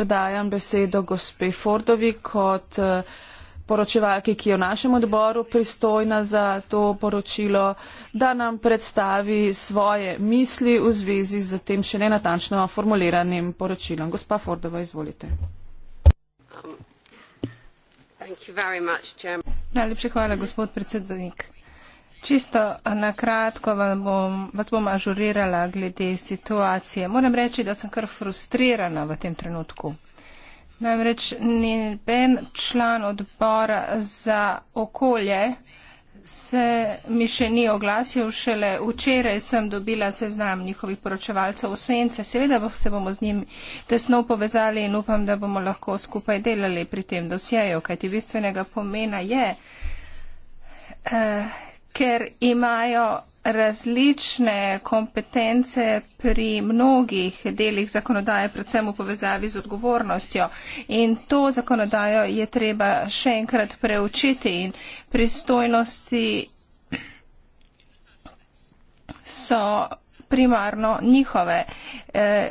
Predajam besedo gospe Fordovi kot eh, poročevalki, ki je v našem odboru pristojna za to poročilo, da nam predstavi svoje misli v zvezi z tem še nenatančno formuliranim poročilom. Gospa Fordova, izvolite. Najlepša hvala, gospod predsednik. Čisto na kratko bom, vas bom ažurirala glede situacije. Moram reči, da sem kar frustrirana v tem trenutku. Namreč neben član odbora za okolje se mi še ni oglasil, šele včeraj sem dobila seznam njihovih poročevalcev v Sence. Seveda bo, se bomo z njim tesno povezali in upam, da bomo lahko skupaj delali pri tem dosjeju, kajti bistvenega pomena je. Eh, ker imajo različne kompetence pri mnogih delih zakonodaje, predvsem v povezavi z odgovornostjo. In to zakonodajo je treba še enkrat preučiti in pristojnosti so primarno njihove. E,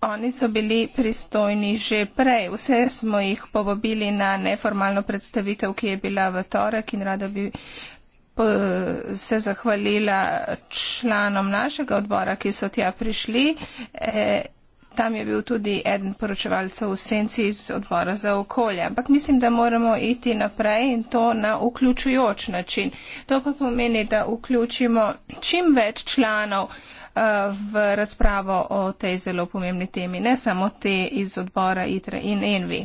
Oni so bili pristojni že prej. Vse smo jih povabili na neformalno predstavitev, ki je bila v torek in rada bi se zahvalila članom našega odbora, ki so tja prišli. E, tam je bil tudi eden poročevalcev v senci iz odbora za okolje. Ampak mislim, da moramo iti naprej in to na vključujoč način. To pa pomeni, da vključimo čim več članov. Eh, v razpravo o tej zelo pomembni temi, ne samo te iz odbora ITRE in ENVI.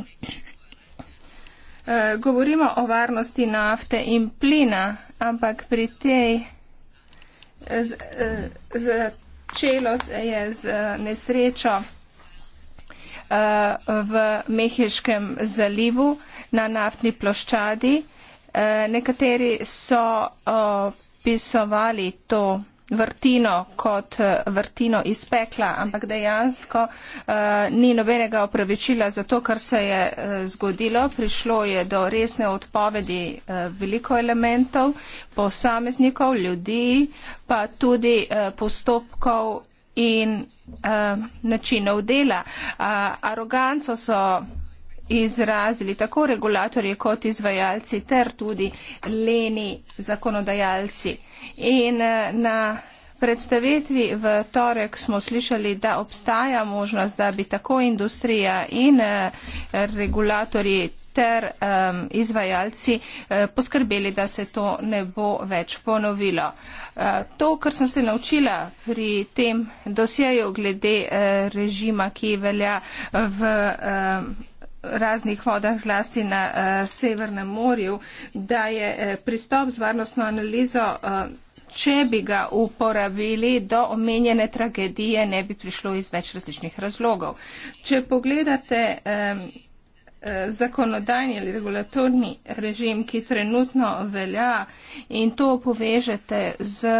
Eh, govorimo o varnosti nafte in plina, ampak pri tej eh, začelo se je z nesrečo v Mehiškem zalivu na naftni ploščadi. Nekateri so pisovali to vrtino kot eh, vrtino iz pekla, ampak dejansko uh, ni nobenega opravičila za to, kar se je uh, zgodilo. Prišlo je do resne odpovedi uh, veliko elementov, posameznikov, ljudi, pa tudi uh, postopkov in uh, načinov dela. Uh, aroganco so izrazili tako regulatorji kot izvajalci ter tudi leni zakonodajalci. In eh, na predstavitvi v torek smo slišali, da obstaja možnost, da bi tako industrija in eh, regulatorji ter um, izvajalci uh, poskrbeli, da se to ne bo več ponovilo. Uh, to, kar sem se naučila pri tem dosjeju glede uh, režima, ki velja v. Uh, raznih vodah, zlasti na uh, Severnem morju, da je uh, pristop z varnostno analizo, uh, če bi ga uporabili do omenjene tragedije, ne bi prišlo iz več različnih razlogov. Če pogledate um, zakonodajni ali regulatorni režim, ki trenutno velja in to povežete z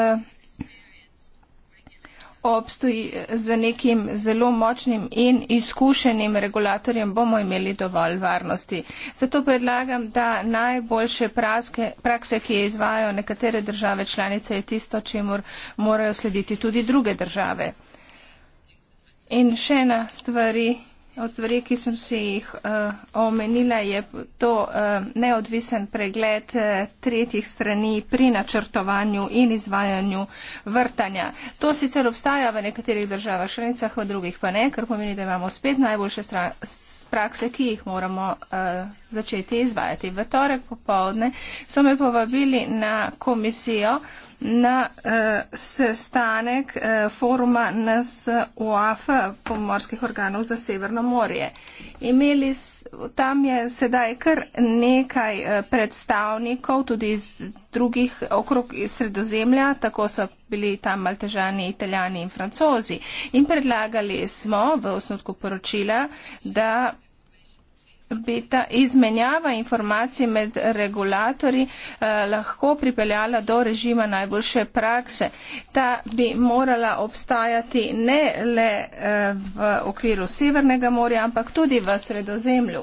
obstoji z nekim zelo močnim in izkušenim regulatorjem, bomo imeli dovolj varnosti. Zato predlagam, da najboljše praske, prakse, ki je izvajo nekatere države članice, je tisto, čemu morajo slediti tudi druge države. In še ena stvari. Od stvari, ki sem si jih uh, omenila, je to uh, neodvisen pregled uh, tretjih strani pri načrtovanju in izvajanju vrtanja. To sicer obstaja v nekaterih državah šrnicah, v drugih pa ne, kar pomeni, da imamo spet najboljše prakse, ki jih moramo uh, začeti izvajati. V torek popovdne so me povabili na komisijo na uh, sestanek uh, foruma NSOAF pomorskih organov za Severno morje. Imeli, tam je sedaj kar nekaj uh, predstavnikov, tudi iz drugih okrog iz sredozemlja, tako so bili tam maltežani, italijani in francozi. In predlagali smo v osnotku poročila, da bi ta izmenjava informacij med regulatorji eh, lahko pripeljala do režima najboljše prakse. Ta bi morala obstajati ne le eh, v okviru Severnega morja, ampak tudi v sredozemlju.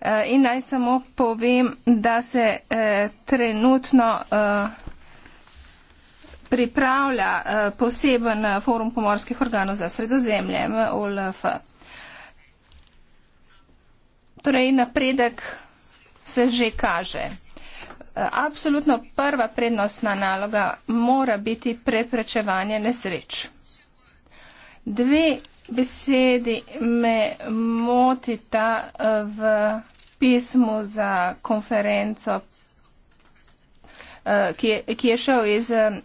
Eh, in naj samo povem, da se eh, trenutno. Eh, pripravlja eh, poseben eh, forum pomorskih organov za sredozemlje, MOLF. Torej, napredek se že kaže. Absolutno prva prednostna naloga mora biti preprečevanje nesreč. Dve besedi me motita eh, v pismu za konferenco Eh, ki, ki je šel iz eh,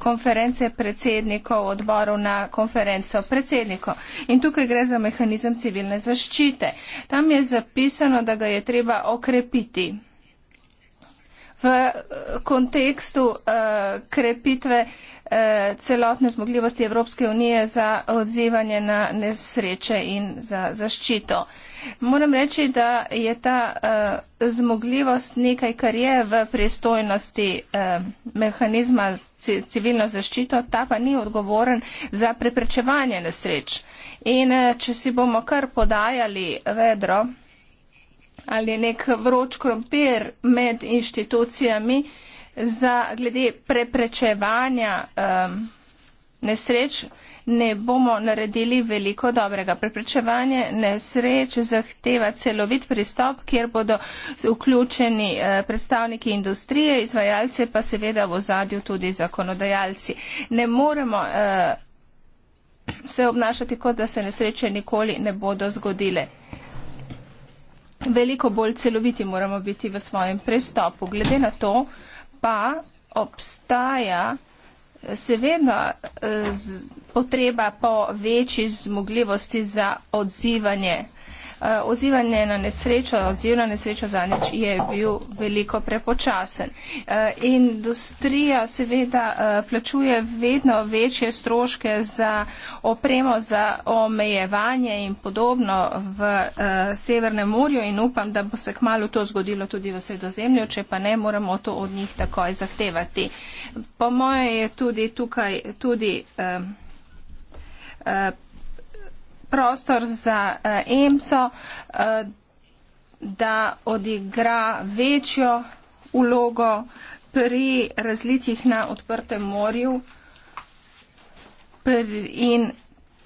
konference predsednikov odborov na konferenco predsednikov. In tukaj gre za mehanizem civilne zaščite. Tam je zapisano, da ga je treba okrepiti. V eh, kontekstu uh, krepitve uh, celotne zmogljivosti Evropske unije za odzivanje na nesreče in za zaščito. Uh, Moram reči, da je ta uh, zmogljivost nekaj, kar je v pristojnosti uh, mehanizma civilno zaščito, ta pa ni odgovoren za preprečevanje nesreč. In uh, če si bomo kar podajali vedro ali nek vroč krompir med inštitucijami za glede preprečevanja um, nesreč, ne bomo naredili veliko dobrega. Preprečevanje nesreč zahteva celovit pristop, kjer bodo vključeni eh, predstavniki industrije, izvajalce pa seveda v zadju tudi zakonodajalci. Ne moremo eh, se obnašati, kot da se nesreče nikoli ne bodo zgodile. Veliko bolj celoviti moramo biti v svojem pristopu. Glede na to pa obstaja Seveda, eh, z, potreba po večji zmogljivosti za odzivanje Eh, odzivanje na nesrečo, odziv na nesrečo zanič je bil veliko prepočasen. Eh, industrija seveda eh, plačuje vedno večje stroške za opremo, za omejevanje in podobno v Severnem morju in upam, da bo se kmalo to zgodilo tudi v sredozemlju, če pa ne moramo to od njih takoj zahtevati. Po moje je tudi tukaj tudi uh, uh, prostor za uh, EMSO, uh, da odigra večjo ulogo pri razlitjih na odprtem morju pri, in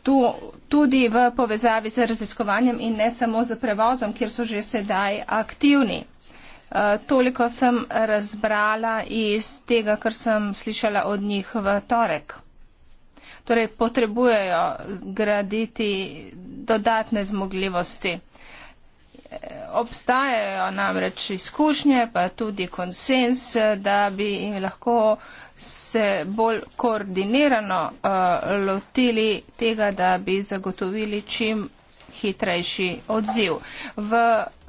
to tudi v povezavi z raziskovanjem in ne samo z prevozom, kjer so že sedaj aktivni. Eh, toliko sem razbrala iz tega, kar sem slišala od njih v torek torej potrebujejo graditi dodatne zmogljivosti. Obstajajo namreč izkušnje, pa tudi konsens, da bi jim lahko se bolj koordinirano uh, lotili tega, da bi zagotovili čim hitrejši odziv. V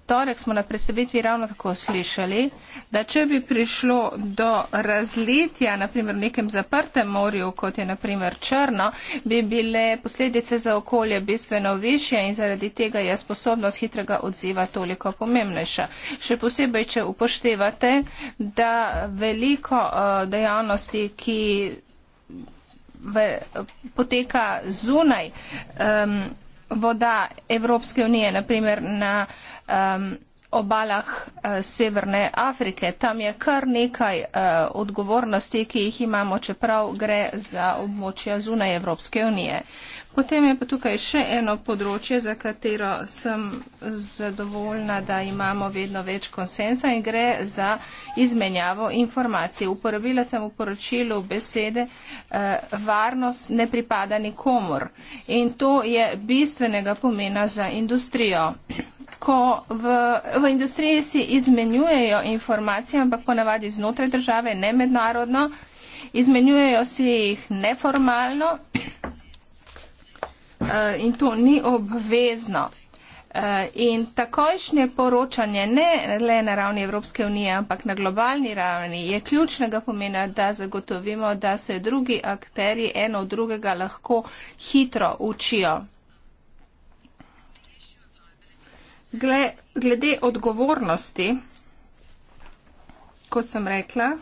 torek smo na predstavitvi ravno tako slišali, da če bi prišlo do razlitja, naprimer v nekem zaprtem morju, kot je naprimer Črno, bi bile posledice za okolje bistveno više in zaradi tega je sposobnost hitrega odziva toliko pomembnejša. Še posebej, če upoštevate, da veliko uh, dejavnosti, ki. V, poteka zunaj um, voda Evropske unije, naprimer na um, obalah uh, Severne Afrike. Tam je kar nekaj uh, odgovornosti, ki jih imamo, čeprav gre za območja zunaj Evropske unije. Potem je pa tukaj še eno področje, za katero sem zadovoljna, da imamo vedno več konsensa in gre za izmenjavo informacij. Uporabila sem v poročilu besede, eh, varnost ne pripada nikomor in to je bistvenega pomena za industrijo. Ko v, v industriji si izmenjujejo informacije, ampak ponavadi znotraj države, ne mednarodno, izmenjujejo si jih neformalno uh, in to ni obvezno. Eh, in takojšnje poročanje ne le na ravni Evropske unije, ampak na globalni ravni je ključnega pomena, da zagotovimo, da se drugi akteri eno od drugega lahko hitro učijo. Glede odgovornosti, kot sem rekla,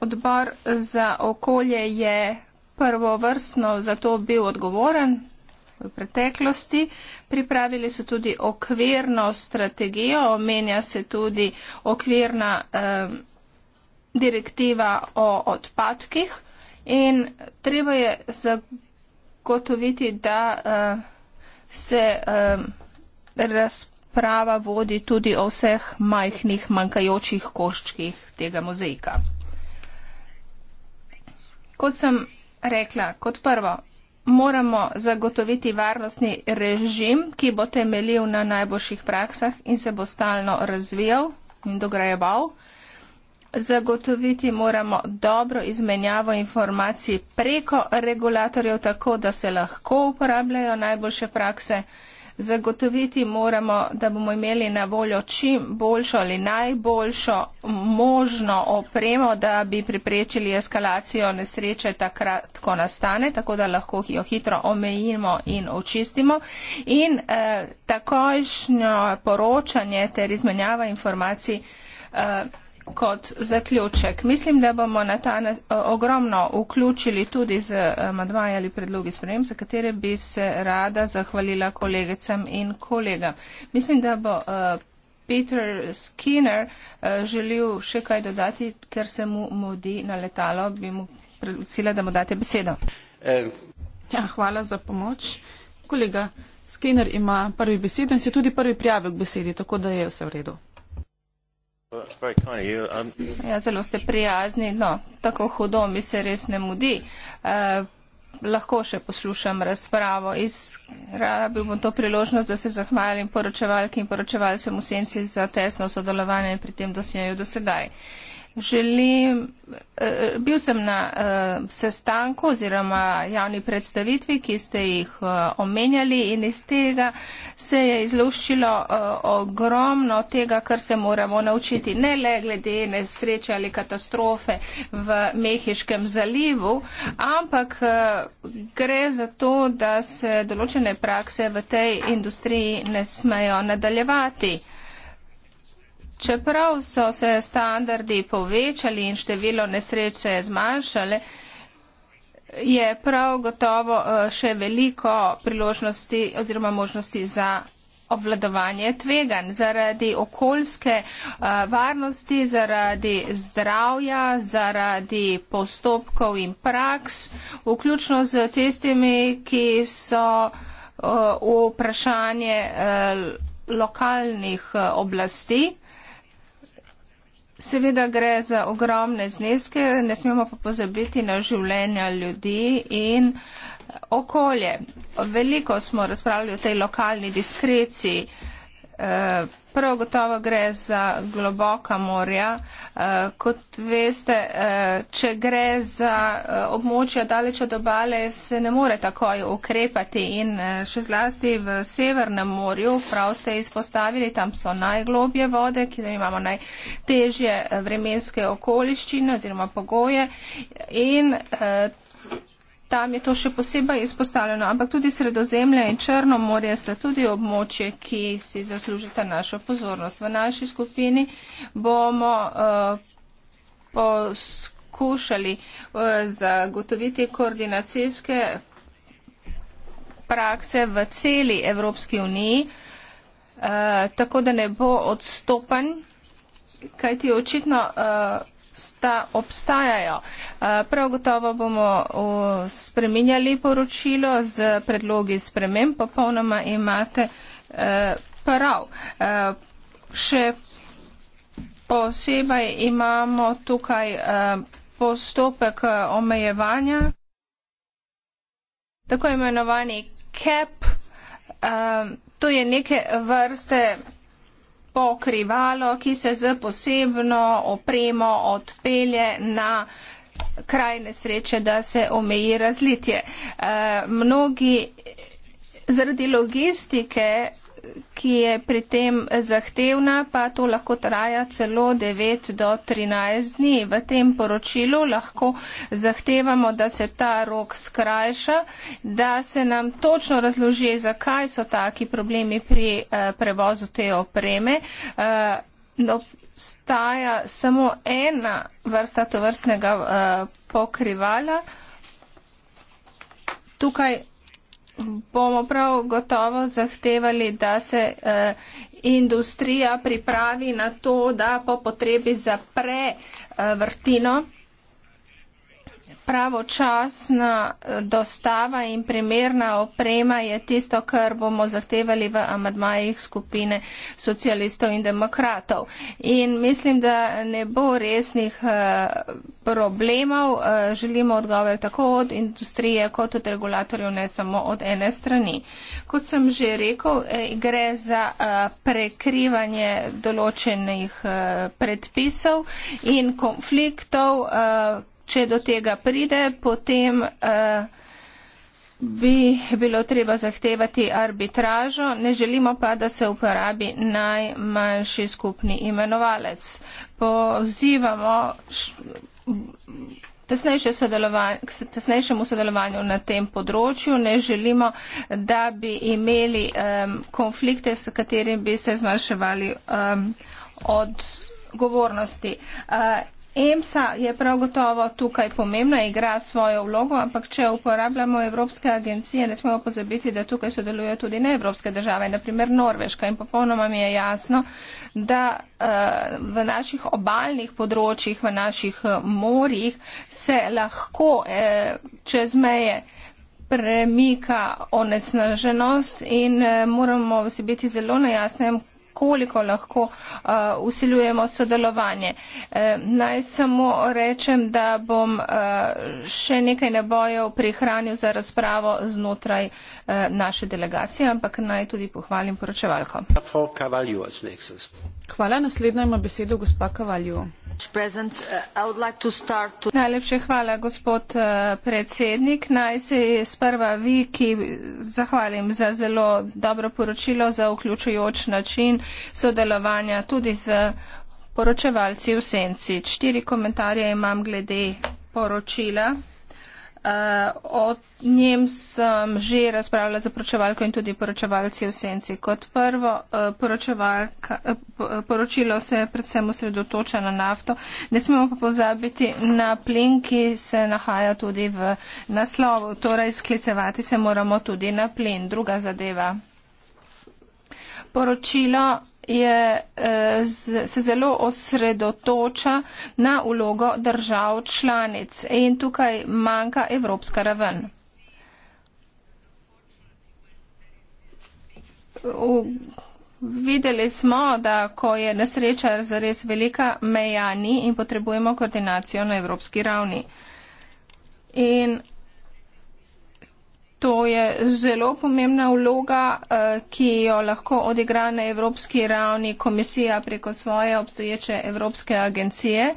odbor za okolje je prvovrstno za to bil odgovoren, v preteklosti. Pripravili so tudi okvirno strategijo, omenja se tudi okvirna eh, direktiva o odpadkih in treba je zagotoviti, da eh, se eh, razpravlja prava vodi tudi o vseh majhnih manjkajočih koščkih tega mozaika. Kot sem rekla, kot prvo, moramo zagotoviti varnostni režim, ki bo temeljil na najboljših praksah in se bo stalno razvijal in dograjeval. Zagotoviti moramo dobro izmenjavo informacij preko regulatorjev, tako da se lahko uporabljajo najboljše prakse zagotoviti moramo, da bomo imeli na voljo čim boljšo ali najboljšo možno opremo, da bi preprečili eskalacijo nesreče takrat, ko nastane, tako da lahko jo hitro omejimo in očistimo. In eh, takojšnjo poročanje ter izmenjava informacij. Eh, kot zaključek. Mislim, da bomo na ta na, ogromno vključili tudi z amadvaj ali predlogi sprejem, za katere bi se rada zahvalila kolegicam in kolegam. Mislim, da bo uh, Peter Skinner uh, želel še kaj dodati, ker se mu modi na letalo, bi mu prosila, da mu date besedo. Eh. Ja, hvala za pomoč. Kolega Skinner ima prvi besedo in se tudi prvi prijavil k besedi, tako da je vse v redu. Um, ja, zelo ste prijazni. No, tako hudo mi se res ne mudi. Eh, lahko še poslušam razpravo. Izrabil bom to priložnost, da se zahvalim poročevalki in poročevalcem v senci za tesno sodelovanje pri tem dosnjeju do sedaj. Eh, želim, eh, bil sem na eh, sestanku oziroma javni predstavitvi, ki ste jih eh, omenjali in iz tega se je izluščilo ogromno tega, kar se moramo naučiti, ne le glede nesreče ali katastrofe v Mehiškem zalivu, ampak gre za to, da se določene prakse v tej industriji ne smejo nadaljevati. Čeprav so se standardi povečali in število nesreč se je zmanjšale, je prav gotovo eh, še veliko priložnosti oziroma možnosti za obvladovanje tvegan zaradi okoljske eh, varnosti, zaradi zdravja, zaradi postopkov in praks, vključno z tistimi, ki so eh, v vprašanje lokalnih oblasti. Seveda gre za ogromne zneske, ne smemo pa pozabiti na življenja ljudi in okolje. Veliko smo razpravljali o tej lokalni diskreciji. Eh, Prvo gotovo gre za globoka morja. Eh, kot veste, eh, če gre za območja daleč od obale, se ne more takoj ukrepati in še zlasti v Severnem morju, prav ste izpostavili, tam so najglobje vode, ki imamo najtežje vremenske okoliščine oziroma pogoje. In tam je to še posebej izpostavljeno, ampak tudi Sredozemlje in Črno morje sta tudi območje, ki si zaslužite našo pozornost. V naši skupini bomo uh, poskušali uh, zagotoviti koordinacijske prakse v celi Evropski uniji, uh, tako da ne bo odstopen, kajti očitno. Uh, sta obstajajo. Eh, prav gotovo bomo spreminjali poročilo z predlogi spremem, popolnoma imate eh, prav. Eh, še posebej imamo tukaj postopek omejevanja, tako imenovani CAP. To je neke vrste pokrivalo, ki se z posebno opremo odpelje na kraj nesreče, da se omeji razlitje. E, mnogi zaradi logistike ki je pri tem zahtevna, pa to lahko traja celo 9 do 13 dni. V tem poročilu lahko zahtevamo, da se ta rok skrajša, da se nam točno razloži, zakaj so taki problemi pri eh, prevozu te opreme. Eh, no, staja samo ena vrsta tovrstnega eh, pokrivala. Tukaj bomo prav gotovo zahtevali, da se eh, industrija pripravi na to, da po potrebi zapre eh, vrtino pravočasna eh, dostava in primerna oprema je tisto, kar bomo zahtevali v amadmajih skupine socialistov in demokratov. In mislim, da ne bo resnih eh, problemov. Eh, želimo odgovor tako od industrije kot od regulatorjev, ne samo od ene strani. Kot sem že rekel, gre za prekrivanje določenih predpisov in konfliktov, če do tega pride, potem eh, bi bilo treba zahtevati arbitražo, ne želimo pa, da se uporabi najmanjši skupni imenovalec. Pozivamo tesnejše k tesnejšemu sodelovanju na tem področju, ne želimo, da bi imeli um, konflikte, s katerim bi se zmanjševali um, od govornosti. Uh, eh, EMSA je prav gotovo tukaj pomembna, igra svojo vlogo, ampak če uporabljamo evropske agencije, ne smemo pozabiti, da tukaj sodelujejo tudi neevropske države, naprimer Norveška. In popolnoma mi je jasno, da uh, v naših obaljnih področjih, v naših eh, morjih se lahko uh, čez meje premika onesnaženost in uh, moramo si biti zelo na jasnem, koliko lahko uh, usiljujemo sodelovanje. Uh, naj samo rečem, da bom uh, še nekaj nebojev prihranil za razpravo znotraj uh, naše delegacije, ampak naj tudi pohvalim poročevalko. Hvala, naslednja ima besedo gospa Kavaljo. Uh, Najlepše hvala, gospod uh, predsednik. Naj se sprva vi, ki zahvalim za zelo dobro poročilo, za vključujoč način sodelovanja tudi z poročevalci v senci. Štiri komentarje imam glede poročila. Uh, o njem sem že razpravljala za poročevalko in tudi poročevalci v senci. Kot prvo, uh, uh, poročilo se je predvsem osredotoča na nafto. Ne smemo pa pozabiti na plin, ki se nahaja tudi v naslovu. Torej, sklicevati se moramo tudi na plin. Druga zadeva. Poročilo je, eh, se zelo osredotoča na ulogo držav članic in tukaj manjka evropska raven. V, videli smo, da ko je nesreča zares velika, meja ni in potrebujemo koordinacijo na evropski ravni. In To je zelo pomembna vloga, eh, ki jo lahko odigra na evropski ravni komisija preko svoje obstoječe evropske agencije.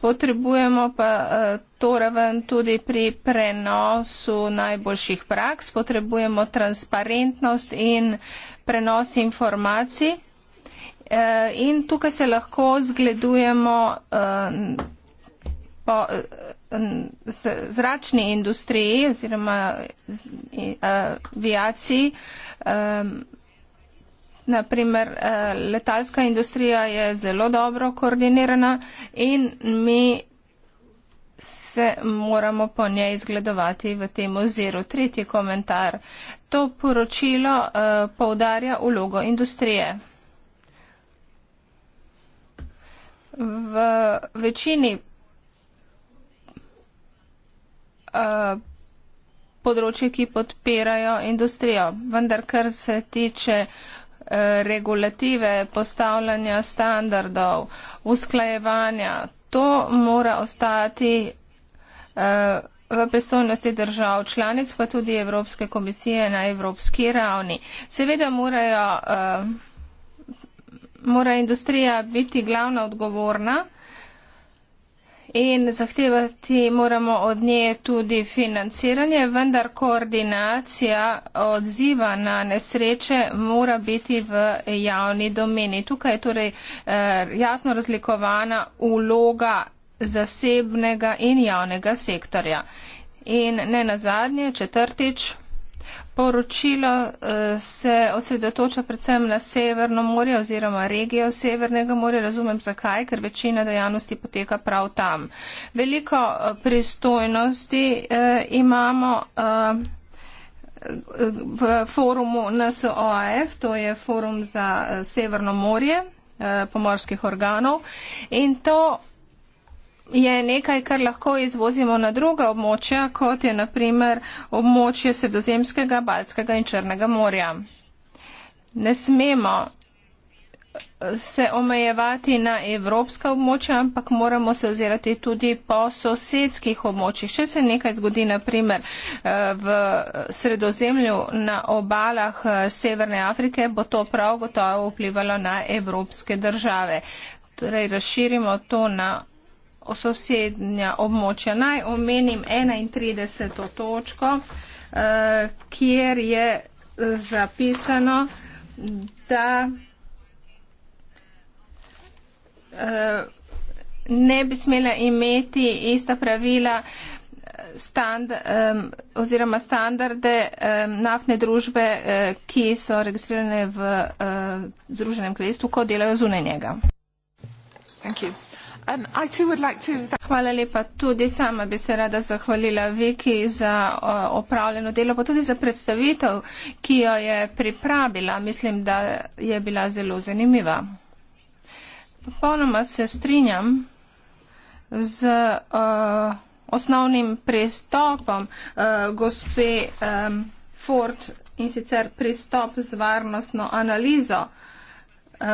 Potrebujemo pa eh, to raven tudi pri prenosu najboljših praks, potrebujemo transparentnost in prenos informacij. Eh, in tukaj se lahko zgledujemo po eh, zračni industriji oziroma eh, aviaciji. Eh, Naprimer, letalska industrija je zelo dobro koordinirana in mi se moramo po njej izgledovati v tem oziru. Tretji komentar. To poročilo poudarja ulogo industrije. V večini Eh, področji, ki podpirajo industrijo. Vendar, kar se tiče eh, regulative, postavljanja standardov, usklajevanja, to mora ostati eh, v pristojnosti držav članic, pa tudi Evropske komisije na evropski ravni. Seveda morajo, mora industrija biti glavna odgovorna, in zahtevati moramo od nje tudi financiranje, vendar koordinacija odziva na nesreče mora biti v javni domeni. Tukaj je torej eh, jasno razlikovana uloga zasebnega in javnega sektorja. In ne nazadnje, četrtič, Poročilo eh, se osredotoča predvsem na Severno morje oziroma regijo Severnega morja. Razumem zakaj, ker večina dejavnosti poteka prav tam. Veliko eh, pristojnosti eh, imamo v forumu NSOAF, to je forum za Severno morje pomorskih organov in to je nekaj, kar lahko izvozimo na druga območja, kot je naprimer območje Sredozemskega, Balskega in Črnega morja. Ne smemo se omejevati na evropska območja, ampak moramo se ozirati tudi po sosedskih območjih. Če se nekaj zgodi, na primer, eh, v sredozemlju na obalah eh, Severne Afrike, bo to prav gotovo vplivalo na evropske države. Torej, razširimo to na sosednja območja. Naj omenim 31. točko, eh, kjer je zapisano, da eh, ne bi smela imeti ista pravila eh, stand, oziroma standarde naftne družbe, ki so registrirane v Združenem kraljestvu, ko delajo zunaj njega. Thank you. Um, Hvala lepa. Tudi sama bi se rada zahvalila Viki za opravljeno delo, pa tudi za predstavitev, ki jo je pripravila. Mislim, da je bila zelo zanimiva. Popolnoma se strinjam z uh, osnovnim pristopom uh, gospe um, Ford in sicer pristop z varnostno analizo. Uh,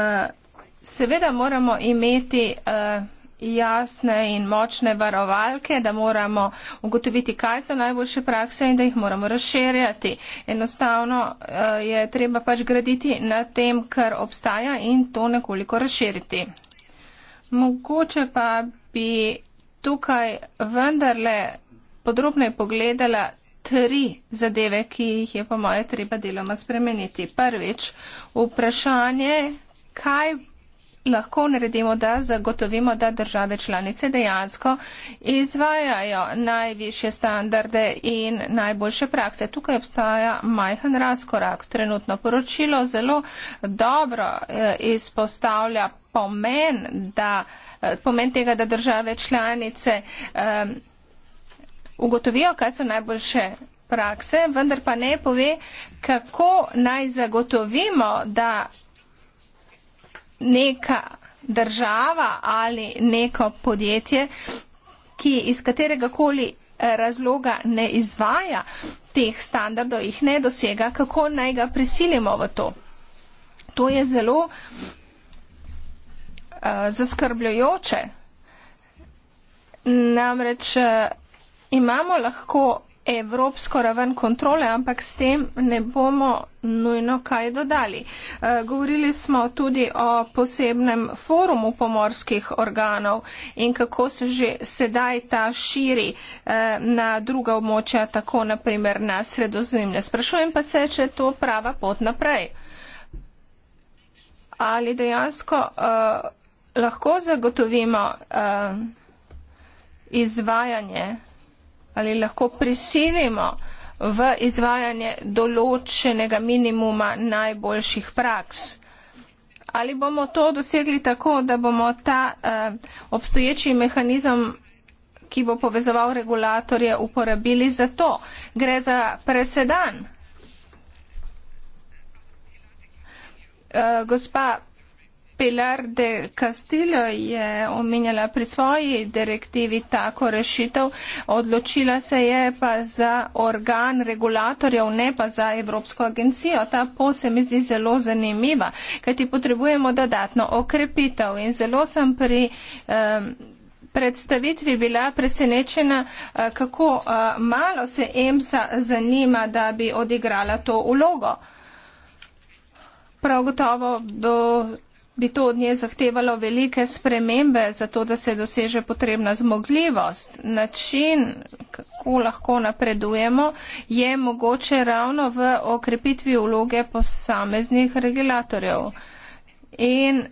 seveda moramo imeti. Uh, jasne in močne varovalke, da moramo ugotoviti, kaj so najboljše prakse in da jih moramo razširjati. Enostavno eh, je treba pač graditi na tem, kar obstaja in to nekoliko razširiti. Mogoče pa bi tukaj vendarle podrobno pogledala tri zadeve, ki jih je po moje treba deloma spremeniti. Prvič, vprašanje, kaj lahko naredimo, da zagotovimo, da države članice dejansko izvajajo najviše standarde in najboljše prakse. Tukaj obstaja majhen razkorak. Trenutno poročilo zelo dobro eh, izpostavlja pomen, da, eh, pomen tega, da države članice um, ugotovijo, kaj so najboljše prakse, vendar pa ne pove, kako naj zagotovimo, da neka država ali neko podjetje, ki iz katerega koli eh, razloga ne izvaja teh standardov, jih ne dosega, kako naj ga prisilimo v to. To je zelo uh, zaskrbljujoče. Namreč uh, imamo lahko evropsko raven kontrole, ampak s tem ne bomo nujno kaj dodali. Eh, govorili smo tudi o posebnem forumu pomorskih organov in kako se že sedaj ta širi eh, na druga območja, tako naprimer na sredozemlje. Sprašujem pa se, če je to prava pot naprej. Ali dejansko uh, lahko zagotovimo uh, izvajanje ali lahko prisilimo v izvajanje določenega minimuma najboljših praks. Ali bomo to dosegli tako, da bomo ta eh, obstoječi mehanizem, ki bo povezoval regulatorje, uporabili za to? Gre za presedan. Eh, gospa Pilar de Castillo je omenjala pri svoji direktivi tako rešitev, odločila se je pa za organ regulatorjev, ne pa za Evropsko agencijo. Ta pot se mi zdi zelo zanimiva, kajti potrebujemo dodatno okrepitev in zelo sem pri. Um, predstavitvi bila presenečena, kako malo se EMSA zanima, da bi odigrala to ulogo. Prav gotovo bo bi to od nje zahtevalo velike spremembe, zato da se doseže potrebna zmogljivost. Način, kako lahko napredujemo, je mogoče ravno v okrepitvi uloge posameznih regulatorjev. In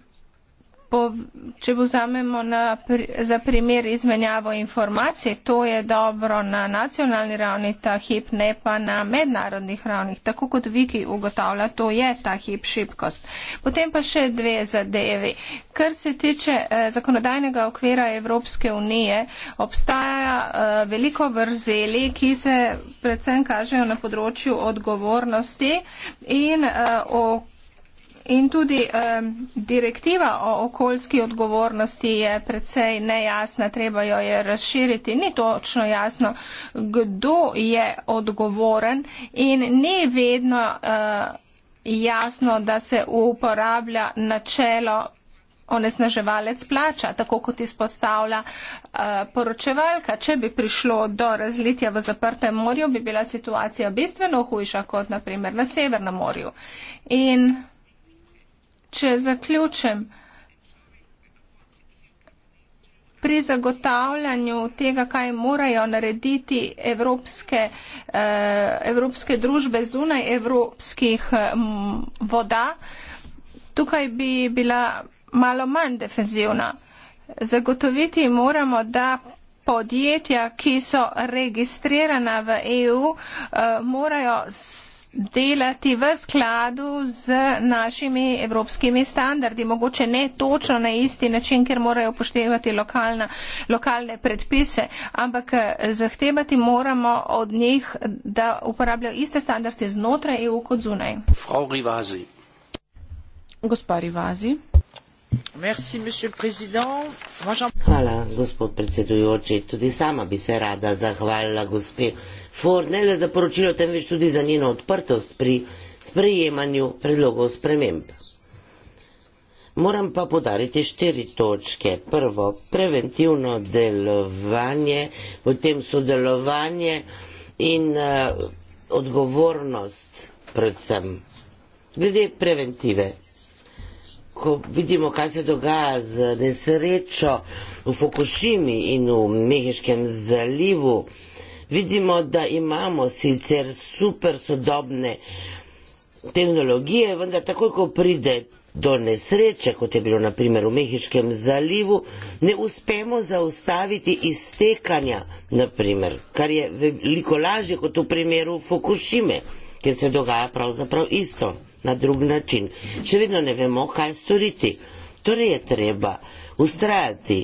če vzamemo pr, za primer izmenjavo informacij, to je dobro na nacionalni ravni, ta hip ne pa na mednarodnih ravnih. Tako kot Viki ugotavlja, to je ta hip šipkost. Potem pa še dve zadevi. Kar se tiče eh, zakonodajnega okvira Evropske unije, obstaja eh, veliko vrzeli, ki se predvsem kažejo na področju odgovornosti in eh, okvira In tudi um, direktiva o okoljski odgovornosti je precej nejasna, treba jo je razširiti. Ni točno jasno, kdo je odgovoren in ni vedno uh, jasno, da se uporablja načelo onesnaževalec plača, tako kot izpostavlja uh, poročevalka. Če bi prišlo do razlitja v zaprtem morju, bi bila situacija bistveno hujša kot naprimer na Severnem morju. In Če zaključim, pri zagotavljanju tega, kaj morajo narediti evropske, eh, evropske družbe zunaj evropskih mm, voda, tukaj bi bila malo manj defenzivna. Zagotoviti moramo, da podjetja, ki so registrirana v EU, eh, morajo delati v skladu z našimi evropskimi standardi. Mogoče ne točno na isti način, ker morajo upoštevati lokalna, lokalne predpise, ampak eh, zahtevati moramo od njih, da uporabljajo iste standarde znotraj EU kot zunaj. Gospa Rivazi. Hvala, gospod predsedujoči. Tudi sama bi se rada zahvalila gospe Ford, ne le za poročilo, temveč tudi za njeno odprtost pri sprejemanju predlogov sprememb. Moram pa podariti štiri točke. Prvo, preventivno delovanje, potem sodelovanje in uh, odgovornost predvsem. Glede preventive, ko vidimo, kaj se dogaja z nesrečo v Fukushimi in v Mehiškem zalivu, vidimo, da imamo sicer super sodobne tehnologije, vendar takoj, ko pride do nesreče, kot je bilo naprimer v Mehiškem zalivu, ne uspemo zaustaviti iztekanja, naprimer, kar je veliko lažje kot v primeru Fukushime, kjer se dogaja pravzaprav isto na drug način. Še vedno ne vemo, kaj storiti. Torej je treba ustrajati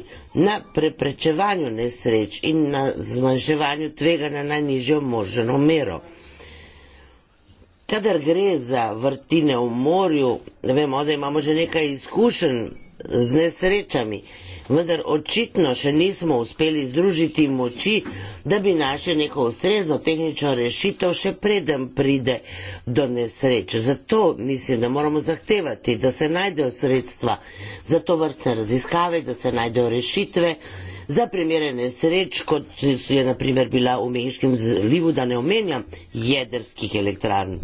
na preprečevanju nesreč in na zmanjševanju tvega na najnižjo možno mero. Kadar gre za vrtine v morju, vemo, da imamo že nekaj izkušenj z nesrečami vendar očitno še nismo uspeli združiti moči, da bi našli neko ustrezno tehnično rešitev, še preden pride do nesreč. Zato mislim, da moramo zahtevati, da se najdejo sredstva za to vrstne raziskave, da se najdejo rešitve za primere nesreč, kot je naprimer bila v Mehiškem zlivu, da ne omenjam jedrskih elektrarn.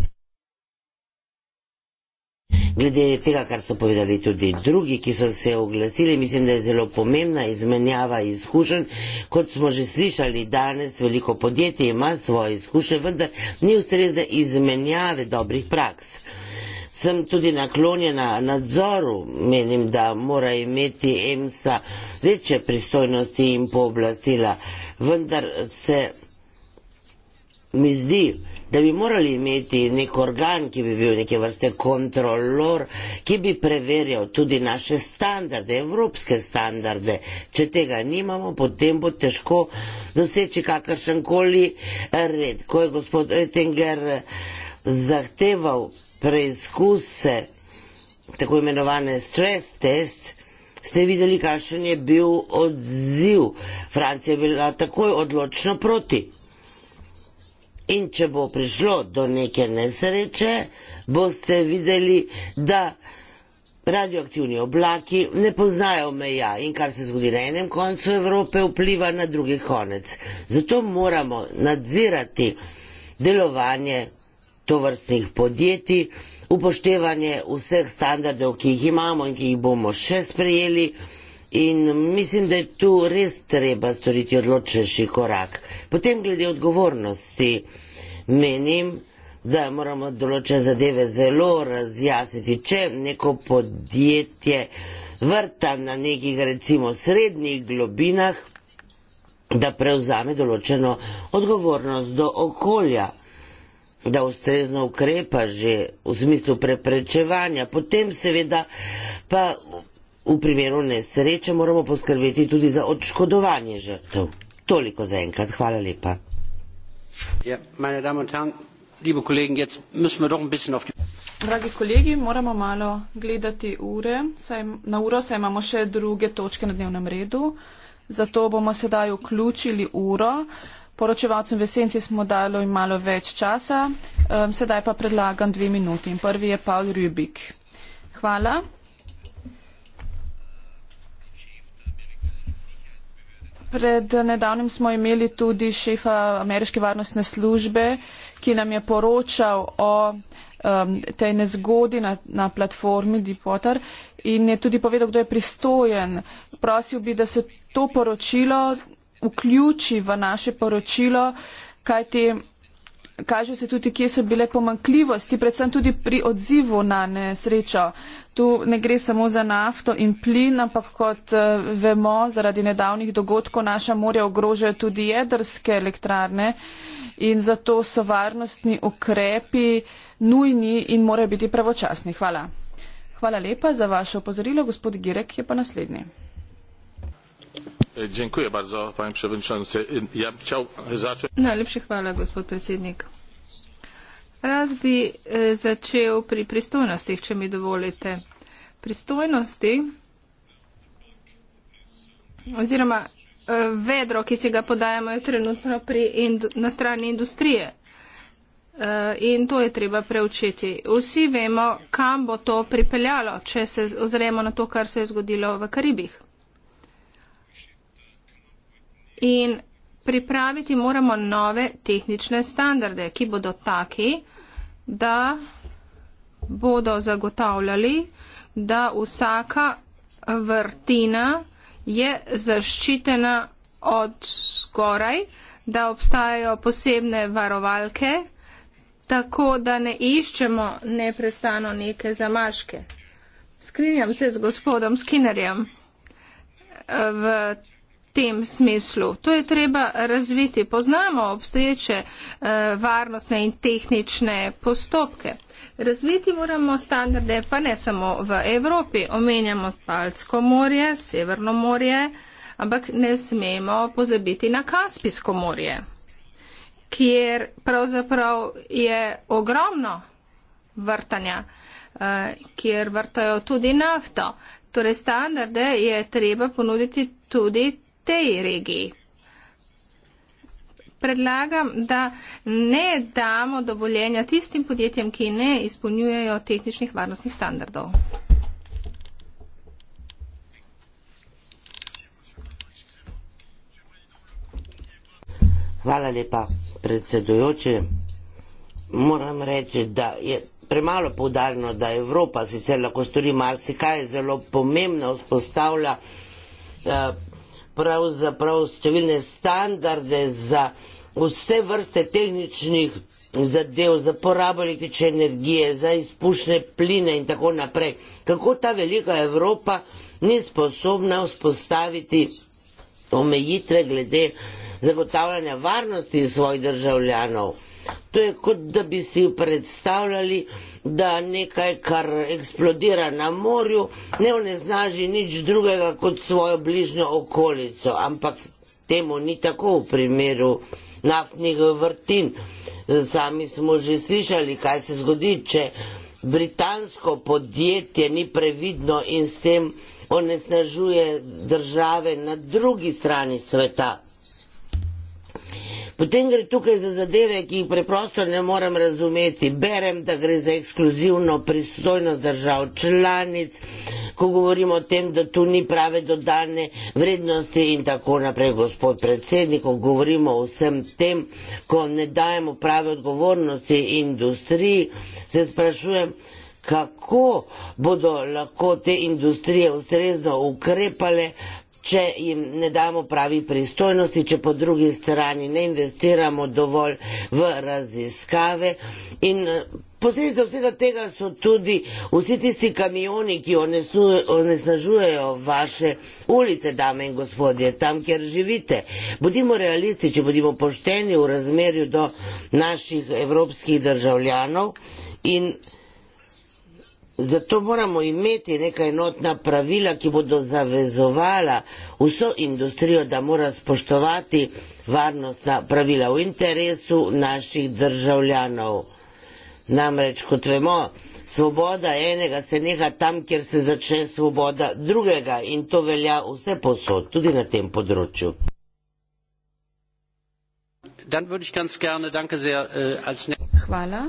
Glede tega, kar so povedali tudi drugi, ki so se oglasili, mislim, da je zelo pomembna izmenjava izkušenj. Kot smo že slišali danes, veliko podjetij ima svoje izkušnje, vendar ni ustrezne izmenjave dobrih praks. Sem tudi naklonjena nadzoru, menim, da mora imeti EMSA večje pristojnosti in pooblastila, vendar se mi zdi, da bi morali imeti nek organ, ki bi bil neke vrste kontrolor, ki bi preverjal tudi naše standarde, evropske standarde. Če tega nimamo, potem bo težko doseči kakršen koli red. Ko je gospod Oettinger zahteval preizkuse, tako imenovane stres test, Ste videli, kakšen je bil odziv. Francija je bila takoj odločno proti. In če bo prišlo do neke nesreče, boste videli, da radioaktivni oblaki ne poznajo meja in kar se zgodi na enem koncu Evrope, vpliva na drugi konec. Zato moramo nadzirati delovanje tovrstnih podjetij, upoštevanje vseh standardov, ki jih imamo in ki jih bomo še sprejeli. In mislim, da je tu res treba storiti odločnejši korak. Potem glede odgovornosti, menim, da moramo določene zadeve zelo razjasniti. Če neko podjetje vrta na nekih recimo srednjih globinah, da prevzame določeno odgovornost do okolja, da ustrezno ukrepa že v smislu preprečevanja, potem seveda pa V primeru nesreče moramo poskrbeti tudi za odškodovanje žrtev. Toliko za enkrat. Hvala lepa. Ja, Dragi kolegi, moramo malo gledati ure. Saj, na uro se imamo še druge točke na dnevnem redu. Zato bomo sedaj vključili uro. Poročevalcem Vesenci smo dali malo več časa. Ehm, sedaj pa predlagam dve minuti. Prvi je Paul Rubik. Hvala. pred nedavnim smo imeli tudi šefa ameriške varnostne službe, ki nam je poročal o um, tej nezgodi na, na platformi Deepwater in je tudi povedal, kdo je pristojen. Prosil bi, da se to poročilo vključi v naše poročilo, kajti kaže se tudi, kje so bile pomankljivosti, predvsem tudi pri odzivu na nesrečo. Tu ne gre samo za nafto in plin, ampak kot eh, vemo, zaradi nedavnih dogodkov naša morja ogrožajo tudi jedrske elektrarne in zato so varnostni ukrepi nujni in morajo biti pravočasni. Hvala. Hvala lepa za vaše opozorilo. Gospod Girek je pa naslednji. E, dziękuję bardzo, panie przewodniczący. E, ja bym chciał zacząć... Najlepszy chwała, gospodin przewodnik. Rad by e, zaczął przy przystojnostych, czy mi dowolite. Przystojnosti, oziroma vedro, ki se ga podajamo, je trenutno na strani industrije. In to je treba preučiti. Vsi vemo, kam bo to pripeljalo, če se ozremo na to, kar se je zgodilo v Karibih. In pripraviti moramo nove tehnične standarde, ki bodo taki, da bodo zagotavljali, da vsaka vrtina je zaščitena od skoraj, da obstajajo posebne varovalke, tako da ne iščemo neprestano neke zamaške. Skrinjam se z gospodom Skinnerjem. V tem smislu. To je treba razviti. Poznamo obstoječe eh, varnostne in tehnične postopke. Razviti moramo standarde, pa ne samo v Evropi. Omenjamo Palsko morje, Severno morje, ampak ne smemo pozabiti na Kaspijsko morje, kjer pravzaprav je ogromno vrtanja, eh, kjer vrtajo tudi nafto. Torej standarde je treba ponuditi tudi tej regiji. Predlagam, da ne damo dovoljenja tistim podjetjem, ki ne izpolnjujejo tehničnih varnostnih standardov. Hvala lepa, predsedujoče. Moram reči, da je premalo povdarjeno, da Evropa sicer lahko stori marsikaj, zelo pomembno vzpostavlja. Uh, pravzaprav številne standarde za vse vrste tehničnih zadev, za porabo električne energije, za izpušne pline in tako naprej. Kako ta velika Evropa ni sposobna vzpostaviti omejitve glede zagotavljanja varnosti svojih državljanov. To je kot da bi si predstavljali, da nekaj, kar eksplodira na morju, ne oneznaži nič drugega kot svojo bližnjo okolico, ampak temu ni tako v primeru naftnih vrtin. Sami smo že slišali, kaj se zgodi, če britansko podjetje ni previdno in s tem onesnažuje države na drugi strani sveta. Potem gre tukaj za zadeve, ki jih preprosto ne morem razumeti. Berem, da gre za ekskluzivno pristojnost držav članic, ko govorimo o tem, da tu ni prave dodane vrednosti in tako naprej, gospod predsednik, ko govorimo o vsem tem, ko ne dajemo prave odgovornosti industriji, se sprašujem, kako bodo lahko te industrije ustrezno ukrepale, če jim ne damo pravi pristojnosti, če po drugi strani ne investiramo dovolj v raziskave. In eh, posledica vsega tega so tudi vsi tisti kamioni, ki onesnažujejo vaše ulice, dame in gospodje, tam, kjer živite. Bodimo realistični, bodimo pošteni v razmerju do naših evropskih državljanov in Zato moramo imeti neka enotna pravila, ki bodo zavezovala vso industrijo, da mora spoštovati varnostna pravila v interesu naših državljanov. Namreč, kot vemo, svoboda enega se neha tam, kjer se začne svoboda drugega in to velja vse posod, tudi na tem področju. Äh, Hvala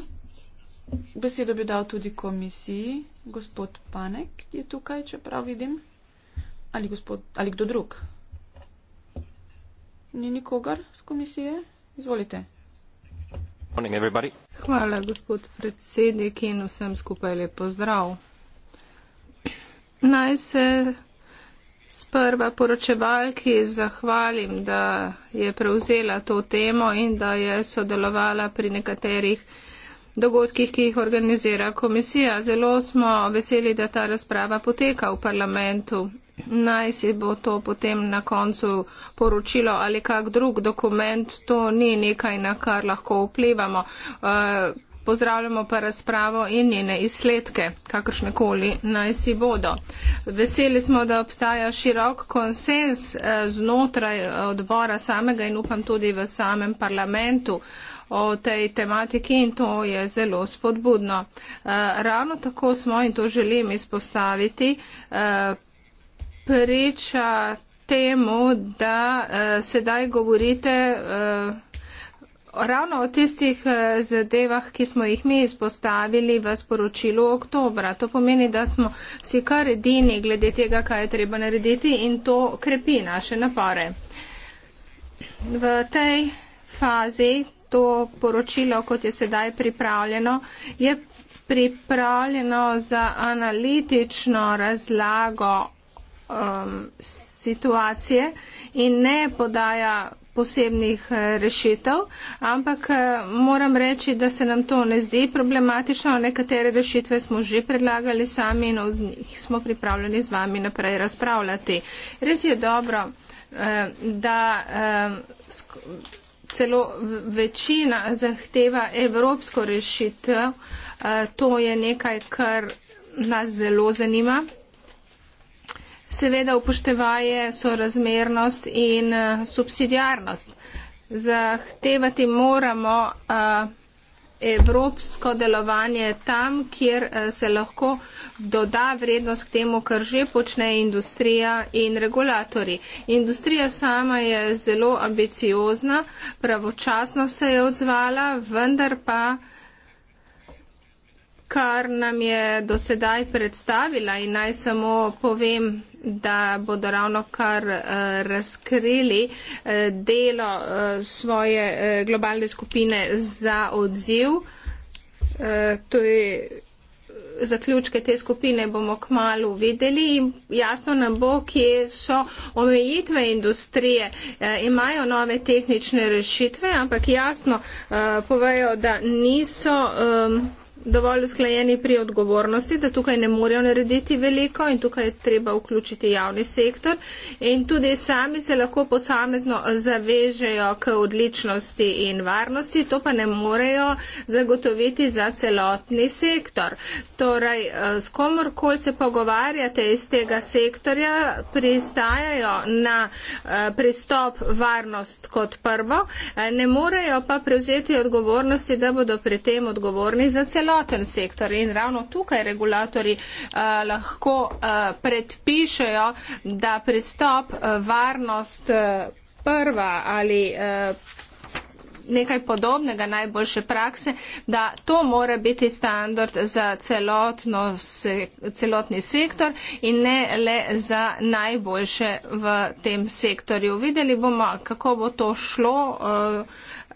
besedo bi dal tudi komisiji. Gospod Panek je tukaj, če prav vidim. Ali, gospod, ali kdo drug? Ni nikogar z komisije? Izvolite. Morning, Hvala, gospod predsednik in vsem skupaj lepo zdrav. Naj se sprva poročevalki zahvalim, da je prevzela to temo in da je sodelovala pri nekaterih dogodkih, ki jih organizira komisija. Zelo smo veseli, da ta razprava poteka v parlamentu. Naj si bo to potem na koncu poročilo ali kak drug dokument, to ni nekaj, na kar lahko vplivamo. Eh, pozdravljamo pa razpravo in njene izsledke, kakršnekoli naj si bodo. Veseli smo, da obstaja širok konsens eh, znotraj eh, odbora samega in upam tudi v samem parlamentu o tej tematiki in to je zelo spodbudno. Eh, ravno tako smo in to želim izpostaviti eh, priča temu, da eh, sedaj govorite ravno o tistih zadevah, ki smo jih mi izpostavili v sporočilu oktobra. To pomeni, da smo si kar edini glede tega, kaj je treba narediti in to krepi naše napore. V tej fazi to poročilo, kot je sedaj pripravljeno, je pripravljeno za analitično razlago um, situacije in ne podaja posebnih eh, rešitev, ampak eh, moram reči, da se nam to ne zdi problematično. Nekatere rešitve smo že predlagali sami in od njih smo pripravljeni z vami naprej razpravljati. Res je dobro, eh, da celo večina zahteva evropsko rešitev. Eh, to je nekaj, kar nas zelo zanima. Seveda upoštevaje so razmernost in eh, subsidijarnost. Zahtevati moramo uh, evropsko delovanje tam, kjer eh, se lahko doda vrednost k temu, kar že počne industrija in regulatori. Industrija sama je zelo ambiciozna, pravočasno se je odzvala, vendar pa kar nam je do sedaj predstavila in naj samo povem da bodo ravno kar eh, razkrili eh, delo eh, svoje globalne skupine za odziv. To je zaključke te skupine bomo k malu videli in jasno nam bo, kje so omejitve industrije. E, imajo nove tehnične rešitve, ampak jasno e, povejo, da niso. E, dovolj usklajeni pri odgovornosti, da tukaj ne morejo narediti veliko in tukaj je treba vključiti javni sektor. In tudi sami se lahko posamezno zavežejo k odličnosti in varnosti, to pa ne morejo zagotoviti za celotni sektor. Torej, eh, s komorkol se pogovarjate iz tega sektorja, pristajajo na eh, pristop varnost kot prvo, eh, ne morejo pa prevzeti odgovornosti, da bodo pri tem odgovorni za celotni sektor celoten sektor in ravno tukaj regulatori eh, lahko eh, predpišejo, da pristop eh, varnost prva ali nekaj podobnega najboljše prakse, da to mora biti standard za se, celotni sektor in ne le za najboljše v tem sektorju. Videli bomo, kako bo to šlo. Uh,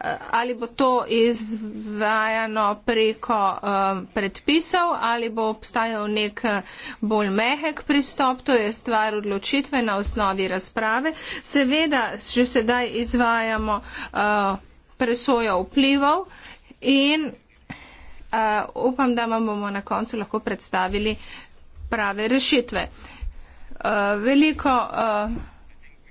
Eh, ali bo to izvajano preko um, predpisov ali bo obstajal nek eh, bolj mehek pristop, to je stvar odločitve na osnovi razprave. Seveda, že sedaj izvajamo uh, presojo vplivov in uh, upam, da vam bomo na koncu lahko predstavili prave rešitve. Uh, veliko uh,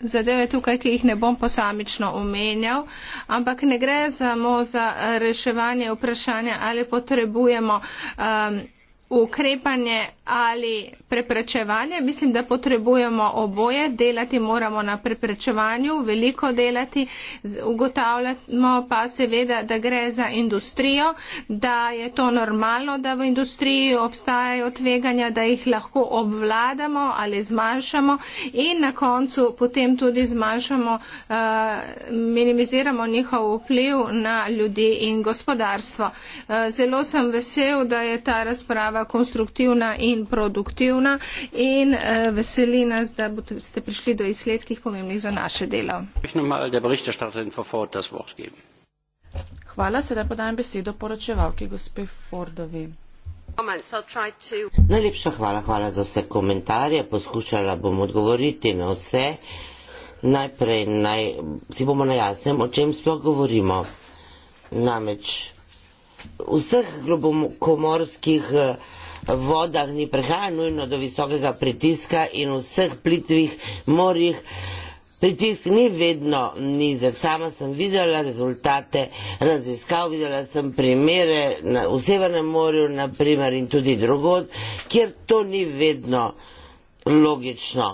zadeve tukaj, ki jih ne bom posamično omenjal, ampak ne gre samo za reševanje vprašanja, ali potrebujemo um, ukrepanje ali preprečevanje. Mislim, da potrebujemo oboje, delati moramo na preprečevanju, veliko delati. Ugotavljamo pa seveda, da gre za industrijo, da je to normalno, da v industriji obstajajo tveganja, da jih lahko obvladamo ali zmanjšamo in na koncu potem tudi zmanjšamo, uh, minimiziramo njihov vpliv na ljudi in gospodarstvo. Uh, zelo sem vesel, da je ta razprava konstruktivna in in produktivna in uh, veseli nas, da bote, ste prišli do izsledkih pomembnih za naše delo. Hvala, sedaj podajam besedo poročevalki gospe Fordovi. Najlepša hvala, hvala za vse komentarje. Poskušala bom odgovoriti na vse. Najprej naj, si bomo na jasnem, o čem sploh govorimo. Namreč vseh globokomorskih uh, vodah ni prehaja nujno do visokega pritiska in v vseh plitvih morjih. Pritisk ni vedno nizek. Sama sem videla rezultate raziskav, videla sem primere na, v Severnem morju naprimer, in tudi drugod, kjer to ni vedno logično.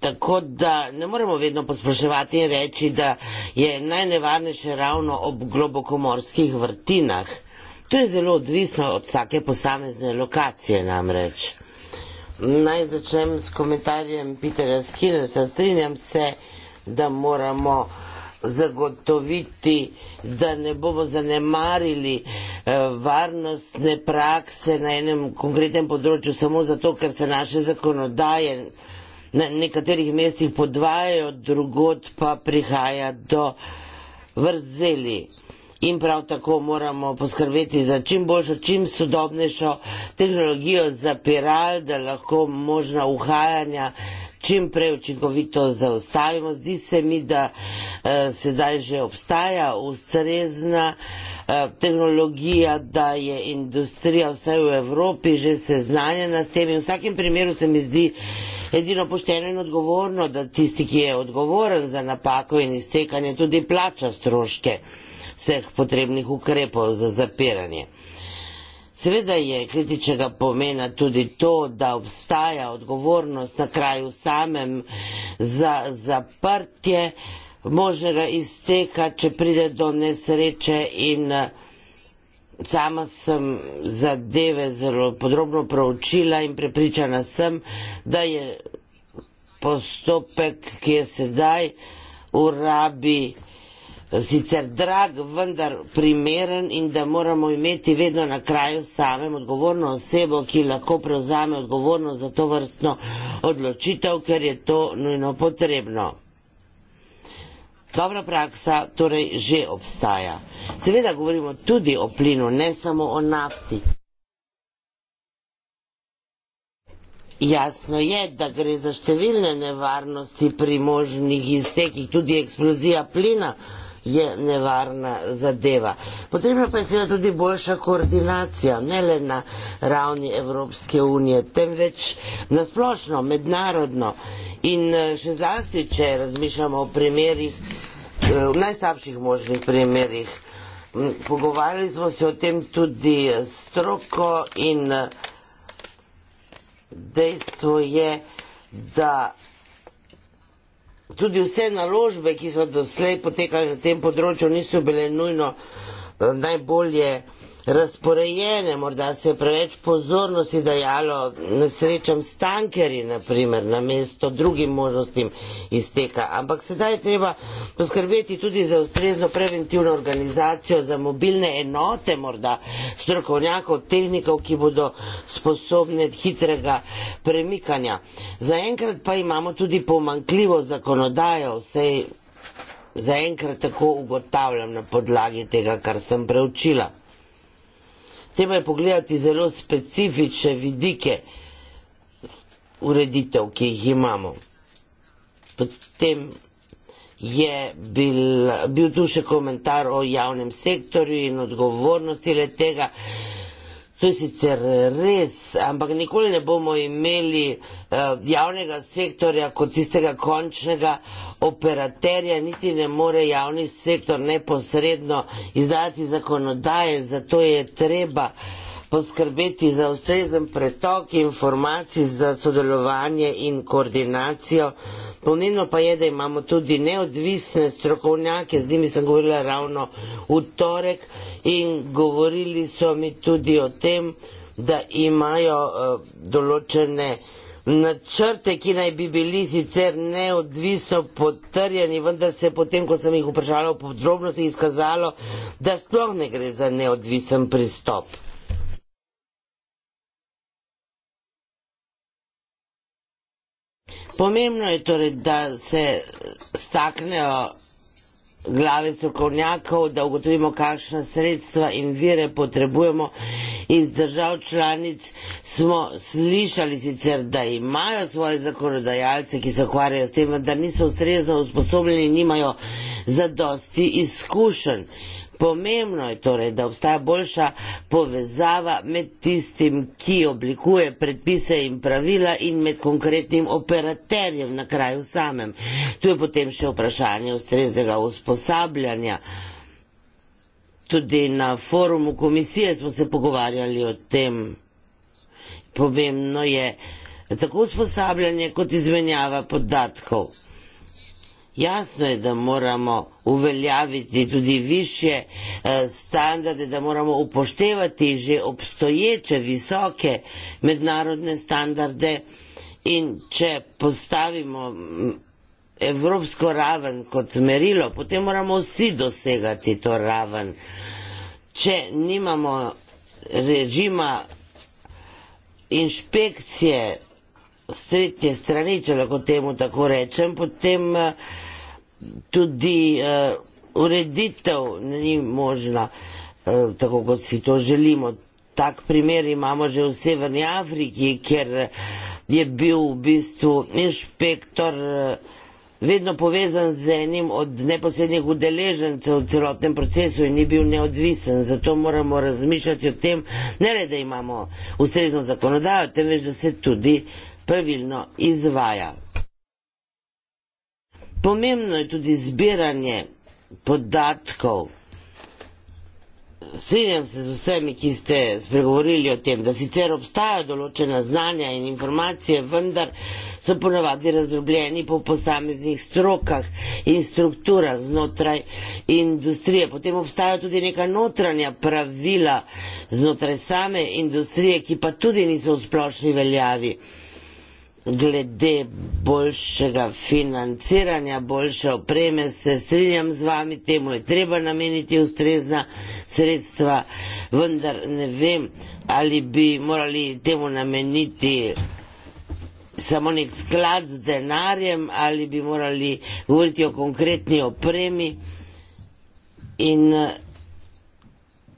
Tako da ne moremo vedno posploševati in reči, da je najnevarnejše ravno ob globokomorskih vrtinah. To je zelo odvisno od vsake posamezne lokacije namreč. Naj začnem s komentarjem Petra Skinnersa. Strinjam se, da moramo zagotoviti, da ne bomo zanemarili eh, varnostne prakse na enem konkretnem področju samo zato, ker se naše zakonodaje na nekaterih mestih podvajajo, drugod pa prihaja do vrzeli in prav tako moramo poskrbeti za čim boljšo, čim sodobnejšo tehnologijo za piral, da lahko možna uhajanja čim prej učinkovito zaustavimo. Zdi se mi, da eh, sedaj že obstaja ustrezna eh, tehnologija, da je industrija vse v Evropi že seznanjena s tem in v vsakem primeru se mi zdi edino pošteno in odgovorno, da tisti, ki je odgovoren za napako in iztekanje, tudi plača stroške vseh potrebnih ukrepov za zapiranje. Seveda je kritičnega pomena tudi to, da obstaja odgovornost na kraju samem za zaprtje možnega izteka, če pride do nesreče in sama sem zadeve zelo podrobno proučila in prepričana sem, da je postopek, ki je sedaj v rabi sicer drag, vendar primeren in da moramo imeti vedno na kraju samem odgovorno osebo, ki lahko prevzame odgovornost za to vrstno odločitev, ker je to nujno potrebno. Dobra praksa torej že obstaja. Seveda govorimo tudi o plinu, ne samo o nafti. Jasno je, da gre za številne nevarnosti pri možnih iztekih, tudi eksplozija plina je nevarna zadeva. Potrebna pa je seveda tudi boljša koordinacija, ne le na ravni Evropske unije, temveč nasplošno, mednarodno in eh, še zlasti, če razmišljamo o primerih, eh, v najslabših možnih primerih. Pogovarjali smo se o tem tudi eh, stroko in dejstvo je, da Tudi vse naložbe, ki so doslej potekale na tem področju, niso bile nujno eh, najbolje razporejene, morda se je preveč pozornosti dajalo nesrečam stankeri, naprimer, na mesto drugim možnostim izteka. Ampak sedaj je treba poskrbeti tudi za ustrezno preventivno organizacijo, za mobilne enote, morda strokovnjakov, tehnikov, ki bodo sposobne hitrega premikanja. Zaenkrat pa imamo tudi pomankljivo zakonodajo, vse zaenkrat tako ugotavljam na podlagi tega, kar sem preučila treba je pogledati zelo specifične vidike ureditev, ki jih imamo. Potem je bil, bil tu še komentar o javnem sektorju in odgovornosti le tega. To je sicer res, ampak nikoli ne bomo imeli uh, javnega sektorja kot tistega končnega uh, operaterja, niti ne more javni sektor neposredno izdati zakonodaje, zato je treba poskrbeti za ustrezen pretok informacij, za sodelovanje in koordinacijo. Pomembno pa je, da imamo tudi neodvisne strokovnjake, z njimi sem govorila ravno v torek in govorili so mi tudi o tem, da imajo uh, določene uh, načrte, ki naj bi bili sicer neodvisno potrjeni, vendar se potem, ko sem jih vprašala v podrobnosti, izkazalo, da sploh ne gre za neodvisen pristop. Pomembno je torej, da se staknejo glave strokovnjakov, da ugotovimo, kakšna sredstva in vire potrebujemo. Iz držav članic smo slišali sicer, da imajo svoje zakonodajalce, ki se ukvarjajo s tem, vendar niso ustrezno usposobljeni in nimajo zadosti izkušenj. Pomembno je torej, da obstaja boljša povezava med tistim, ki oblikuje predpise in pravila in med konkretnim operaterjem na kraju samem. Tu je potem še vprašanje ustreznega usposabljanja. Tudi na forumu komisije smo se pogovarjali o tem. Pomembno je tako usposabljanje kot izmenjava podatkov. Jasno je, da moramo uveljaviti tudi više eh, standarde, da moramo upoštevati že obstoječe visoke mednarodne standarde in če postavimo mm, evropsko raven kot merilo, potem moramo vsi dosegati to raven. Če nimamo režima inšpekcije, s tretje strani, če lahko temu tako rečem, potem uh, tudi uh, ureditev ni možna, uh, tako kot si to želimo. Tak primer imamo že v Severni Afriki, kjer je bil v bistvu inšpektor eh, vedno povezan z enim od neposrednjih udeležencev v celotnem procesu in ni bil neodvisen. Zato moramo razmišljati o tem, ne le da imamo ustrezno zakonodajo, temveč da se tudi pravilno izvaja. Pomembno je tudi zbiranje podatkov. Strinjam se z vsemi, ki ste spregovorili o tem, da sicer obstajajo določena znanja in informacije, vendar so ponavadi razdrobljeni po posameznih strokah in strukturah znotraj industrije. Potem obstajajo tudi neka notranja pravila znotraj same industrije, ki pa tudi niso v splošni veljavi glede boljšega financiranja, boljše opreme, se strinjam z vami, temu je treba nameniti ustrezna sredstva, vendar ne vem, ali bi morali temu nameniti samo nek sklad z denarjem, ali bi morali govoriti o konkretni opremi in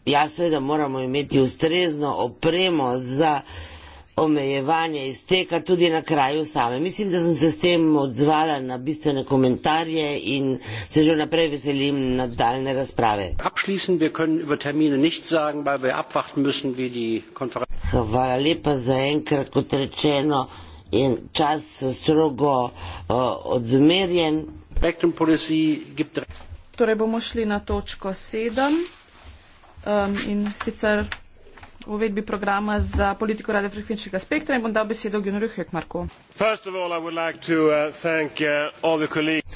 jasno je, da moramo imeti ustrezno opremo za vse, omejevanje izteka tudi na kraju same. Mislim, da sem se s tem odzvala na bistvene komentarje in se že naprej veselim na daljne razprave. Hvala lepa za enkrat, kot rečeno, je čas strogo uh, odmerjen. Torej bomo šli na točko sedem um, in sicer uvedbi programa za politiko radiofrekvenčnega spektra in bom dal besedo Gunnarju Hekmarku. Uh, uh,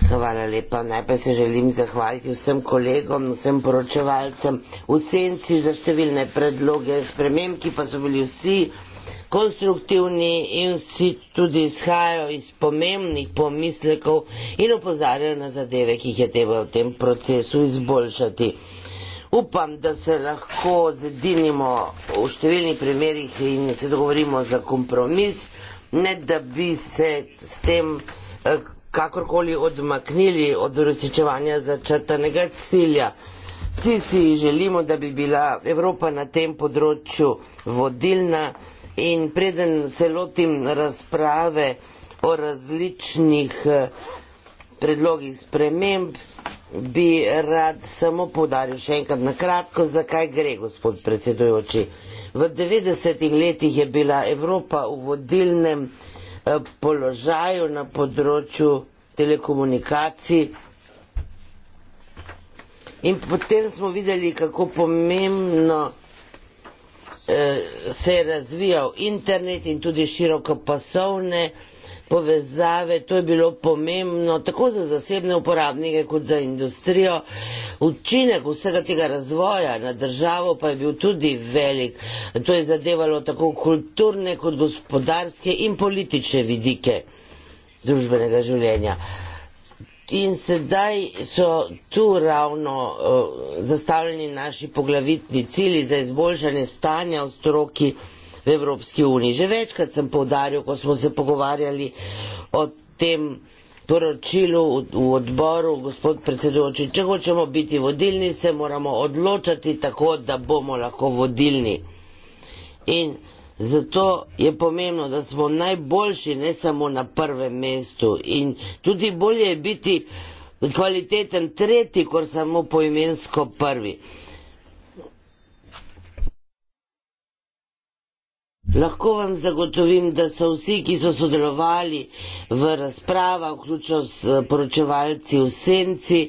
Hvala lepa. Najprej se želim zahvaliti vsem kolegom, vsem poročevalcem v senci za številne predloge sprememb, ki pa so bili vsi konstruktivni in vsi tudi izhajajo iz pomembnih pomislekov in opozarjajo na zadeve, ki jih je treba v tem procesu izboljšati. Upam, da se lahko zedinimo v številnih primerjih in se dogovorimo za kompromis, ne da bi se s tem eh, kakorkoli odmaknili od uresničevanja začrtanega cilja. Vsi si želimo, da bi bila Evropa na tem področju vodilna in preden se lotim razprave o različnih eh, predlogih sprememb, bi rad samo podaril še enkrat na kratko, zakaj gre, gospod predsedujoči. V 90-ih letih je bila Evropa v vodilnem eh, položaju na področju telekomunikacij in potem smo videli, kako pomembno eh, se je razvijal internet in tudi široko pasovne povezave, to je bilo pomembno tako za zasebne uporabnike kot za industrijo. Učinek vsega tega razvoja na državo pa je bil tudi velik. To je zadevalo tako kulturne kot gospodarske in politične vidike družbenega življenja. In sedaj so tu ravno uh, zastavljeni naši poglavitni cili za izboljšanje stanja v stroki v Evropski uniji. Že večkrat sem povdaril, ko smo se pogovarjali o tem poročilu v odboru, gospod predsedujoči, če hočemo biti vodilni, se moramo odločati tako, da bomo lahko vodilni. In zato je pomembno, da smo najboljši, ne samo na prvem mestu. In tudi bolje je biti kvaliteten tretji, kot samo poimensko prvi. Lahko vam zagotovim, da so vsi, ki so sodelovali v razprava, vključno s eh, poročevalci v senci,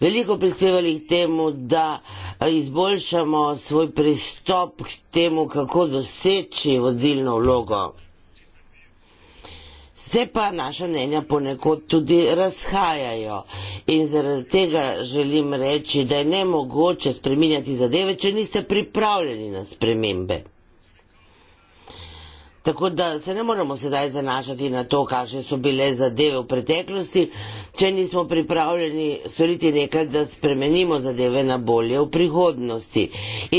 veliko prispevali k temu, da eh, izboljšamo svoj pristop k temu, kako doseči vodilno vlogo. Se pa naša mnenja ponekod tudi razhajajo in zaradi tega želim reči, da je nemogoče spreminjati zadeve, če niste pripravljeni na spremembe. Tako da se ne moramo sedaj zanašati na to, kakšne so bile zadeve v preteklosti, če nismo pripravljeni storiti nekaj, da spremenimo zadeve na bolje v prihodnosti.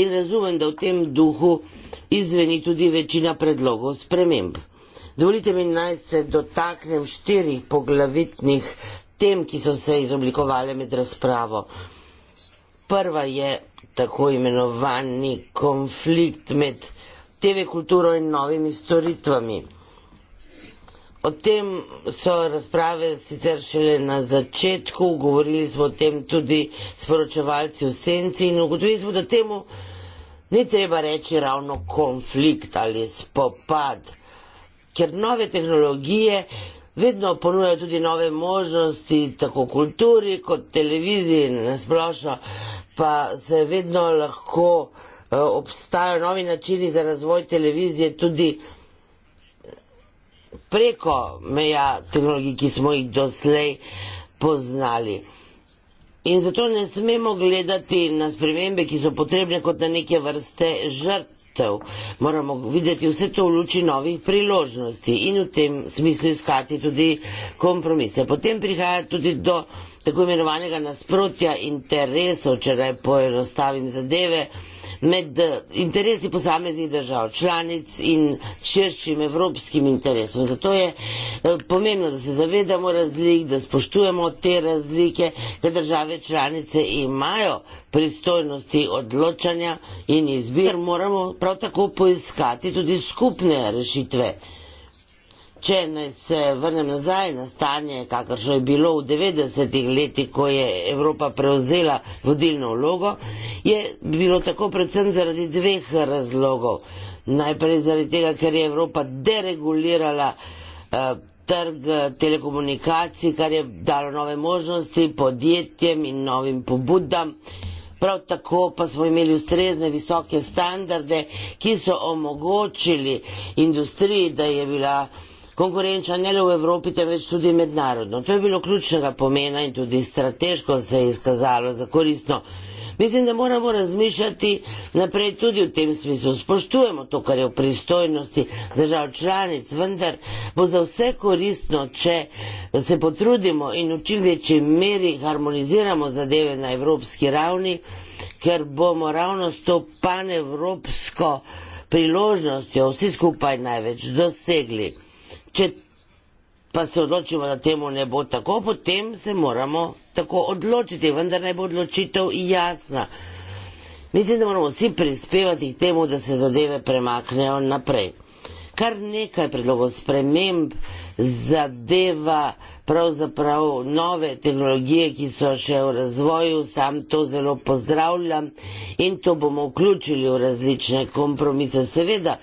In razumem, da v tem duhu izveni tudi večina predlogov sprememb. Dovolite mi naj se dotaknem štirih poglavitnih tem, ki so se izoblikovale med razpravo. Prva je tako imenovani konflikt med TV kulturo in novimi storitvami. O tem so razprave sicer šele na začetku, govorili smo o tem tudi s poročevalci v senci in ugotovili smo, da temu ni treba reči ravno konflikt ali spopad, ker nove tehnologije vedno ponujajo tudi nove možnosti, tako kulturi kot televiziji in nasplošno, pa se vedno lahko Eh, obstajajo novi načini za razvoj televizije tudi preko meja tehnologij, ki smo jih doslej poznali. In zato ne smemo gledati na spremembe, ki so potrebne kot na neke vrste žrtev. Moramo videti vse to v luči novih priložnosti in v tem smislu iskati tudi kompromise. Potem prihaja tudi do tako imenovanega nasprotja interesov, če naj poenostavim zadeve med eh, interesi posameznih držav, članic in širšim evropskim interesom. Zato je eh, pomembno, da se zavedamo razlik, da spoštujemo te razlike, da države članice imajo pristojnosti odločanja in izbir. Moramo prav tako poiskati tudi skupne rešitve. Če ne se vrnem nazaj na stanje, kakršno je bilo v 90-ih letih, ko je Evropa prevzela vodilno vlogo, je bilo tako predvsem zaradi dveh razlogov. Najprej zaradi tega, ker je Evropa deregulirala eh, trg eh, telekomunikacij, kar je dalo nove možnosti podjetjem in novim pobudam. Prav tako pa smo imeli ustrezne visoke standarde, ki so omogočili industriji, da je bila konkurenčna ne le v Evropi, temveč tudi mednarodno. To je bilo ključnega pomena in tudi strateško se je izkazalo za koristno. Mislim, da moramo razmišljati naprej tudi v tem smislu. Spoštujemo to, kar je v pristojnosti držav članic, vendar bo za vse koristno, če se potrudimo in v čim večji meri harmoniziramo zadeve na evropski ravni, ker bomo ravno s to panevropsko priložnostjo vsi skupaj največ dosegli če pa se odločimo, da temu ne bo tako, potem se moramo tako odločiti, vendar naj bo odločitev jasna. Mislim, da moramo vsi prispevati k temu, da se zadeve premaknejo naprej kar nekaj predlogov sprememb zadeva pravzaprav nove tehnologije, ki so še v razvoju, sam to zelo pozdravljam in to bomo vključili v različne kompromise. Seveda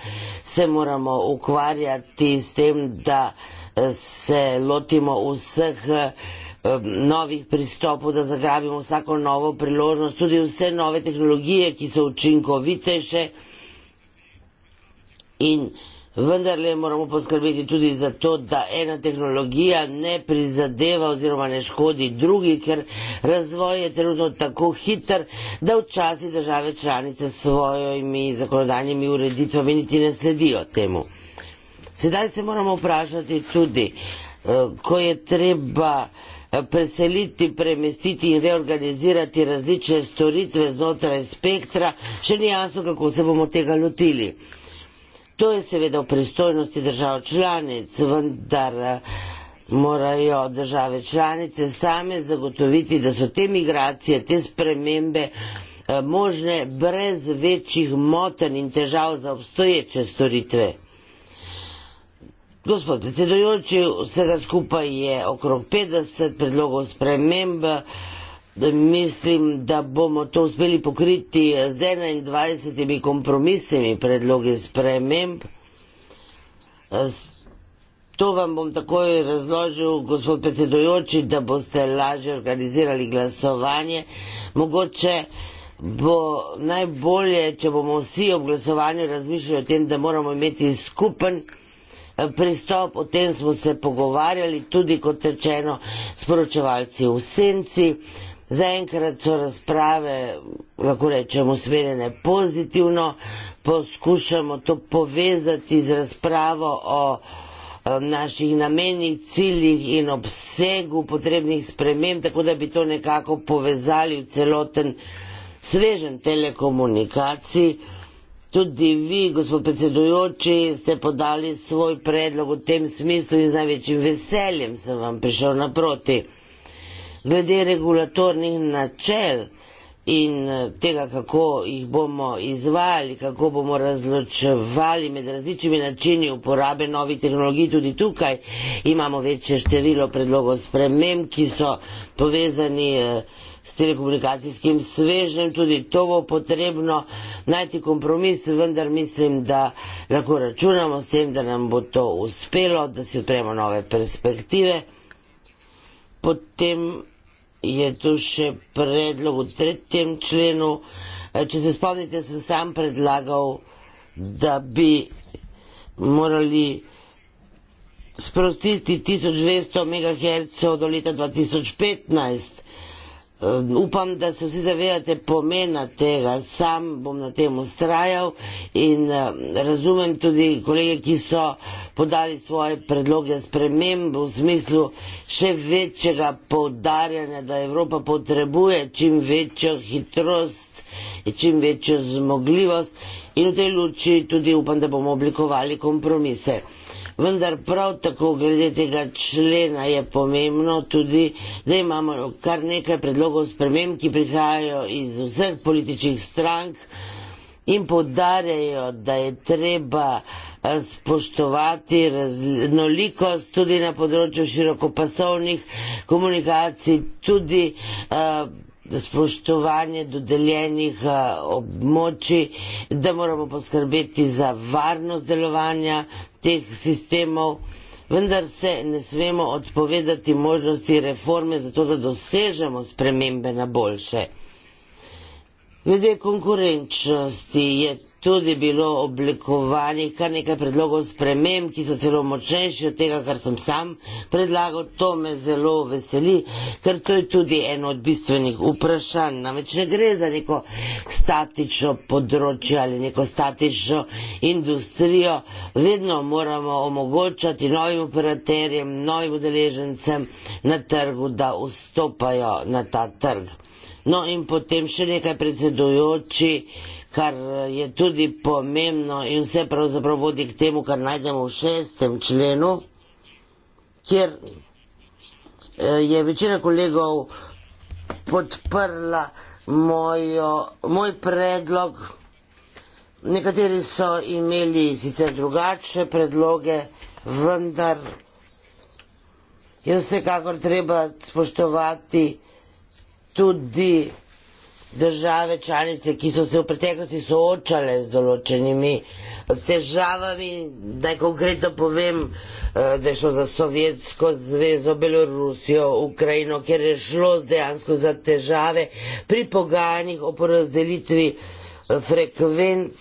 se moramo ukvarjati s tem, da eh, se lotimo vseh eh, novih pristopov, da zagrabimo vsako novo priložnost, tudi vse nove tehnologije, ki so učinkovitejše in Vendar le moramo poskrbeti tudi za to, da ena tehnologija ne prizadeva oziroma ne škodi drugi, ker razvoj je trenutno tako hiter, da včasih države članice s svojimi zakonodajnimi ureditvami niti ne sledijo temu. Sedaj se moramo vprašati tudi, eh, ko je treba eh, preseliti, premestiti in reorganizirati različne storitve znotraj spektra, še ni jasno, kako se bomo tega lotili. To je seveda v pristojnosti držav članic, vendar eh, morajo države članice same zagotoviti, da so te migracije, te spremembe eh, možne brez večjih moten in težav za obstoječe storitve. Gospod predsedujoči, vsega skupaj je okrog 50 predlogov spremembe da mislim, da bomo to uspeli pokriti z 21 kompromisnimi predlogi sprememb. To vam bom takoj razložil, gospod predsedujoči, da boste lažje organizirali glasovanje. Mogoče bo najbolje, če bomo vsi ob glasovanju razmišljali o tem, da moramo imeti skupen eh, pristop, o tem smo se pogovarjali tudi kot rečeno sporočevalci v senci. Zaenkrat so razprave, lahko rečemo, usmerjene pozitivno, poskušamo to povezati z razpravo o eh, naših namenih, ciljih in obsegu potrebnih sprememb, tako da bi to nekako povezali v celoten svežen telekomunikaciji. Tudi vi, gospod predsedujoči, ste podali svoj predlog v tem smislu in z največjim veseljem sem vam prišel naproti glede regulatornih načel in eh, tega, kako jih bomo izvajali, kako bomo razločevali med različnimi načini uporabe novih tehnologij. Tudi tukaj imamo večje število predlogov sprememb, ki so povezani eh, s telekomunikacijskim svežnjem, tudi to bo potrebno najti kompromis, vendar mislim, da lahko računamo s tem, da nam bo to uspelo, da si odpremo nove perspektive. Potem je tu še predlog v tretjem členu. E, če se spomnite, sem sam predlagal, da bi morali sprostiti 1200 MHz do leta 2015. Eh, upam, da se vsi zavedate pomena tega. Sam bom na tem ustrajal in eh, razumem tudi kolege, ki so podali svoje predloge sprememb v smislu še večjega povdarjanja, da Evropa potrebuje čim večjo hitrost in čim večjo zmogljivost in v tej luči tudi upam, da bomo oblikovali kompromise vendar prav tako glede tega člena je pomembno tudi, da imamo kar nekaj predlogov sprememb, ki prihajajo iz vseh političnih strank in podarjajo, da je treba eh, spoštovati raznolikost tudi na področju širokopasovnih komunikacij, tudi uh, spoštovanje dodeljenih eh, območij, da moramo poskrbeti za varnost delovanja teh sistemov, vendar se ne smemo odpovedati možnosti reforme za to, da dosežemo spremembe na boljše. Glede konkurenčnosti je tudi bilo oblikovanih kar nekaj predlogov sprememb, ki so celo močnejši od tega, kar sem sam predlagal. To me zelo veseli, ker to je tudi eno od bistvenih vprašanj. Namreč ne gre za neko statično področje ali neko statično industrijo. Vedno moramo omogočati novim operaterjem, novim udeležencem na trgu, da vstopajo na ta trg. No in potem še nekaj predsedujoči kar je tudi pomembno in vse pravzaprav vodi k temu, kar najdemo v šestem členu, kjer eh, je večina kolegov podprla mojo, moj predlog. Nekateri so imeli sicer drugačne predloge, vendar je vsekakor treba spoštovati tudi države članice, ki so se v preteklosti soočale z določenimi težavami, da je konkretno povem, eh, da je šlo za Sovjetsko zvezo, Belorusijo, Ukrajino, ker je šlo dejansko za težave pri pogajanjih o porazdelitvi eh, frekvenc.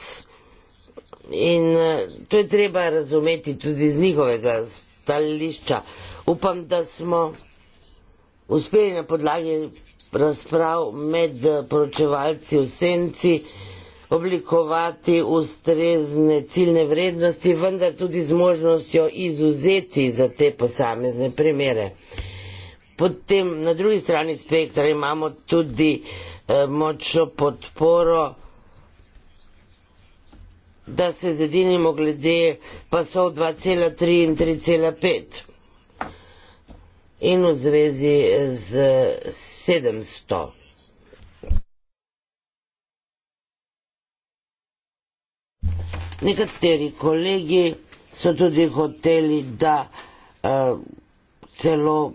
In eh, to je treba razumeti tudi z njihovega stališča. Upam, da smo uspeli na podlagi razprav med poročevalci v senci, oblikovati ustrezne ciljne vrednosti, vendar tudi z možnostjo izuzeti za te posamezne primere. Potem na drugi strani spektra imamo tudi eh, močno podporo, da se zedinimo glede pasov 2,3 in 3,5 in v zvezi z 700. Nekateri kolegi so tudi hoteli, da uh, celo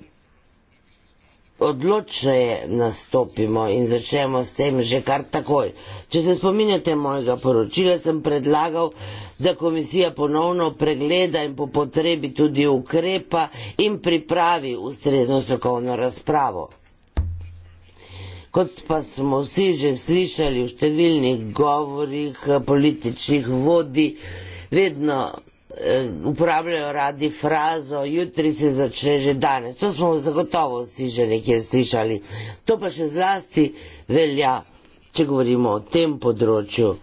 odločneje nastopimo in začnemo s tem že kar takoj. Če se spominjate mojega poročila, sem predlagal, da komisija ponovno pregleda in po potrebi tudi ukrepa in pripravi ustrezno strokovno razpravo. Kot pa smo vsi že slišali v številnih govorih političnih vodi, vedno eh, uporabljajo radi frazo, jutri se začne že danes. To smo zagotovo vsi že nekje slišali. To pa še zlasti velja, če govorimo o tem področju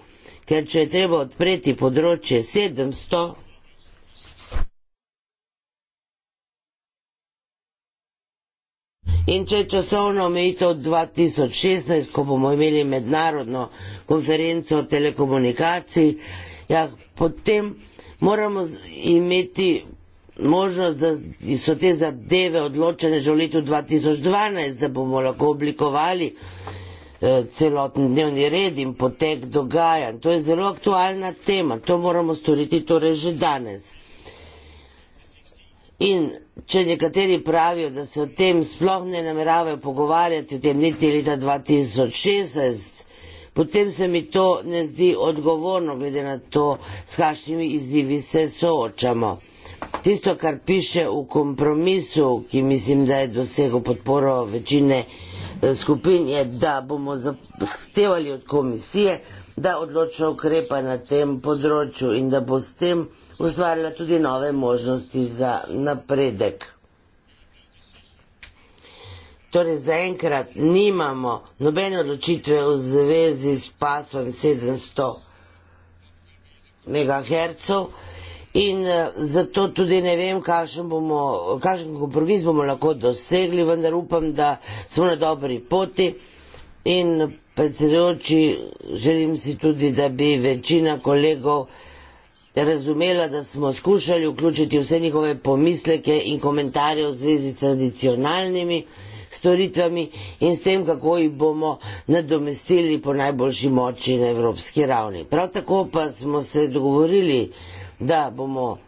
ker če je treba odpreti področje 700, In če je časovno omejitev 2016, ko bomo imeli mednarodno konferenco o telekomunikaciji, ja, potem moramo imeti možnost, da so te zadeve odločene že v letu 2012, da bomo lahko oblikovali Eh, celoten dnevni red in potek dogajanj. To je zelo aktualna tema, to moramo storiti torej že danes. In če nekateri pravijo, da se o tem sploh ne nameravajo pogovarjati, o tem niti leta 2016, potem se mi to ne zdi odgovorno, glede na to, s kakšnimi izzivi se soočamo. Tisto, kar piše v kompromisu, ki mislim, da je dosegel podporo večine skupin je, da bomo zahtevali od komisije, da odločno ukrepa na tem področju in da bo s tem ustvarila tudi nove možnosti za napredek. Torej, zaenkrat nimamo nobene odločitve v zvezi s pasom 700 MHz. In eh, zato tudi ne vem, kakšen, bomo, kakšen kompromis bomo lahko dosegli, vendar upam, da smo na dobri poti. In predsedujoči, želim si tudi, da bi večina kolegov razumela, da smo skušali vključiti vse njihove pomisleke in komentarje v zvezi s tradicionalnimi storitvami in s tem, kako jih bomo nadomestili po najboljši moči na evropski ravni. Prav tako pa smo se dogovorili, da bomo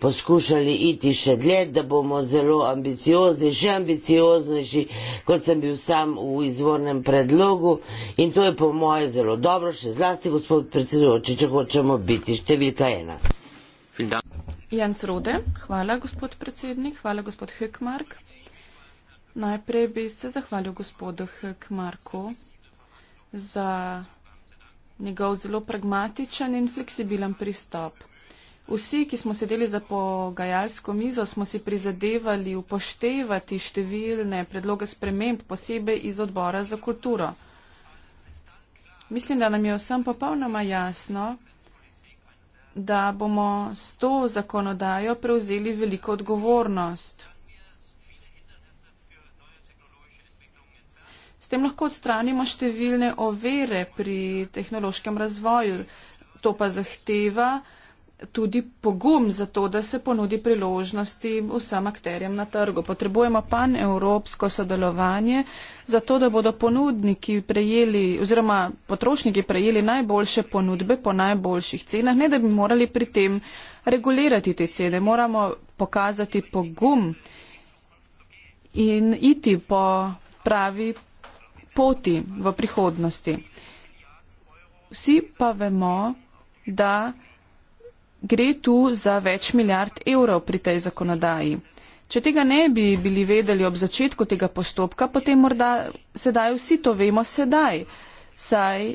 poskušali iti še dlje, da bomo zelo ambiciozni, še ambicioznejši, kot sem bil sam v izvornem predlogu in to je po moje zelo dobro, še zlasti gospod predsedujoči, če hočemo biti številka ena. Jens Rode, hvala gospod predsednik, hvala gospod Hökmark. Najprej bi se zahvalil gospodu Hökmarku za njegov zelo pragmatičen in fleksibilen pristop Vsi, ki smo sedeli za pogajalsko mizo, smo si prizadevali upoštevati številne predloge sprememb, posebej iz odbora za kulturo. Mislim, da nam je vsem popolnoma jasno, da bomo s to zakonodajo prevzeli veliko odgovornost. S tem lahko odstranimo številne ovire pri tehnološkem razvoju. To pa zahteva, tudi pogum za to, da se ponudi priložnosti vsem akterjem na trgu. Potrebujemo panevropsko sodelovanje, zato da bodo ponudniki prejeli oziroma potrošniki prejeli najboljše ponudbe po najboljših cenah, ne da bi morali pri tem regulirati te cene. Moramo pokazati pogum in iti po pravi poti v prihodnosti. Vsi pa vemo, da gre tu za več milijard evrov pri tej zakonodaji. Če tega ne bi bili vedeli ob začetku tega postopka, potem morda sedaj vsi to vemo sedaj, saj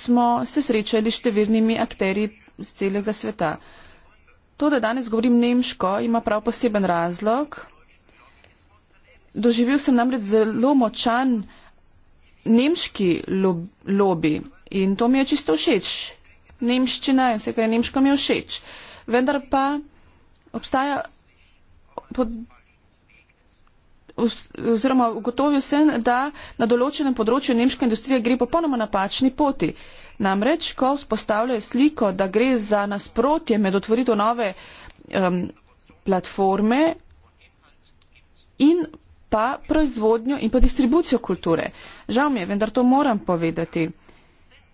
smo se srečali številnimi akteri z celega sveta. To, da danes govorim nemško, ima prav poseben razlog. Doživel sem namreč zelo močan nemški lobby in to mi je čisto všeč nemščina in vse, kar je nemško, mi je všeč. Vendar pa obstaja, pod, oziroma ugotovil sem, da na določenem področju nemška industrija gre popolnoma napačni poti. Namreč, ko vzpostavljajo sliko, da gre za nasprotje med otvoritev nove um, platforme in pa proizvodnjo in pa distribucijo kulture. Žal mi je, vendar to moram povedati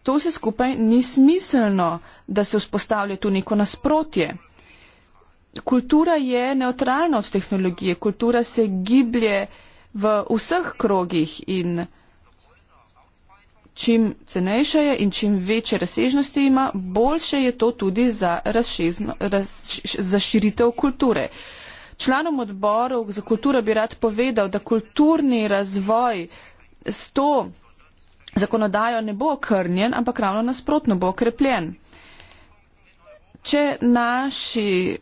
to vse skupaj ni smiselno, da se vzpostavlja tu neko nasprotje. Kultura je neutralna od tehnologije, kultura se giblje v vseh krogih in čim cenejša je in čim večje razsežnosti ima, boljše je to tudi za, razšezno, raz, za širitev kulture. Članom odborov za kulturo bi rad povedal, da kulturni razvoj s to zakonodajo ne bo okrnjen, ampak ravno nasprotno bo okrepljen. Če naši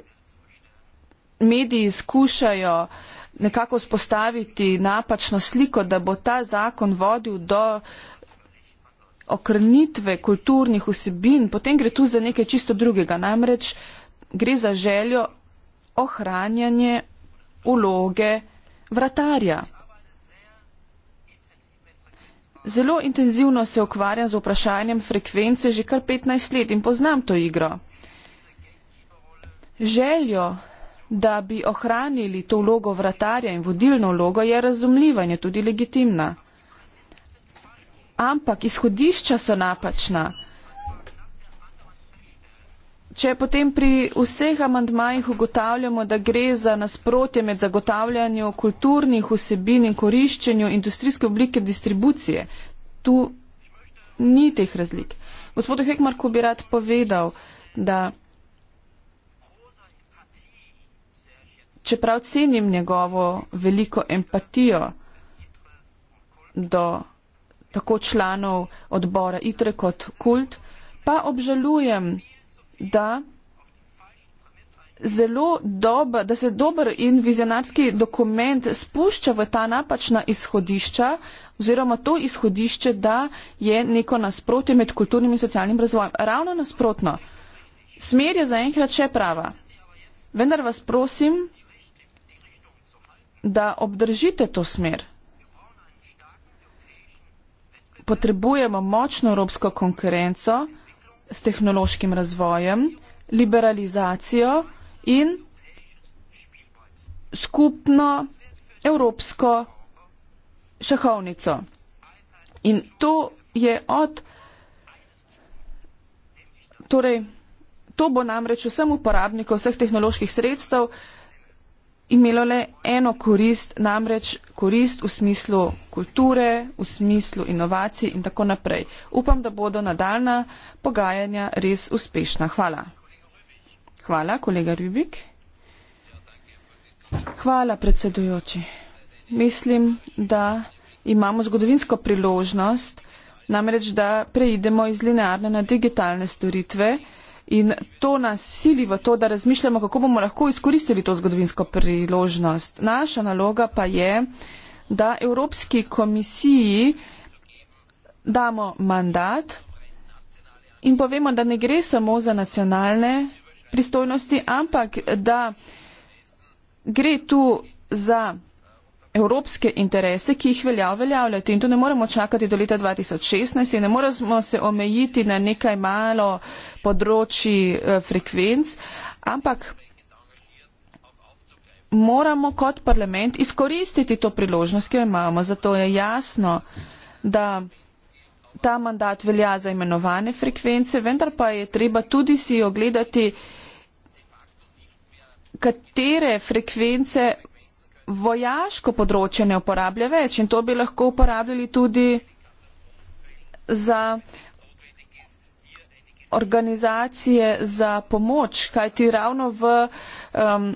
mediji skušajo nekako spostaviti napačno sliko, da bo ta zakon vodil do okrnitve kulturnih vsebin, potem gre tu za nekaj čisto drugega. Namreč gre za željo ohranjanje uloge vratarja. Zelo intenzivno se ukvarjam z vprašanjem frekvence že kar 15 let in poznam to igro. Željo, da bi ohranili to vlogo vratarja in vodilno vlogo, je razumljiva in je tudi legitimna. Ampak izhodišča so napačna če potem pri vseh amandmajih ugotavljamo, da gre za nasprotje med zagotavljanju kulturnih vsebin in koriščenju industrijske oblike distribucije, tu ni teh razlik. Gospod Hekmar, ko bi rad povedal, da čeprav cenim njegovo veliko empatijo do tako članov odbora ITRE kot kult, pa obžalujem, da, dober, da se dober in vizionarski dokument spušča v ta napačna izhodišča oziroma to izhodišče, da je neko nasprotje med kulturnim in socialnim razvojem. Ravno nasprotno. Smer je zaenkrat še prava. Vendar vas prosim, da obdržite to smer. Potrebujemo močno evropsko konkurenco s tehnološkim razvojem, liberalizacijo in skupno evropsko šahovnico. In to je od, torej, to bo namreč vsem uporabnikom vseh tehnoloških sredstev imelo le eno korist, namreč korist v smislu kulture, v smislu inovacij in tako naprej. Upam, da bodo nadaljna pogajanja res uspešna. Hvala. Hvala, kolega Rubik. Hvala, predsedujoči. Mislim, da imamo zgodovinsko priložnost namreč, da preidemo iz linearne na digitalne storitve in to nas sili v to, da razmišljamo, kako bomo lahko izkoristili to zgodovinsko priložnost. Naša naloga pa je, da Evropski komisiji damo mandat in povemo, da ne gre samo za nacionalne pristojnosti, ampak da gre tu za evropske interese, ki jih velja uveljavljati. In tu ne moremo čakati do leta 2016 in ne moremo se omejiti na nekaj malo področji eh, frekvenc, ampak moramo kot parlament izkoristiti to priložnost, ki jo imamo. Zato je jasno, da ta mandat velja za imenovane frekvence, vendar pa je treba tudi si ogledati, katere frekvence vojaško področje ne uporablja več in to bi lahko uporabljali tudi za organizacije za pomoč, kajti ravno v um,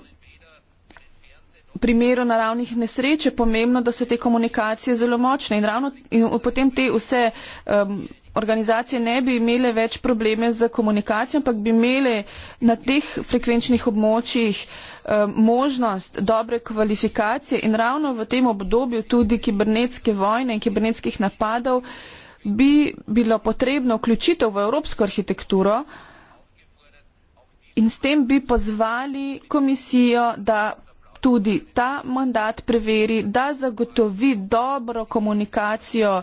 primeru naravnih nesreč je pomembno, da so te komunikacije zelo močne in, ravno, in potem te vse um, organizacije ne bi imele več probleme z komunikacijo, ampak bi imele na teh frekvenčnih območjih um, možnost dobre kvalifikacije in ravno v tem obdobju tudi kibernetske vojne in kibernetskih napadov bi bilo potrebno vključitev v evropsko arhitekturo. In s tem bi pozvali komisijo, da tudi ta mandat preveri, da zagotovi dobro komunikacijo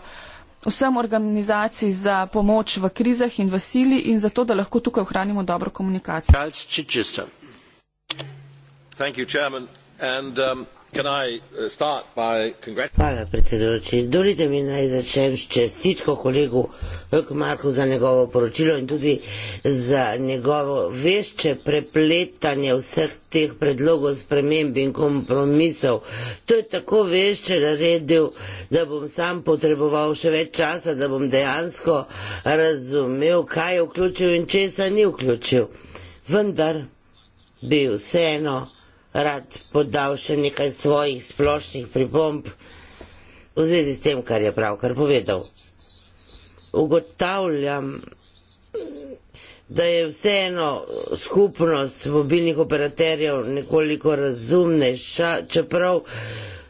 vsem organizacij za pomoč v krizah in v sili in zato, da lahko tukaj ohranimo dobro komunikacijo. Thank you, Chairman. And um, Uh, Hvala, predsedujoči. Dovolite mi naj začnem s čestitko kolegu Hrkmarku za njegovo poročilo in tudi za njegovo vešče prepletanje vseh teh predlogov sprememb in kompromisov. To je tako vešče naredil, da bom sam potreboval še več časa, da bom dejansko razumel, kaj je vključil in česa ni vključil. Vendar bi vseeno rad podal še nekaj svojih splošnih pripomb v zvezi s tem, kar je pravkar povedal. Ugotavljam, da je vseeno skupnost mobilnih operaterjev nekoliko razumnejša, čeprav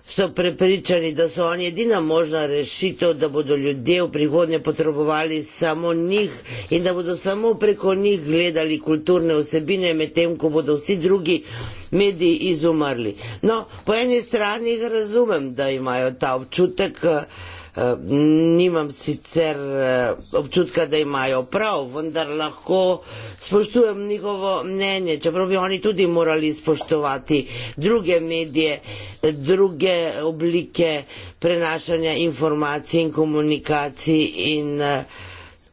so prepričani, da so oni edina možna rešitev, da bodo ljudje v prihodnje potrebovali samo njih in da bodo samo preko njih gledali kulturne osebine, medtem ko bodo vsi drugi mediji izumrli. No, po eni strani razumem, da imajo ta občutek, uh, Eh, nimam sicer eh, občutka, da imajo prav, vendar lahko spoštujem njihovo mnenje, čeprav bi oni tudi morali spoštovati druge medije, druge oblike prenašanja informacij in komunikacij in eh,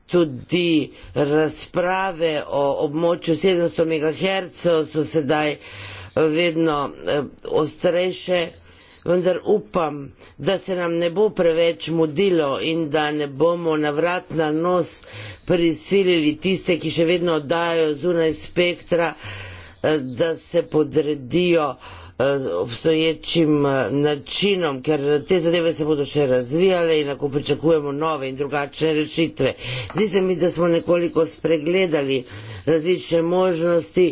tudi razprave o območju 700 MHz so sedaj vedno ostrejše vendar upam, da se nam ne bo preveč mudilo in da ne bomo na vrat na nos prisilili tiste, ki še vedno dajo zunaj spektra, eh, da se podredijo eh, obstoječim eh, načinom, ker te zadeve se bodo še razvijale in lahko pričakujemo nove in drugačne rešitve. Zdi se mi, da smo nekoliko spregledali različne možnosti,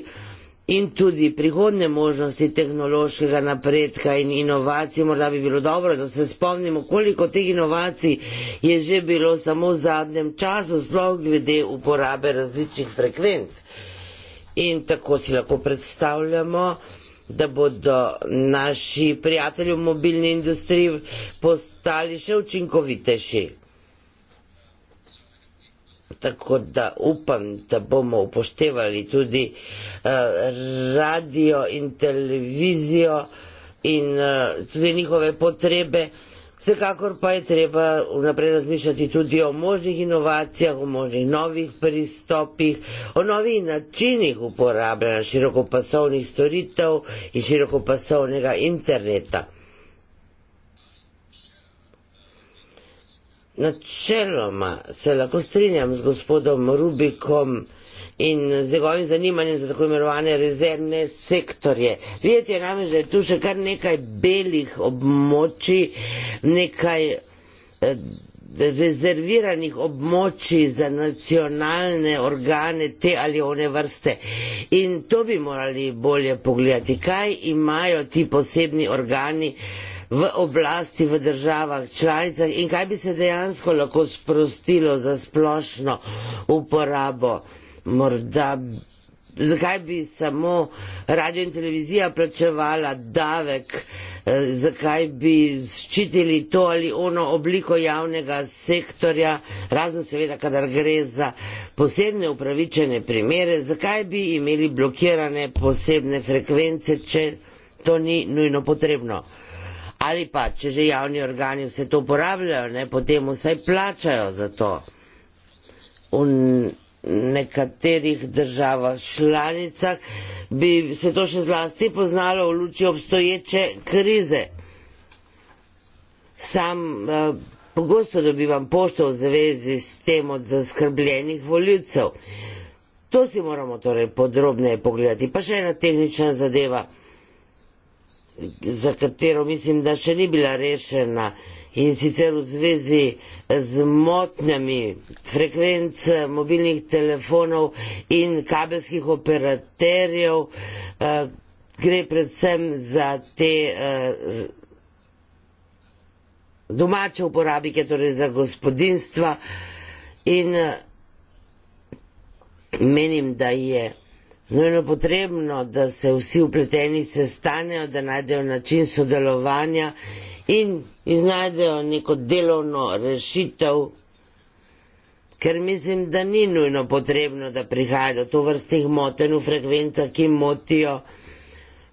in tudi prihodne možnosti tehnološkega napredka in inovacij, morda bi bilo dobro, da se spomnimo, koliko teh inovacij je že bilo samo v zadnjem času, sploh glede uporabe različnih frekvenc. In tako si lahko predstavljamo, da bodo naši prijatelji v mobilni industriji postali še učinkovitejši tako da upam, da bomo upoštevali tudi eh, radio in televizijo in eh, tudi njihove potrebe. Vsekakor pa je treba vnaprej razmišljati tudi o možnih inovacijah, o možnih novih pristopih, o novih načinih uporabljanja širokopasovnih storitev in širokopasovnega interneta. načeloma se lahko strinjam z gospodom Rubikom in z njegovim zanimanjem za tako imenovane rezervne sektorje. Videti je namreč, da je tu še kar nekaj belih območij, nekaj eh, rezerviranih območij za nacionalne organe te ali one vrste. In to bi morali bolje pogledati, kaj imajo ti posebni organi v oblasti v državah članicah in kaj bi se dejansko lahko sprostilo za splošno uporabo. Morda, zakaj bi samo radio in televizija plačevala davek, eh, zakaj bi ščitili to ali ono obliko javnega sektorja, razen seveda, kadar gre za posebne upravičene primere, zakaj bi imeli blokirane posebne frekvence, če to ni nujno potrebno ali pa če že javni organi vse to uporabljajo, ne, potem vsaj plačajo za to. V nekaterih državah članicah bi se to še zlasti poznalo v luči obstoječe krize. Sam eh, pogosto dobivam pošto v zvezi s tem od zaskrbljenih voljivcev. To si moramo torej podrobneje pogledati. Pa še ena tehnična zadeva za katero mislim, da še ni bila rešena in sicer v zvezi z motnjami frekvenc eh, mobilnih telefonov in kabelskih operaterjev, eh, gre predvsem za te eh, domače uporabnike, torej za gospodinstva in menim, da je Nujno potrebno, da se vsi upleteni sestanejo, da najdejo način sodelovanja in iznajdejo neko delovno rešitev, ker mislim, da ni nujno potrebno, da prihaja do to vrstnih moten v frekvencah, ki motijo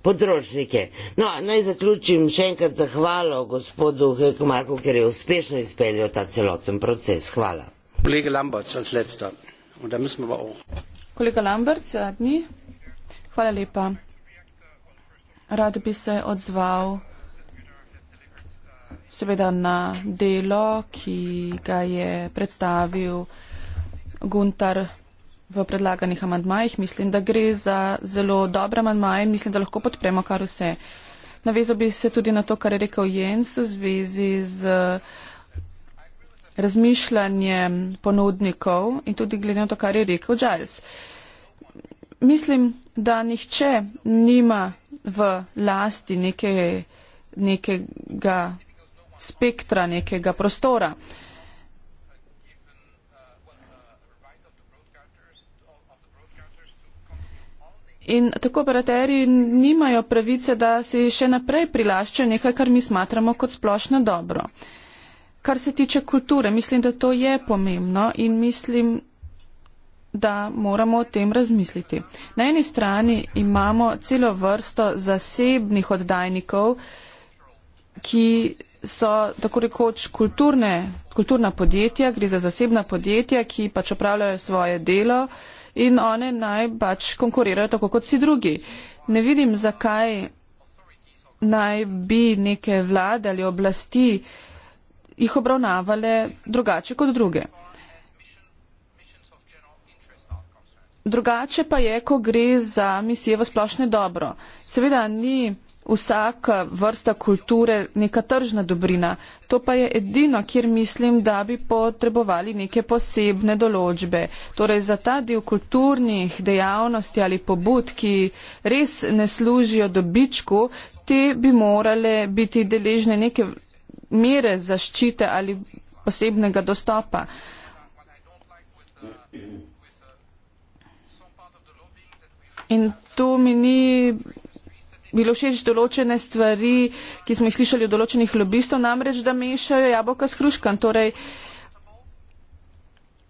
potrošnike. No, naj zaključim še enkrat zahvalo gospodu Hekmarku, ker je uspešno izpeljal ta celoten proces. Hvala. Kolega Lambert, sem sledstva. Und da müssen wir auch. Kolega Lambert, zadnji. Hvala lepa. Rad bi se odzval seveda na delo, ki ga je predstavil Guntar v predlaganih amandmajih. Mislim, da gre za zelo dobre amandmaje in mislim, da lahko podpremo kar vse. Navezal bi se tudi na to, kar je rekel Jens v zvezi z razmišljanje ponudnikov in tudi glede na to, kar je rekel Giles. Mislim, da nihče nima v lasti neke, nekega spektra, nekega prostora. In tako operaterji nimajo pravice, da si še naprej prilaščajo nekaj, kar mi smatramo kot splošno dobro. Uh, kar se tiče kulture, mislim, da to je pomembno in mislim, da moramo o tem razmisliti. Na eni strani imamo celo vrsto zasebnih oddajnikov, ki so tako rekoč kulturne, kulturna podjetja, gre za zasebna podjetja, ki pač opravljajo svoje delo in one naj pač konkurirajo tako kot si drugi. Ne vidim, zakaj naj bi neke vlade ali oblasti uh, jih obravnavale drugače kot druge. Drugače pa je, ko gre za misije v splošne dobro. Seveda ni vsaka vrsta kulture neka tržna dobrina. To pa je edino, kjer mislim, da bi potrebovali neke posebne določbe. Torej za ta del kulturnih dejavnosti ali pobud, ki res ne služijo dobičku, te bi morale biti deležne neke mere zaščite ali posebnega dostopa. In to mi ni bilo všeč določene stvari, ki smo jih slišali od določenih lobistov, namreč, da mešajo jabolka s hruškan. Torej,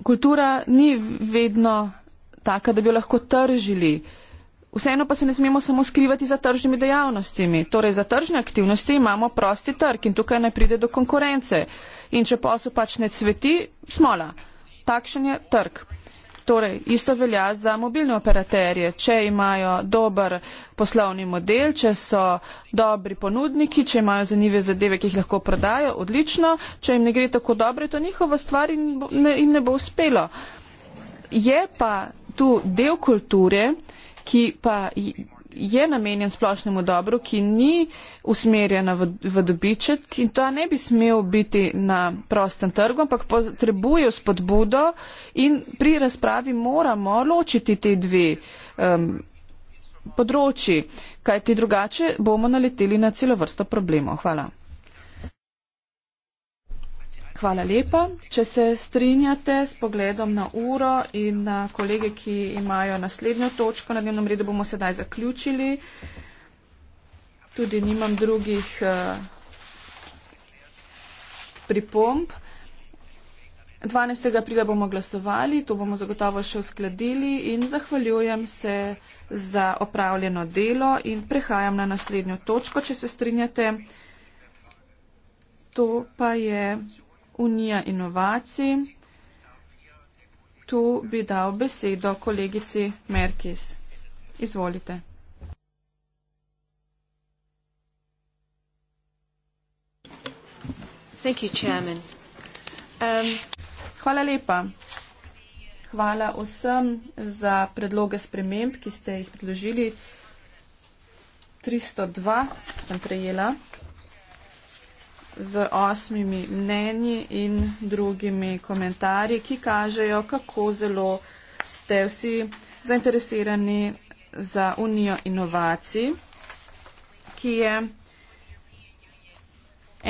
kultura ni vedno taka, da bi jo lahko tržili. Uh, Vseeno pa se ne smemo samo skrivati za tržnimi dejavnostimi. Torej, za tržne aktivnosti imamo prosti trg in tukaj ne pride do konkurence. In če posel pač ne cveti, smola. Takšen je trg. Torej, isto velja za mobilne operaterje. Če imajo dober poslovni model, če so dobri ponudniki, če imajo zanive zadeve, ki jih lahko prodajo, odlično. Če jim ne gre tako dobro, je to njihova stvar in ne, jim ne bo uspelo. Je pa tu del kulture, ki pa je namenjen splošnemu dobru, ki ni usmerjena v, v dobiček in to ne bi smel biti na prostem trgu, ampak potrebuje spodbudo in pri razpravi moramo ločiti te dve um, področji, kajti drugače bomo naleteli na celo vrsto problemov. Hvala. Hvala lepa. Če se strinjate s pogledom na uro in na kolege, ki imajo naslednjo točko na dnevnem redu, bomo sedaj zaključili. Tudi nimam drugih uh, pripomb. 12. aprila bomo glasovali, to bomo zagotovo še uskladili in zahvaljujem se za opravljeno delo in prehajam na naslednjo točko, če se strinjate. To pa je unija inovacij. Tu bi dal besedo kolegici Merkis. Izvolite. Thank you, um, Hvala lepa. Hvala vsem za predloge sprememb, ki ste jih predložili. 302 sem prejela z osmimi mnenji in drugimi komentarji, ki kažejo, kako zelo ste vsi zainteresirani za Unijo inovacij, ki je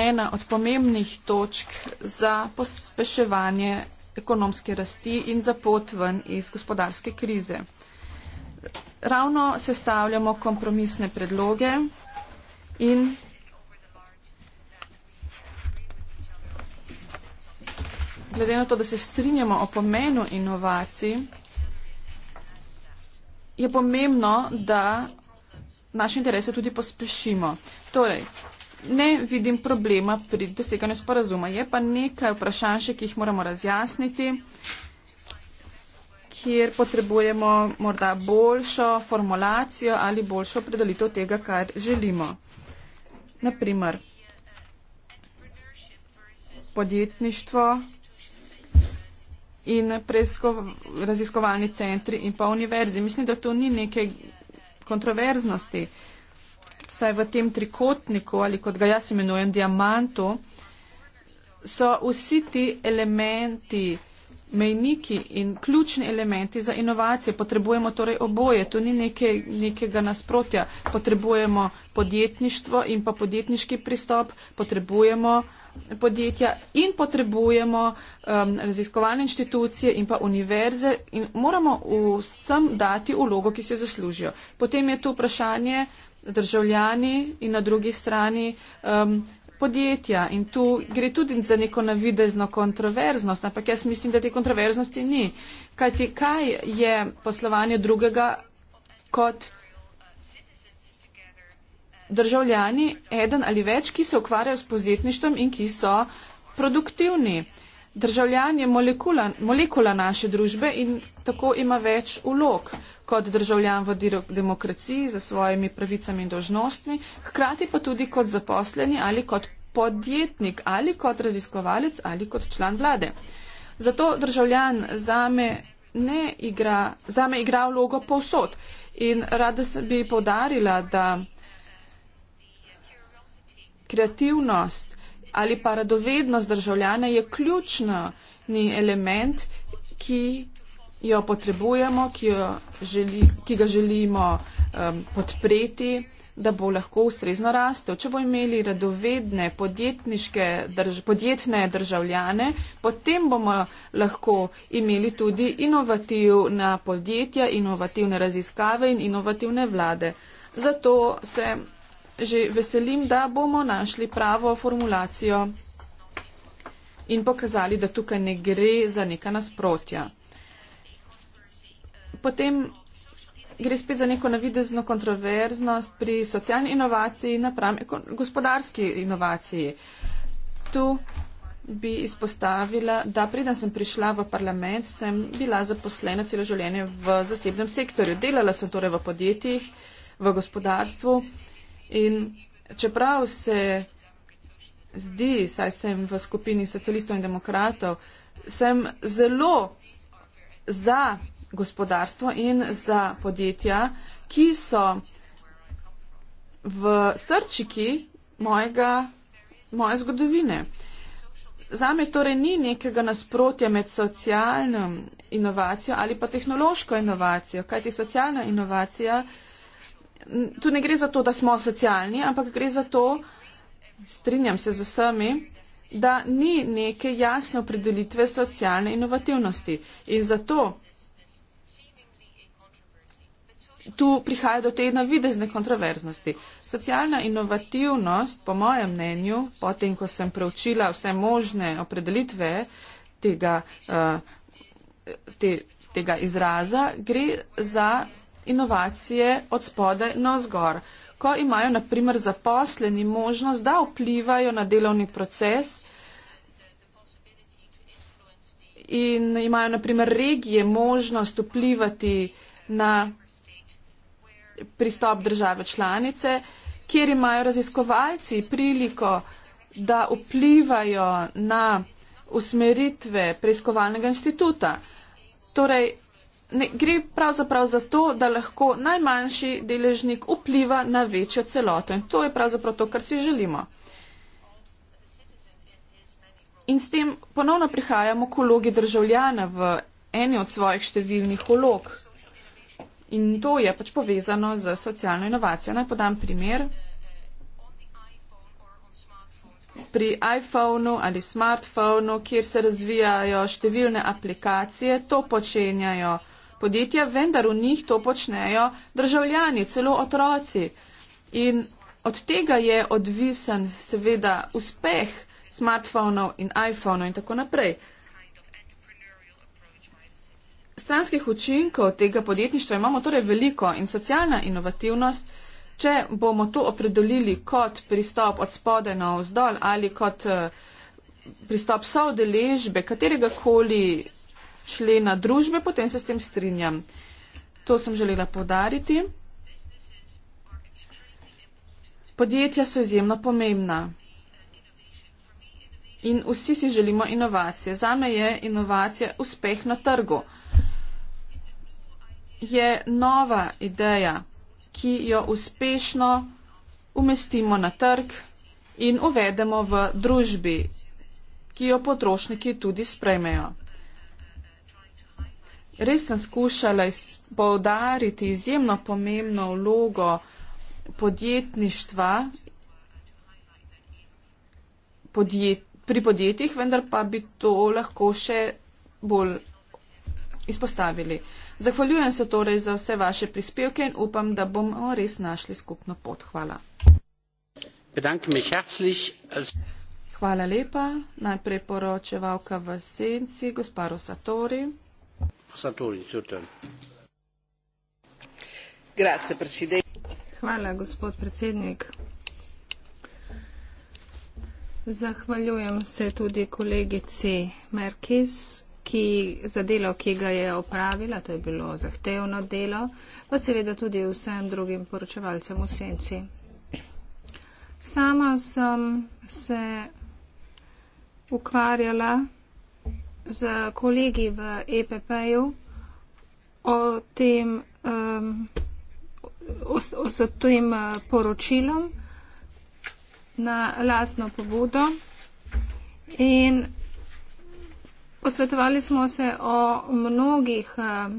ena od pomembnih točk za pospeševanje ekonomske rasti in za pot ven iz gospodarske krize. Ravno sestavljamo kompromisne predloge in glede na to, da se strinjamo o pomenu inovacij, je pomembno, da naše interese tudi pospešimo. Torej, ne vidim problema pri doseganju sporazuma. Je pa nekaj vprašanj še, ki jih moramo razjasniti, kjer potrebujemo morda boljšo formulacijo ali boljšo predelitev tega, kar želimo. Naprimer, podjetništvo in raziskovalni centri in pa univerzi. Mislim, da to ni neke kontroverznosti. Saj v tem trikotniku ali kot ga jaz imenujem diamantu so vsi ti elementi, mejniki in ključni elementi za inovacije. Potrebujemo torej oboje, to ni neke, nekega nasprotja. Potrebujemo podjetništvo in pa podjetniški pristop, potrebujemo uh, podjetja in potrebujemo um, raziskovalne inštitucije in pa univerze in moramo vsem dati ulogo, ki se jo zaslužijo. Potem je tu vprašanje državljani in na drugi strani um, podjetja in tu gre tudi za neko navidezno kontroverznost, ampak jaz mislim, da te kontroverznosti ni. Kaj, te, kaj je poslovanje drugega kot državljani, eden ali več, ki se ukvarjajo s podjetništvom in ki so produktivni. Državljan je molekula, molekula naše družbe in tako ima več ulog kot državljan v demokraciji za svojimi pravicami in dožnostmi, hkrati pa tudi kot zaposleni ali kot podjetnik ali kot raziskovalec ali kot član vlade. Zato državljan zame ne igra, zame igra vlogo povsod in rada se bi povdarila, da kreativnost ali pa radovednost državljana je ključni element, ki jo potrebujemo, ki, jo želi, ki ga želimo um, podpreti, da bo lahko ustrezno rastel. Če bo imeli radovedne drž, podjetne državljane, potem bomo lahko imeli tudi inovativna podjetja, inovativne raziskave in inovativne vlade. Zato se že veselim, da bomo našli pravo formulacijo in pokazali, da tukaj ne gre za neka nasprotja. Potem gre spet za neko navidezno kontroverznost pri socialni inovaciji napram gospodarski inovaciji. Tu bi izpostavila, da preden sem prišla v parlament, sem bila zaposlena celo življenje v zasebnem sektorju. Delala sem torej v podjetjih, v gospodarstvu. In čeprav se zdi, saj sem v skupini socialistov in demokratov, sem zelo za gospodarstvo in za podjetja, ki so v srčiki mojega, moje zgodovine. Zame torej ni nekega nasprotja med socialno inovacijo ali pa tehnološko inovacijo, kajti socialna inovacija tu ne gre za to, da smo socialni, ampak gre za to, strinjam se z vsemi, da ni neke jasne opredelitve socialne inovativnosti. In zato tu prihaja do te navidezne kontroverznosti. Socialna inovativnost, po mojem mnenju, potem, ko sem preučila vse možne opredelitve tega, uh, te, tega izraza, gre za inovacije od spode na zgor. Ko imajo naprimer zaposleni možnost, da vplivajo na delovni proces in imajo naprimer regije možnost vplivati na pristop države članice, kjer imajo raziskovalci priliko, da vplivajo na usmeritve preiskovalnega instituta. Torej, Ne, gre pravzaprav za to, da lahko najmanjši deležnik vpliva na večjo celoto in to je pravzaprav to, kar si želimo. In s tem ponovno prihajamo k ulogi državljana v eni od svojih številnih ulog. In to je pač povezano z socialno inovacijo. Naj podam primer. Pri iPhonu ali smartphonu, kjer se razvijajo številne aplikacije, to počenjajo podjetja vendar v njih to počnejo, državljani, celo otroci. In od tega je odvisen seveda uspeh smartfonov in iPhonov in tako naprej. Stranskih učinkov tega podjetništva imamo torej veliko in socialna inovativnost, če bomo to opredelili kot pristop od spode na vzdolj ali kot eh, pristop soodeležbe kateregakoli člena družbe, potem se s tem strinjam. To sem želela povdariti. Podjetja so izjemno pomembna. In vsi si želimo inovacije. Zame je inovacija uspeh na trgu. Je nova ideja, ki jo uspešno umestimo na trg in uvedemo v družbi, ki jo potrošniki tudi sprejmejo res sem skušala izpovdariti izjemno pomembno vlogo podjetništva podjet, pri podjetjih, vendar pa bi to lahko še bolj izpostavili. Zahvaljujem se torej za vse vaše prispevke in upam, da bomo res našli skupno pot. Hvala. Hvala lepa. Najprej poročevalka v senci, gospa Rosatori. Zahvaljujem se tudi kolegici Merkis, ki za delo, ki ga je opravila, to je bilo zahtevno delo, pa seveda tudi vsem drugim poročevalcem v senci. Sama sem se ukvarjala z kolegi v EPP-ju o tem, um, o, o, o tem uh, poročilom na lastno pobudo in posvetovali smo se o mnogih uh,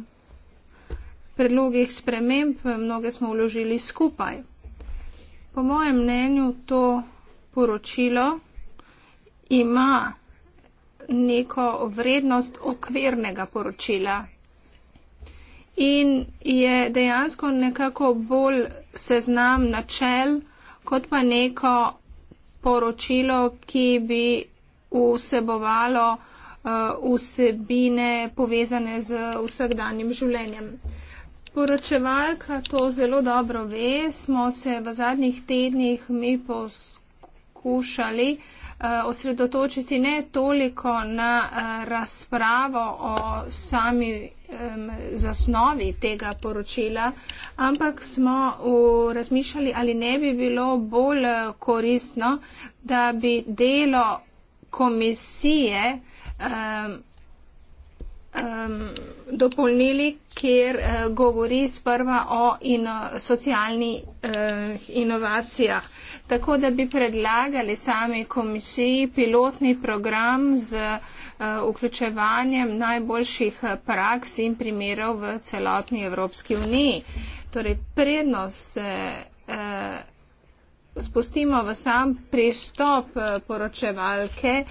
predlogih sprememb, mnoge smo vložili skupaj. Po mojem mnenju to poročilo ima neko vrednost okvirnega poročila. In je dejansko nekako bolj seznam načel, kot pa neko poročilo, ki bi vsebovalo uh, vsebine povezane z vsakdanjem življenjem. Poročevalka to zelo dobro ve, smo se v zadnjih tednih mi poskušali uh, Eh, osredotočiti ne toliko na eh, razpravo o sami zasnovi tega poročila, ampak smo razmišljali, ali ne bi bilo bolj eh, koristno, da bi delo komisije dopolnili, kjer govori sprva o socialnih inovacijah tako da bi predlagali sami komisiji pilotni program z eh, vključevanjem najboljših praks in primerov v celotni Evropski uniji. Torej, prednost se eh, spustimo v sam pristop eh, poročevalke,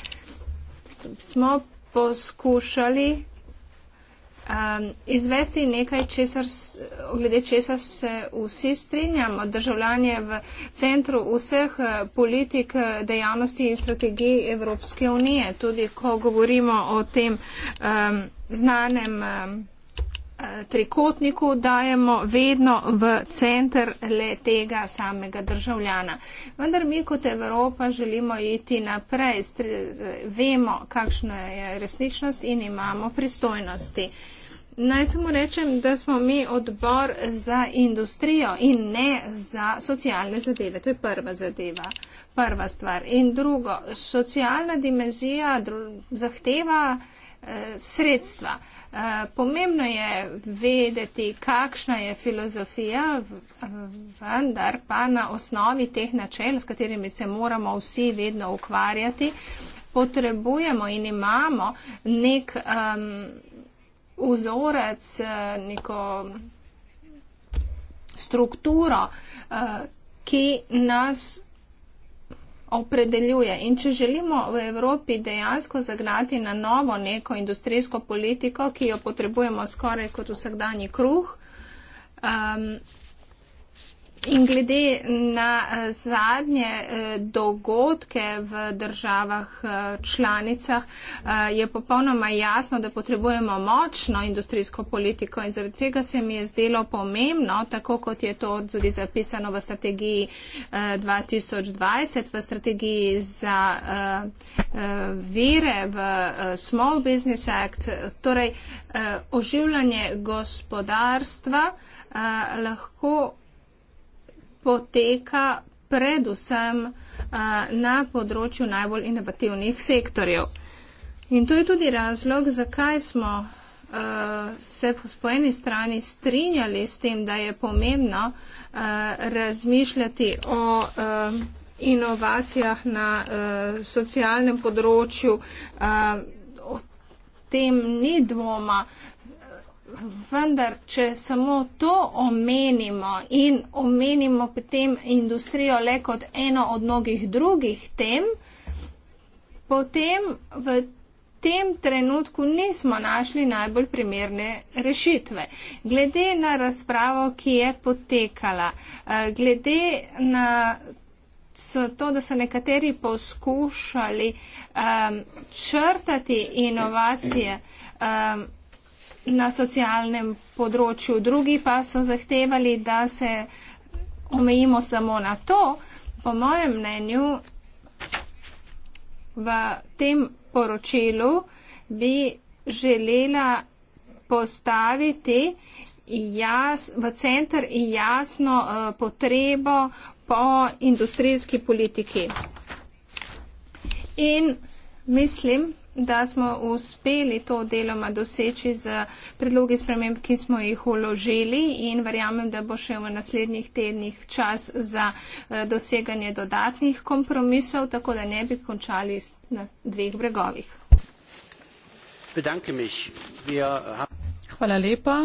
smo poskušali um, izvesti nekaj, česar, glede česar se vsi strinjamo. Državljanje v centru vseh eh, politik, eh, dejavnosti in strategij Evropske unije. Tudi ko govorimo o tem um, znanem. Um, trikotniku dajemo vedno v center le tega samega državljana. Vendar mi kot Evropa želimo iti naprej, vemo, kakšna je resničnost in imamo pristojnosti. Naj samo rečem, da smo mi odbor za industrijo in ne za socialne zadeve. To je prva zadeva, prva stvar. In drugo, socialna dimenzija dru zahteva sredstva. Eh, pomembno je vedeti, kakšna je filozofija, vendar pa na osnovi teh načel, s katerimi se moramo vsi vedno ukvarjati, potrebujemo in imamo nek um, vzorec, eh, neko strukturo, uh, ki nas opredeljuje. In če želimo v Evropi dejansko zagnati na novo neko industrijsko politiko, ki jo potrebujemo skoraj kot vsakdanji kruh, um, In glede na eh, zadnje eh, dogodke v državah eh, članicah je popolnoma jasno, da potrebujemo močno industrijsko politiko in zaradi tega se mi je zdelo pomembno, tako kot je to tudi zapisano v strategiji 2020, v strategiji za vire v Small Business Act, torej oživljanje gospodarstva lahko poteka predvsem uh, na področju najbolj inovativnih sektorjev. In to je tudi razlog, zakaj smo uh, se po eni strani strinjali s tem, da je pomembno uh, razmišljati o uh, inovacijah na uh, socialnem področju. Uh, o tem ni dvoma. Uh, vendar, če samo to omenimo in omenimo potem industrijo le kot eno od mnogih drugih tem, potem v tem trenutku nismo našli najbolj primerne rešitve. Glede na razpravo, ki je potekala, eh, glede na to, da so nekateri poskušali um, črtati inovacije, um, na socialnem področju, drugi pa so zahtevali, da se omejimo samo na to. Po mojem mnenju v tem poročilu bi želela postaviti jas, v centr jasno uh, potrebo po industrijski politiki. In mislim, da smo uspeli to deloma doseči z predlogi sprememb, ki smo jih uložili in verjamem, da bo še v naslednjih tednih čas za eh, doseganje dodatnih kompromisov, tako da ne bi končali na dveh bregovih. Hvala lepa.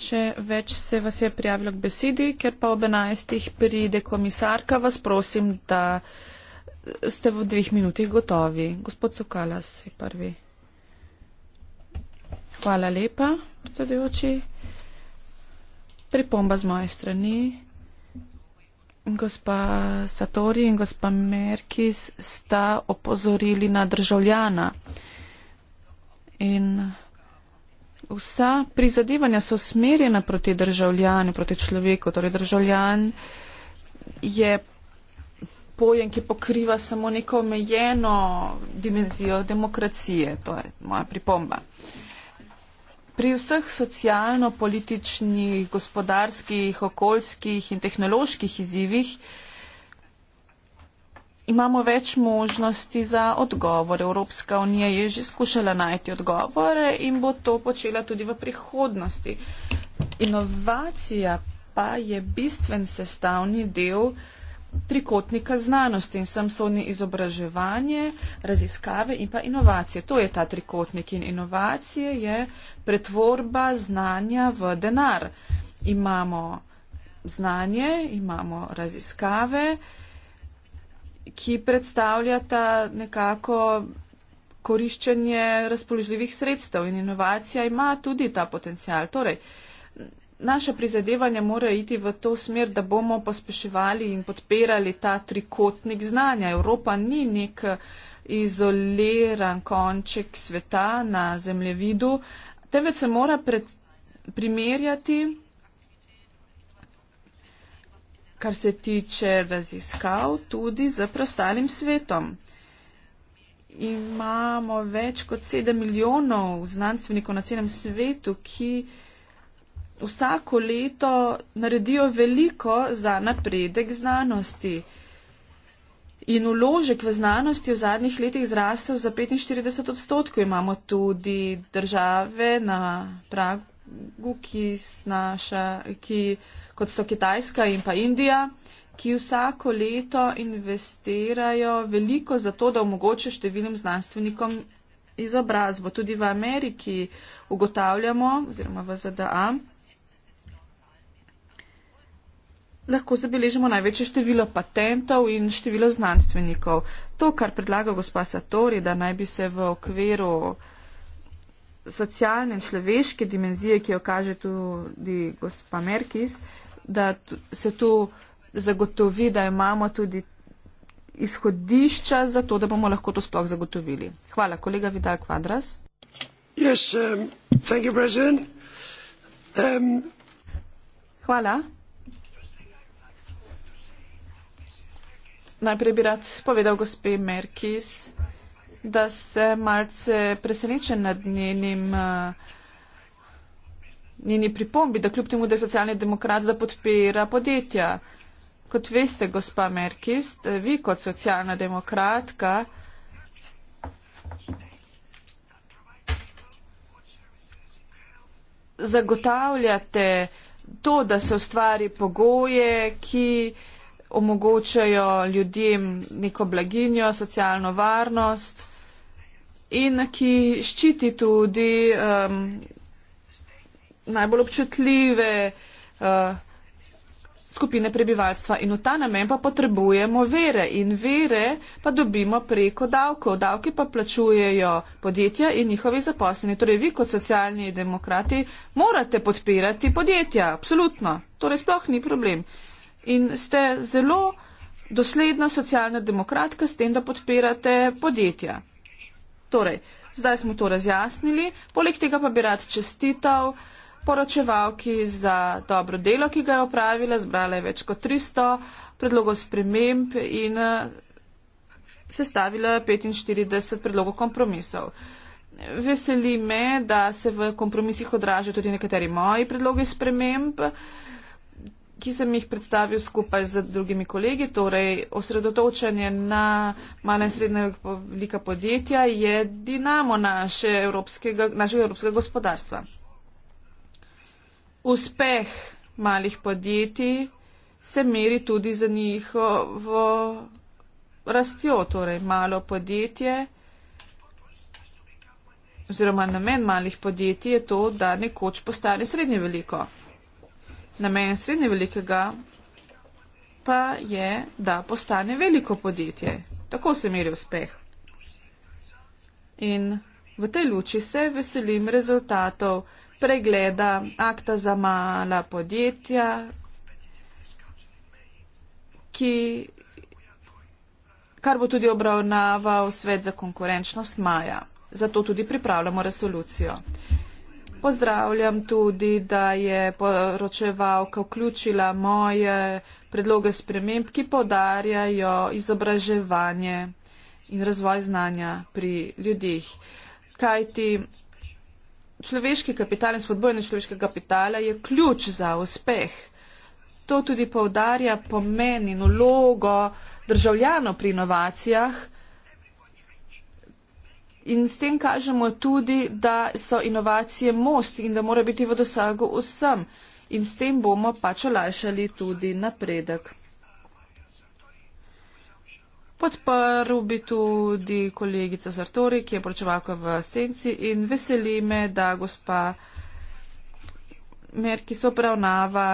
Še več se vas je prijavilo k besedi, ker pa ob enajstih pride komisarka. Vas prosim, da ste v dveh minutih gotovi. Gospod Sokalas je prvi. Hvala lepa, predsedujoči. Pripomba z moje strani. Gospa Satori in gospa Merkis sta opozorili na državljana. In vsa prizadevanja so smerjena proti državljanu, proti človeku. Torej državljan je pojem, ki pokriva samo neko omejeno dimenzijo demokracije. To je moja pripomba. Pri vseh socialno-političnih, gospodarskih, okoljskih in tehnoloških izzivih imamo več možnosti za odgovor. Evropska unija je že skušala najti odgovore in bo to počela tudi v prihodnosti. Inovacija pa je bistven sestavni del trikotnika znanosti in sem sodni izobraževanje, raziskave in pa inovacije. To je ta trikotnik in inovacije je pretvorba znanja v denar. Imamo znanje, imamo raziskave, ki predstavljata nekako koriščenje razpoložljivih sredstev in inovacija ima tudi ta potencial. Torej, naše prizadevanje mora iti v to smer, da bomo pospeševali in podpirali ta trikotnik znanja. Evropa ni nek eh, izoliran konček sveta na zemljevidu, temveč se mora pred, primerjati, kar se tiče raziskav, tudi z prostalim svetom. Imamo več kot 7 milijonov znanstvenikov na celem svetu, ki vsako leto naredijo veliko za napredek znanosti. In uložek v znanosti v zadnjih letih zrastel za 45 odstotkov. Imamo tudi države na pragu, ki, snaša, ki kot so Kitajska in pa Indija, ki vsako leto investirajo veliko za to, da omogoče številnim znanstvenikom izobrazbo. Tudi v Ameriki ugotavljamo, oziroma v ZDA, lahko zabeležimo največje število patentov in število znanstvenikov. To, kar predlaga gospa Satori, da naj bi se v okviru socialne in človeške dimenzije, ki jo kaže tudi gospa Merkis, da se tu zagotovi, da imamo tudi izhodišča za to, da bomo lahko to sploh zagotovili. Hvala, kolega Vidal Kvadras. Yes, um, thank you, president. Um, Hvala. Najprej bi rad povedal gospe Merkis, da se malce presenečen nad njenim, eh, njeni pripombi, da kljub temu, da je socialni demokrat, da podpira podjetja. Kot veste, gospa Merkis, vi kot socialna demokratka zagotavljate to, da se ustvari pogoje, ki omogočajo ljudem neko blaginjo, socialno varnost in ki ščiti tudi um, najbolj občutljive uh, skupine prebivalstva. In v ta namen pa potrebujemo vere in vere pa dobimo preko davkov. Davke pa plačujejo podjetja in njihovi zaposleni. Torej vi kot socialni demokrati morate podpirati podjetja, absolutno. Torej sploh ni problem. Uh, in ste zelo dosledna socialna demokratka s tem, da podpirate podjetja. Torej, zdaj smo to razjasnili, poleg tega pa bi rad čestital poročevalki za dobro delo, ki ga je opravila, zbrala je več kot 300 predlogov sprememb in eh, sestavila 45 predlogov kompromisov. Veseli me, da se v kompromisih odražajo tudi nekateri moji predlogi sprememb. Uh, ki sem jih predstavil skupaj z drugimi kolegi, torej osredotočanje na mala in srednja velika podjetja, je dinamo naše evropskega, našega evropskega gospodarstva. Uspeh malih podjetij se meri tudi za njihovo rastjo, torej malo podjetje oziroma namen malih podjetij je to, da nekoč postane srednje veliko. Namen srednje velikega pa je, da postane veliko podjetje. Tako se meri uspeh. In v tej luči se veselim rezultatov pregleda akta za mala podjetja, ki, kar bo tudi obravnaval svet za konkurenčnost maja. Zato tudi pripravljamo resolucijo. Pozdravljam tudi, da je poročevalka vključila moje predloge sprememb, ki podarjajo izobraževanje in razvoj znanja pri ljudih. Kajti človeški kapital in spodbojanje človeškega kapitala je ključ za uspeh. To tudi povdarja pomen in ulogo državljanov pri inovacijah In s tem kažemo tudi, da so inovacije most in da mora biti v dosagu vsem. In s tem bomo pač olajšali tudi napredek. Podprl bi tudi kolegico Sartori, ki je pročevalka v Senci in veseli me, da gospa Merki sopravnava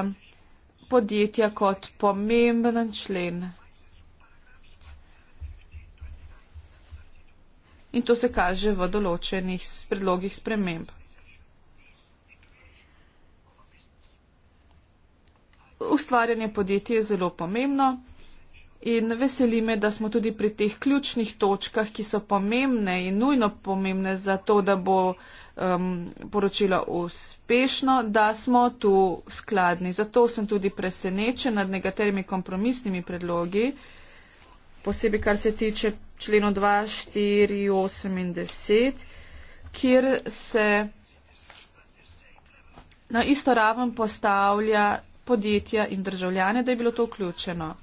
podjetja kot pomemben člen in to se kaže v določenih predlogih sprememb. Ustvarjanje podjetij je zelo pomembno in veseli me, da smo tudi pri teh ključnih točkah, ki so pomembne in nujno pomembne za to, da bo um, poročilo uspešno, da smo tu skladni. Zato sem tudi presenečen nad nekaterimi kompromisnimi predlogi, posebej kar se tiče členu 2, 4, 8 in 10, kjer se na isto raven postavlja podjetja in državljane, da je bilo to vključeno.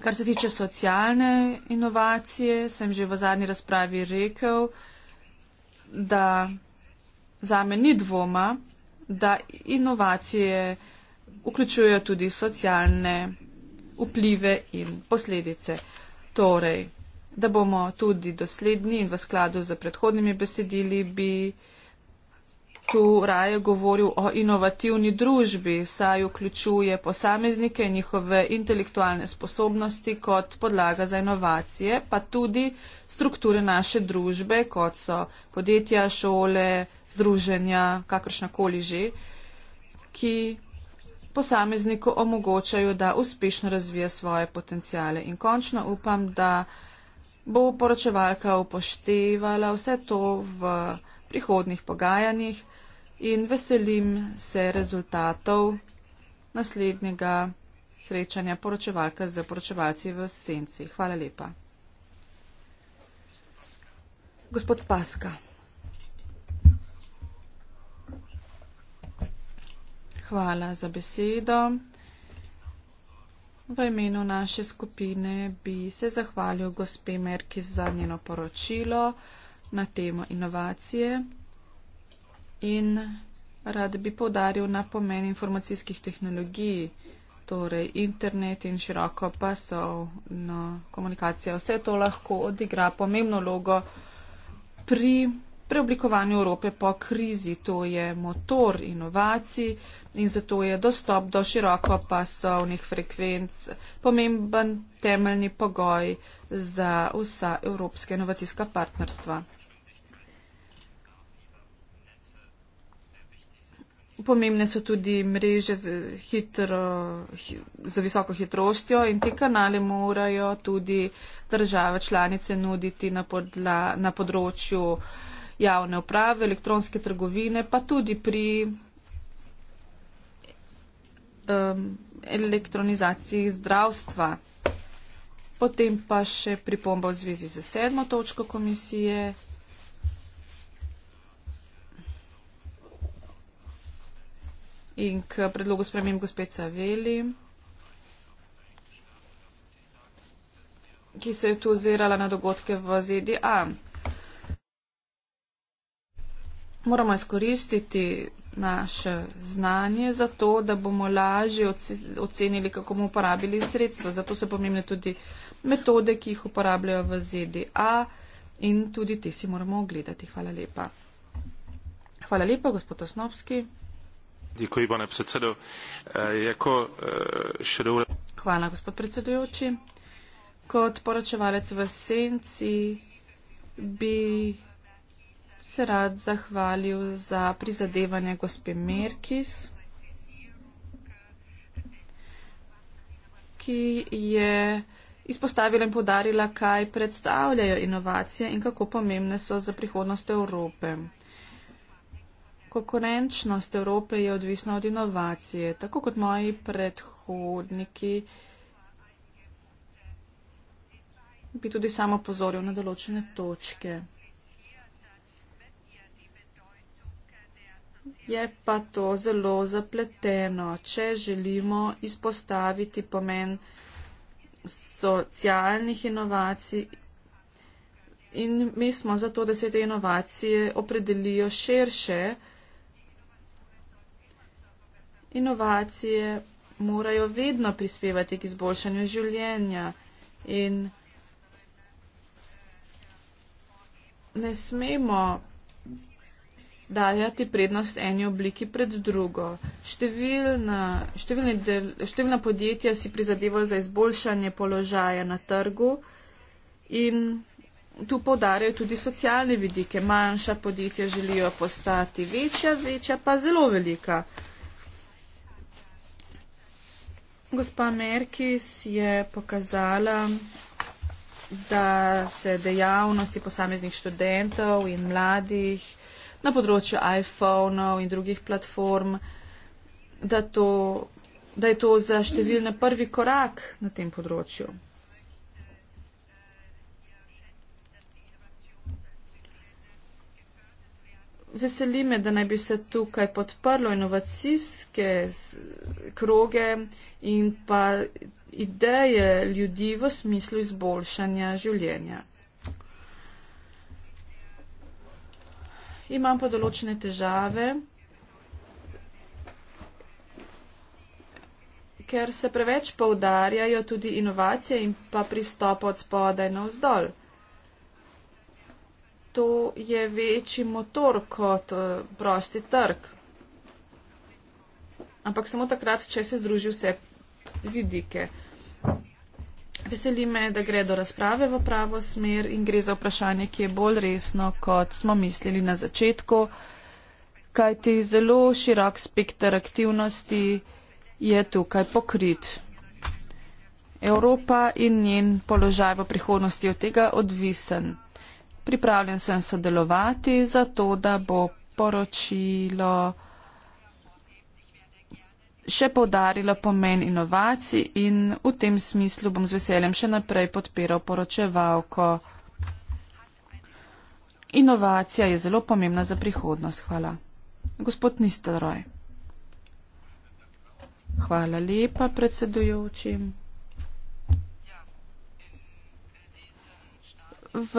Kar se tiče socialne inovacije, sem že v zadnji razpravi rekel, da zame ni dvoma, da inovacije vključujejo tudi socialne vplive in posledice. Torej, da bomo tudi dosledni in v skladu z predhodnimi besedili, bi tu raje govoril o inovativni družbi, saj vključuje posameznike in njihove intelektualne sposobnosti kot podlaga za inovacije, pa tudi strukture naše družbe, kot so podjetja, šole, združenja, kakršnakoli že, ki posamezniku omogočajo, da uspešno razvija svoje potencijale. In končno upam, da bo poročevalka upoštevala vse to v prihodnih pogajanjih in veselim se rezultatov naslednjega srečanja poročevalka z poročevalci v senci. Hvala lepa. Gospod Paska. Hvala za besedo. V imenu naše skupine bi se zahvalil gospe Merki za njeno poročilo na temo inovacije in rad bi povdaril na pomen informacijskih tehnologij, torej internet in široko pasovno komunikacijo. Vse to lahko odigra pomembno logo pri preoblikovanju Evrope po krizi. To je motor inovacij in zato je dostop do široko pasovnih frekvenc pomemben temeljni pogoj za vsa evropske inovacijska partnerstva. Pomembne so tudi mreže z, hitro, hi, z visoko hitrostjo in te kanale morajo tudi države članice nuditi na, podla, na področju uh, javne uprave, elektronske trgovine, pa tudi pri um, elektronizaciji zdravstva. Potem pa še pripomba v zvezi z sedmo točko komisije. In k predlogu spremem gospod Saveli, ki se je tu ozirala na dogodke v ZDA moramo izkoristiti naše znanje za to, da bomo lažje ocenili, kako bomo uporabili sredstva. Zato so pomembne tudi metode, ki jih uporabljajo v ZDA in tudi te si moramo ogledati. Hvala lepa. Hvala lepa, gospod Osnovski. Děkuji, pane předsedo. E, jako e, šedou... Hvala, gospod predsedujoči. Kot poročevalec v senci bi se rad zahvalil za prizadevanje gospe Merkis, ki je izpostavila in podarila, kaj predstavljajo inovacije in kako pomembne so za prihodnost Evrope. Konkurenčnost Evrope je odvisna od inovacije, tako kot moji predhodniki. Bi tudi samo pozoril na določene točke. Je pa to zelo zapleteno. Če želimo izpostaviti pomen socialnih inovacij in mi smo zato, da se te inovacije opredelijo širše, inovacije morajo vedno prispevati k izboljšanju življenja in ne smemo dajati prednost eni obliki pred drugo. Številna, del, številna podjetja si prizadevajo za izboljšanje položaja na trgu in tu podarjajo tudi socialne vidike. Manjša podjetja želijo postati večja, večja pa zelo velika. Gospa Merkis je pokazala, da se dejavnosti posameznih študentov in mladih na področju iPhone-ov in drugih platform, da, to, da je to za številne prvi korak na tem področju. Veseli me, da naj bi se tukaj podprlo inovacijske kroge in pa ideje ljudi v smislu izboljšanja življenja. imam pa določene težave, ker se preveč poudarjajo tudi inovacije in pa pristop od spodaj na vzdolj. To je večji motor kot eh, prosti trg. Ampak samo takrat, če se združi vse vidike. Veseli me, da gre do razprave v pravo smer in gre za vprašanje, ki je bolj resno, kot smo mislili na začetku, kajti zelo širok spektr aktivnosti je tukaj pokrit. Evropa in njen položaj v prihodnosti je od tega odvisen. Pripravljen sem sodelovati za to, da bo poročilo še povdarila pomen inovacij in v tem smislu bom z veseljem še naprej podpiral poročevalko. Inovacija je zelo pomembna za prihodnost. Hvala. Gospod Nistelroj. Hvala lepa, predsedujoči. V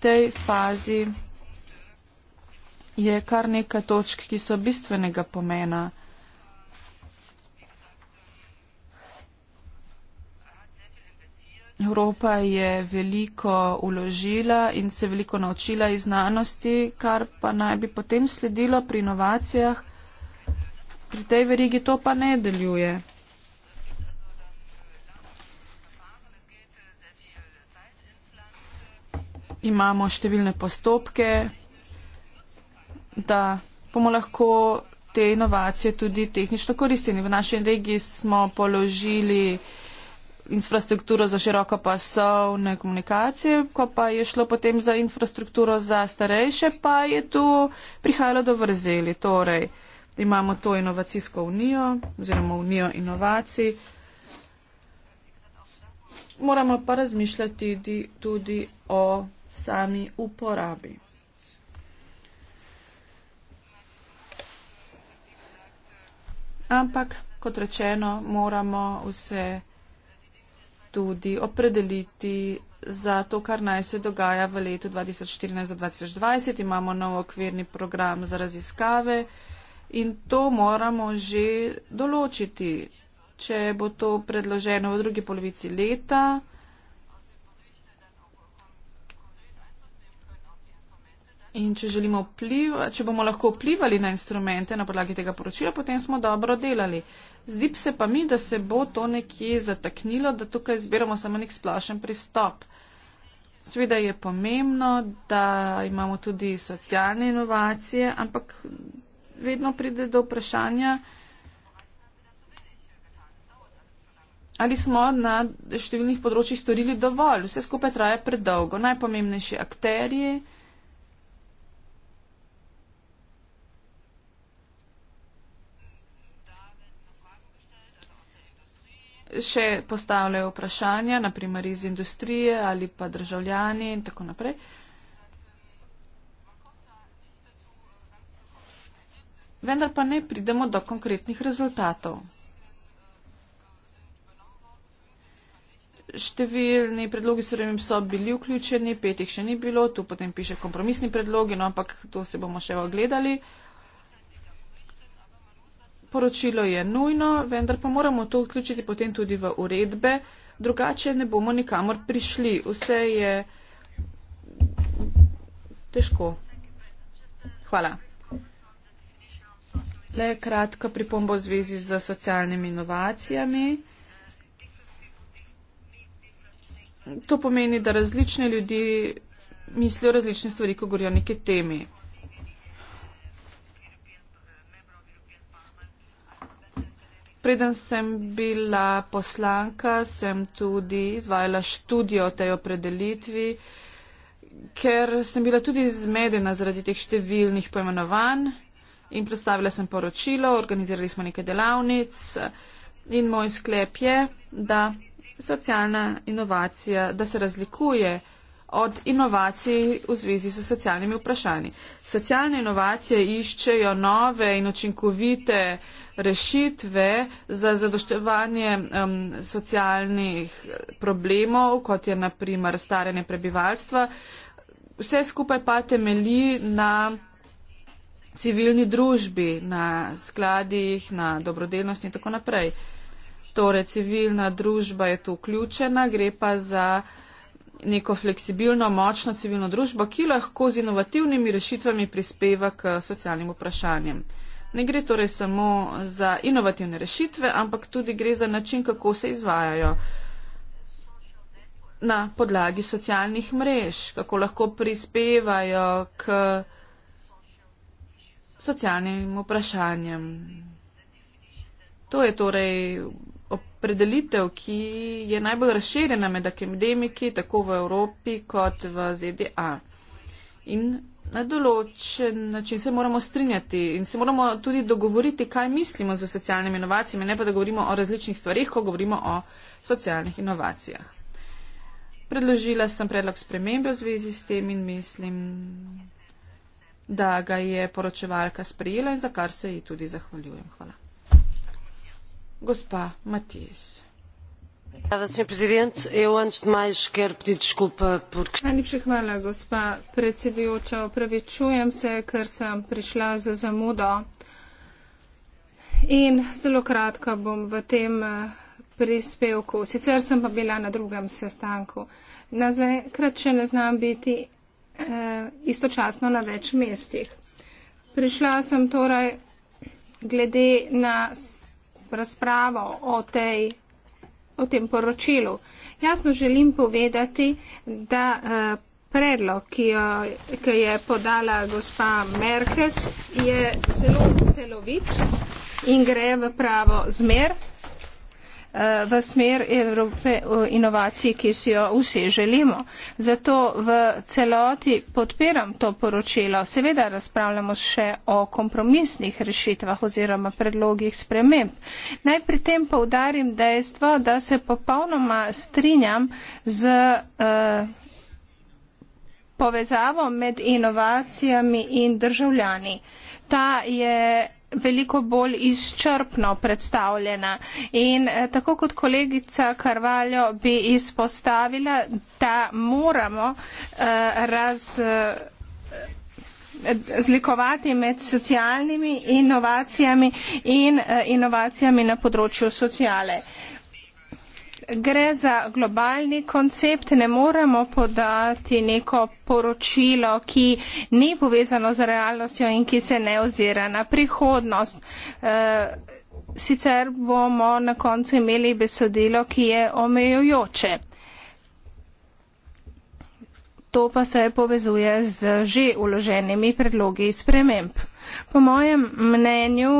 tej fazi je kar nekaj točk, ki so bistvenega pomena. Evropa je veliko uložila in se veliko naučila iz znanosti, kar pa naj bi potem sledilo pri inovacijah. Pri tej verigi to pa ne deluje. Imamo številne postopke, da bomo lahko te inovacije tudi tehnično koristili. V naši regiji smo položili infrastrukturo za široko pasovne komunikacije, ko pa je šlo potem za infrastrukturo za starejše, pa je tu prihajalo do vrzeli. Torej, imamo to inovacijsko unijo oziroma unijo inovacij. Moramo pa razmišljati tudi o sami uporabi. Ampak, kot rečeno, moramo vse tudi opredeliti za to, kar naj se dogaja v letu 2014-2020. Imamo nov okvirni program za raziskave in to moramo že določiti. Če bo to predloženo v drugi polovici leta, In če želimo vplivati, če bomo lahko vplivali na instrumente na podlagi tega poročila, potem smo dobro delali. Zdi se pa mi, da se bo to nekje zataknilo, da tukaj zbiramo samo nek splošen pristop. Sveda je pomembno, da imamo tudi socialne inovacije, ampak vedno pride do vprašanja, ali smo na številnih področjih storili dovolj. Vse skupaj traja predolgo. Najpomembnejši akterji. še postavljajo vprašanja, naprimer iz industrije ali pa državljani in tako naprej. Vendar pa ne pridemo do konkretnih rezultatov. Številni predlogi sprememb so bili vključeni, petih še ni bilo, tu potem piše kompromisni predlogi, no, ampak to se bomo še ogledali. Uh, poročilo je nujno, vendar pa moramo to vključiti potem tudi v uredbe, drugače ne bomo nikamor prišli. Vse je težko. Hvala. Le kratka pripomba v zvezi z socialnimi inovacijami. To pomeni, da različni ljudje mislijo različne stvari, ko govorijo o neki temi. Preden sem bila poslanka, sem tudi izvajala študijo o tej opredelitvi, ker sem bila tudi zmedena zaradi teh številnih pojmenovanj in predstavila sem poročilo, organizirali smo nekaj delavnic in moj sklep je, da socialna inovacija, da se razlikuje od inovacij v zvezi s socialnimi vprašanji. Socialne inovacije iščejo nove in učinkovite uh, rešitve za zadoštevanje um, socialnih problemov, kot je naprimer staranje prebivalstva. Vse skupaj pa temelji na civilni družbi, na skladih, na dobrodelnosti in tako naprej. Torej, civilna družba je tu vključena, gre pa za neko fleksibilno, močno civilno družbo, ki lahko z inovativnimi rešitvami prispeva k socialnim vprašanjem. Ne gre torej samo za inovativne rešitve, ampak tudi gre za način, kako se izvajajo na podlagi socialnih mrež, kako lahko prispevajo k socialnim vprašanjem. To je torej opredelitev, ki je najbolj razširjena med akademiki, tako v Evropi kot v ZDA. In Na določen način se moramo strinjati in se moramo tudi dogovoriti, kaj mislimo za socialnimi inovacijami, ne pa da govorimo o različnih stvarih, ko govorimo o socialnih inovacijah. Predložila sem predlog spremembe v zvezi s tem in mislim, da ga je poročevalka sprejela in za kar se ji tudi zahvaljujem. Hvala. Gospa Matijs gospa predsedujoča opravičujem se ker sem prišla z zamudo in zelo kratka bom v tem eh, prispevku sicer sem pa bila na drugem sestanku na zaenkrat še ne znam biti eh, istočasno na več mestih prišla sem torej glede na razpravo o tej o tem poročilu. Jasno želim povedati, da eh, predlog, ki, jo, ki je podala gospa Merkes, je zelo celovit in gre v pravo zmer v smer Evrope inovacij, ki si jo vsi želimo. Zato v celoti podpiram to poročilo. Seveda razpravljamo še o kompromisnih rešitvah oziroma predlogih sprememb. Naj pri tem povdarim dejstvo, da se popolnoma strinjam z. Uh, povezavo med inovacijami in državljani. Ta je veliko bolj izčrpno predstavljena. In eh, tako kot kolegica Karvaljo bi izpostavila, da moramo eh, raz. Eh, zlikovati med socialnimi inovacijami in eh, inovacijami na področju sociale gre za globalni koncept, ne moremo podati neko poročilo, ki ni povezano z realnostjo in ki se ne ozira na prihodnost. Eh, sicer bomo na koncu imeli besedilo, ki je omejujoče. To pa se povezuje z že uloženimi predlogi sprememb. Po mojem mnenju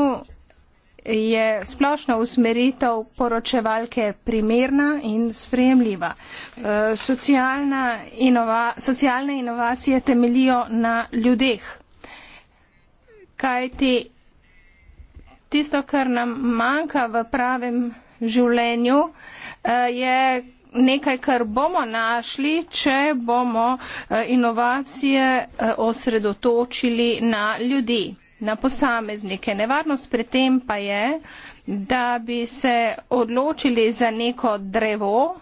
je splošna usmeritev poročevalke primerna in sprejemljiva. Eh, socialna inova, socialne inovacije temelijo na ljudeh, kajti tisto, kar nam manjka v pravem življenju, eh, je nekaj, kar bomo našli, če bomo eh, inovacije osredotočili na ljudi na posameznike. Nevarnost pri tem pa je, da bi se odločili za neko drevo,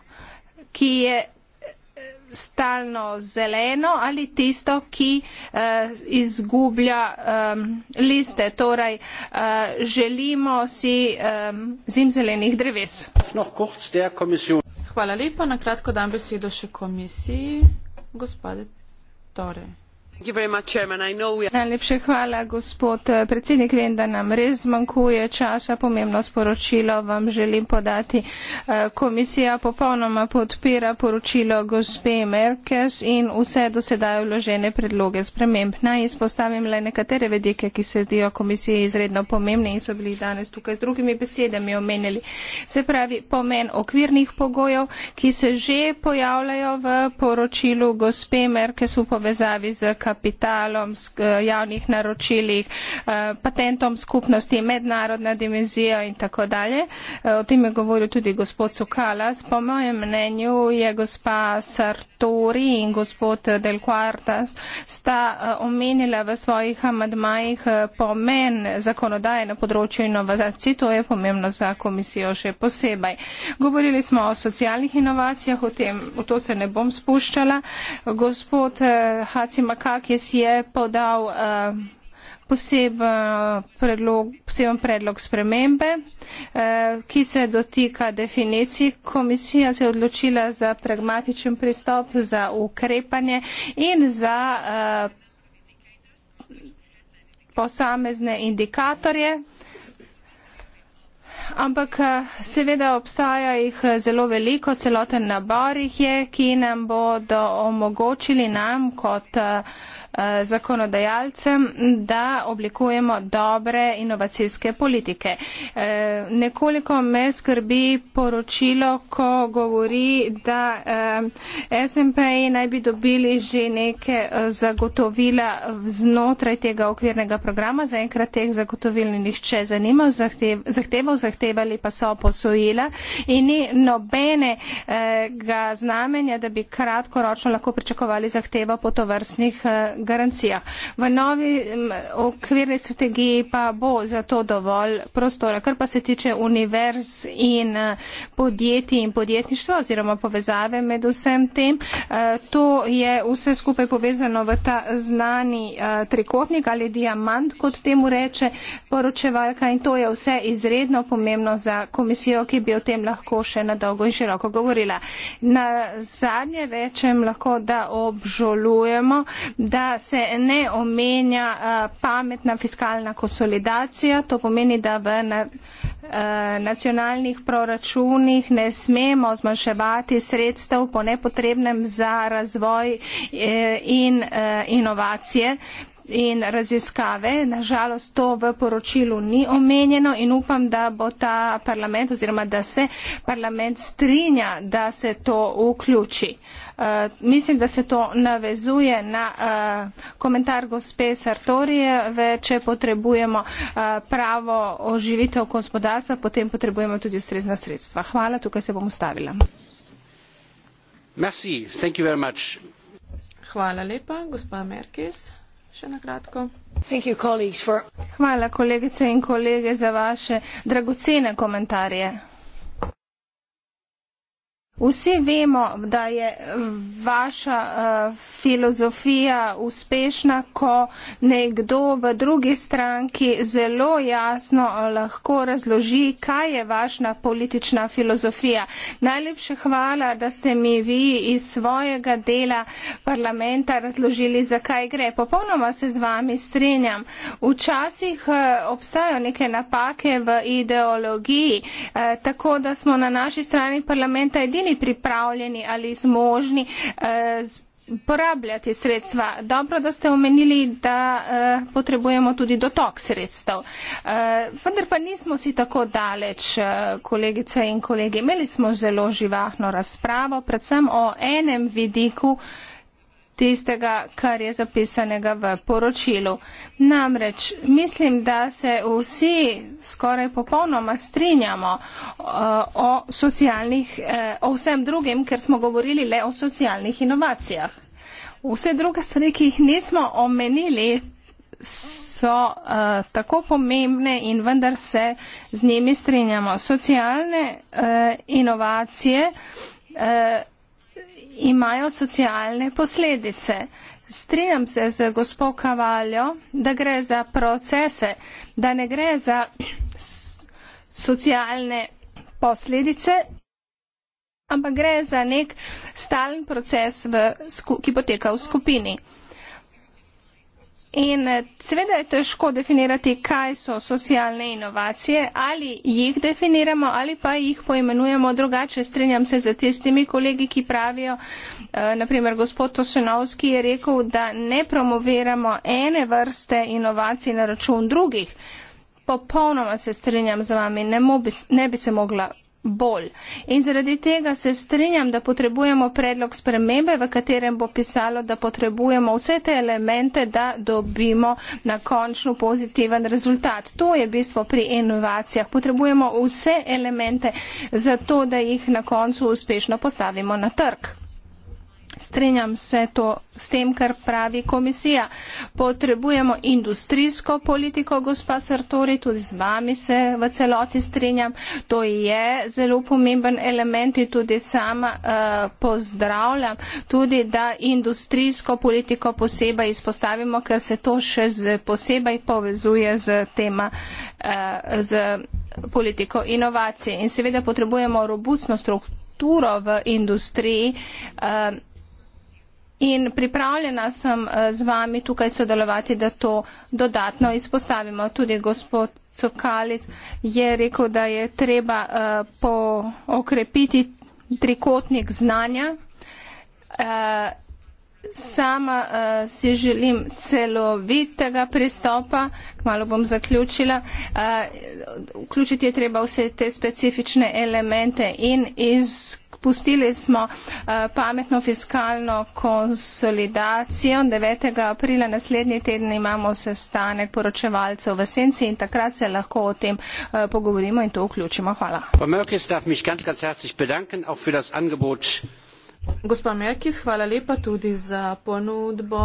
ki je eh, stalno zeleno ali tisto, ki eh, izgublja eh, liste. Torej, eh, želimo si eh, zim zelenih dreves. Hvala lepa. Na kratko dam besedo še komisiji. Gospode Tore. Najlepša hvala, gospod eh, predsednik. Vem, da nam res zmanjkuje časa. Pomembno sporočilo vam želim podati. Eh, komisija popolnoma podpira poročilo gospe Merkes in vse dosedaj vložene predloge sprememb. Naj izpostavim le nekatere vedike, ki se zdijo komisiji izredno pomembne in so bili danes tukaj z drugimi besedami omenjali. Se pravi, pomen okvirnih pogojev, ki se že pojavljajo v poročilu gospe Merkes v povezavi z kapitalom kapitalom, s eh, javnih naročilih, eh, patentom skupnosti, mednarodna dimenzija in tako dalje. Eh, o tem je govoril tudi gospod Sukalas. Po mojem mnenju je gospa Sartori in gospod Del Quartas sta omenila v svojih amadmajih pomen zakonodaje na področju inovacij. To je pomembno za komisijo še posebej. Govorili smo o socialnih inovacijah, o tem, v to se ne bom spuščala. Gospod Hacimakak Mitsotakis je podal eh, eh, poseben predlog spremembe, eh, ki se dotika definicij. Komisija se je odločila za pragmatičen pristop, za ukrepanje in za posamezne indikatorje ampak eh, seveda obstaja jih eh, zelo veliko, celoten nabor jih je, ki nam bodo omogočili nam kot uh, Eh, zakonodajalcem, da oblikujemo dobre inovacijske politike. Eh, nekoliko me skrbi poročilo, ko govori, da eh, SMP naj bi dobili že neke zagotovila znotraj tega okvirnega programa. Zaenkrat teh zagotovil ni nihče zanimal, zahteval, zahtevali pa so posojila in ni nobenega znamenja, da bi kratkoročno lahko pričakovali zahteva po tovrstnih garancija. V novi okvirni strategiji pa bo za to dovolj prostora. Kar pa se tiče univerz in eh, podjetij in podjetništva oziroma povezave med vsem tem, eh, to je vse skupaj povezano v ta znani eh, trikotnik ali diamant, kot temu reče poročevalka in to je vse izredno pomembno za komisijo, ki bi o tem lahko še nadolgo in široko govorila. Na zadnje rečem lahko, da obžalujemo, da se ne omenja eh, pametna fiskalna konsolidacija. To pomeni, da v eh, nacionalnih proračunih ne smemo zmanjševati sredstev po nepotrebnem za razvoj eh, in inovacije in raziskave. Nažalost, to v poročilu ni omenjeno in upam, da bo ta parlament oziroma da se parlament strinja, da se to vključi. Uh, Eh, mislim, da se to navezuje na uh, komentar gospe Sartorije, če potrebujemo uh, pravo oživitev gospodarstva, potem potrebujemo tudi ustrezna sredstva. Hvala, tukaj se bom ustavila. Merci, thank you very much. Hvala lepa, gospa Merkis, še na kratko. Thank you, colleagues, for... Hvala kolegice in kolege za vaše dragocene komentarje. Vsi vemo, da je vaša uh, filozofija uspešna, ko nekdo v drugi stranki zelo jasno eh, lahko razloži, kaj je vaša politična filozofija. Najlepše hvala, da ste mi vi iz svojega dela parlamenta razložili, zakaj gre. Popolnoma se z vami strenjam. Včasih uh, obstajajo neke napake v ideologiji, uh, tako da smo na naši strani parlamenta edini, edini pripravljeni ali zmožni. Eh, porabljati sredstva. Dobro, da ste omenili, da uh, potrebujemo tudi dotok sredstev. Uh, vendar pa nismo si tako daleč, uh, kolegice in kolegi. Imeli smo zelo živahno razpravo, predvsem o enem vidiku, uh, tistega, kar je zapisanega v poročilu. Namreč mislim, da se vsi skoraj popolnoma strinjamo eh, o, o, eh, o vsem drugim, ker smo govorili le o socialnih inovacijah. Vse druge stvari, ki jih nismo omenili, so uh, tako pomembne in vendar se z njimi strinjamo. Socialne uh, inovacije. Uh, imajo socialne posledice. Strinjam se z gospod Kavaljo, da gre za procese, da ne gre za socialne posledice, ampak gre za nek stalen proces, v, ki poteka v skupini. In eh, seveda je težko definirati, kaj so socialne inovacije, ali jih definiramo ali pa jih poimenujemo drugače. Strenjam se z tistimi kolegi, ki pravijo, eh, naprimer gospod Tosenovski je rekel, da ne promoviramo ene vrste inovacij na račun drugih. Popolnoma se strenjam z vami, ne, mobi, ne bi se mogla bolj. In zaradi tega se strinjam, da potrebujemo predlog spremembe, v katerem bo pisalo, da potrebujemo vse te elemente, da dobimo na končno pozitiven rezultat. To je bistvo pri inovacijah. Potrebujemo vse elemente za to, da jih na koncu uspešno postavimo na trg. Strenjam se to s tem, kar pravi komisija. Potrebujemo industrijsko politiko, gospa Sartori, tudi z vami se v celoti strenjam. To je zelo pomemben element in tudi sama uh, pozdravljam, tudi da industrijsko politiko posebej izpostavimo, ker se to še posebej povezuje z tema. Uh, z politiko inovacij. In seveda potrebujemo robustno strukturo v industriji. Uh, in pripravljena sem eh, z vami tukaj sodelovati, da to dodatno izpostavimo. Tudi gospod Cokalic je rekel, da je treba eh, okrepiti trikotnik znanja. Eh, sama uh, si želim celovitega pristopa, kmalo bom zaključila. Uh, vključiti je treba vse te specifične elemente in iz Pustili smo eh, pametno fiskalno konsolidacijo. 9. aprila naslednji teden imamo sestanek poročevalcev v Senci in takrat se lahko o tem eh, pogovorimo in to vključimo. Hvala. Gospa Merkis, hvala lepa tudi za ponudbo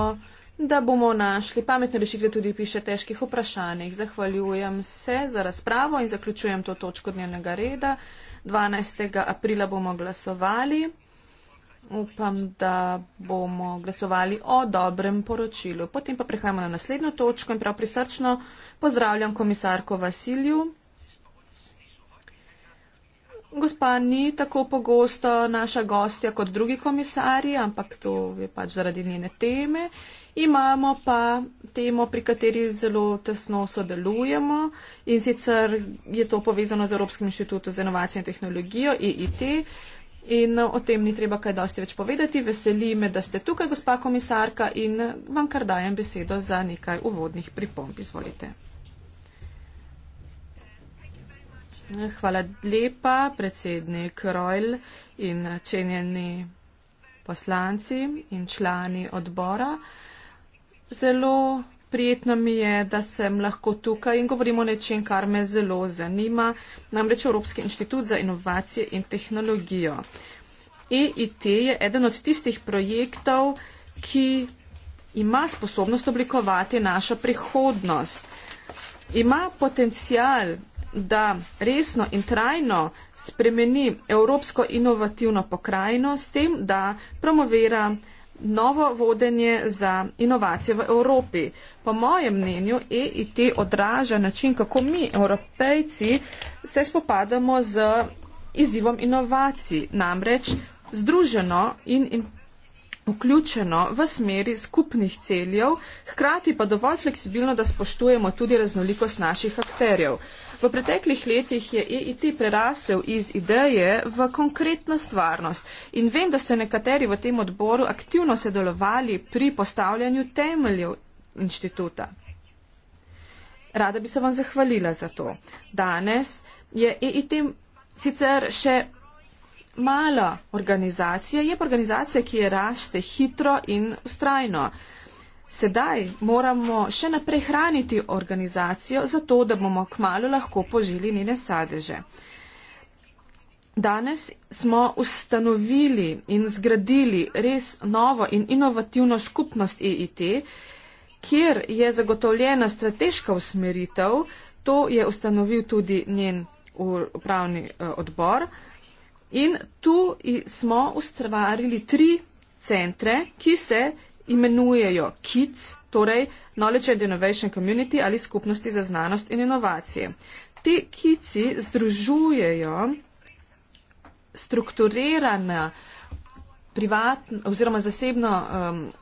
da bomo našli pametne rešitve tudi piše težkih vprašanjih. Zahvaljujem se za razpravo in zaključujem to točko dnevnega reda. 12. aprila bomo glasovali. Upam, da bomo glasovali o dobrem poročilu. Potem pa prehajamo na naslednjo točko in prav prisrčno pozdravljam komisarko Vasilju. Gospa ni tako pogosto naša gostja kot drugi komisarji, ampak to je pač zaradi njene teme. Imamo pa temo, pri kateri zelo tesno sodelujemo in sicer je to povezano z Evropskim inštitutom za inovacijo in tehnologijo EIT. In no, o tem ni treba kaj dosti več povedati. Veseli me, da ste tukaj, gospa komisarka, in vam kar dajem besedo za nekaj uvodnih pripomb. Izvolite. Hvala lepa, predsednik Rojl in cenjeni poslanci in člani odbora. Zelo prijetno mi je, da sem lahko tukaj in govorimo o nečem, kar me zelo zanima, namreč Evropski inštitut za inovacije in tehnologijo. EIT je eden od tistih projektov, ki ima sposobnost oblikovati našo prihodnost. Ima potencial da resno in trajno spremeni evropsko inovativno pokrajino s tem, da promovira novo vodenje za inovacije v Evropi. Po mojem mnenju EIT odraža način, kako mi, evropejci, se spopadamo z izzivom inovacij, namreč združeno in, in vključeno v smeri skupnih celjev, hkrati pa dovolj fleksibilno, da spoštujemo tudi raznolikost naših akterjev. V preteklih letih je EIT prerasel iz ideje v konkretno stvarnost in vem, da ste nekateri v tem odboru aktivno sodelovali pri postavljanju temeljev inštituta. Rada bi se vam zahvalila za to. Danes je EIT sicer še mala organizacija, je pa organizacija, ki je raste hitro in ustrajno. Sedaj moramo še naprej hraniti organizacijo, zato da bomo kmalo lahko požili njene sadeže. Danes smo ustanovili in zgradili res novo in inovativno skupnost EIT, kjer je zagotovljena strateška usmeritev, to je ustanovil tudi njen upravni eh, odbor. In tu smo ustvarili tri centre, ki se imenujejo KITS, torej Knowledge and Innovation Community ali skupnosti za znanost in inovacije. Ti KITSI združujejo strukturirana privatna oziroma zasebno um,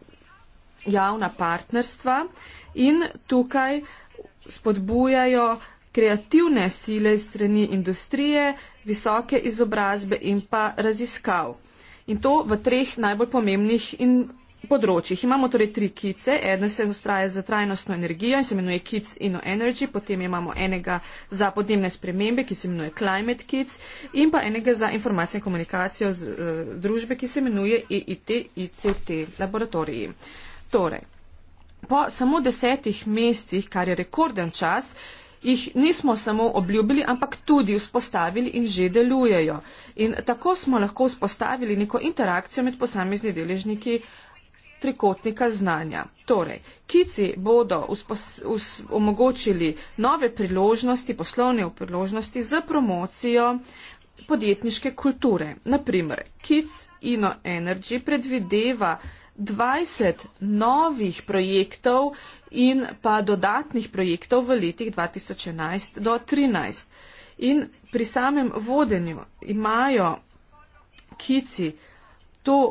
javna partnerstva in tukaj spodbujajo kreativne sile strani industrije, visoke izobrazbe in pa raziskav. In to v treh najbolj pomembnih in področjih. Imamo torej tri kice. Eden se ustraja za trajnostno energijo in se imenuje Kids Inno Energy, potem imamo enega za podnebne spremembe, ki se imenuje Climate Kids in pa enega za informacijo in komunikacijo z uh, družbe, ki se imenuje EIT-ICT laboratoriji. Torej, po samo desetih mesecih, kar je rekorden čas, jih nismo samo obljubili, ampak tudi vzpostavili in že delujejo. In tako smo lahko vzpostavili neko interakcijo med posamezni deležniki trikotnika znanja. Torej, kici bodo omogočili nove priložnosti, poslovne priložnosti za promocijo podjetniške kulture. Naprimer, Kids Inno Energy predvideva 20 novih projektov in pa dodatnih projektov v letih 2011 do 2013. In pri samem vodenju imajo kici to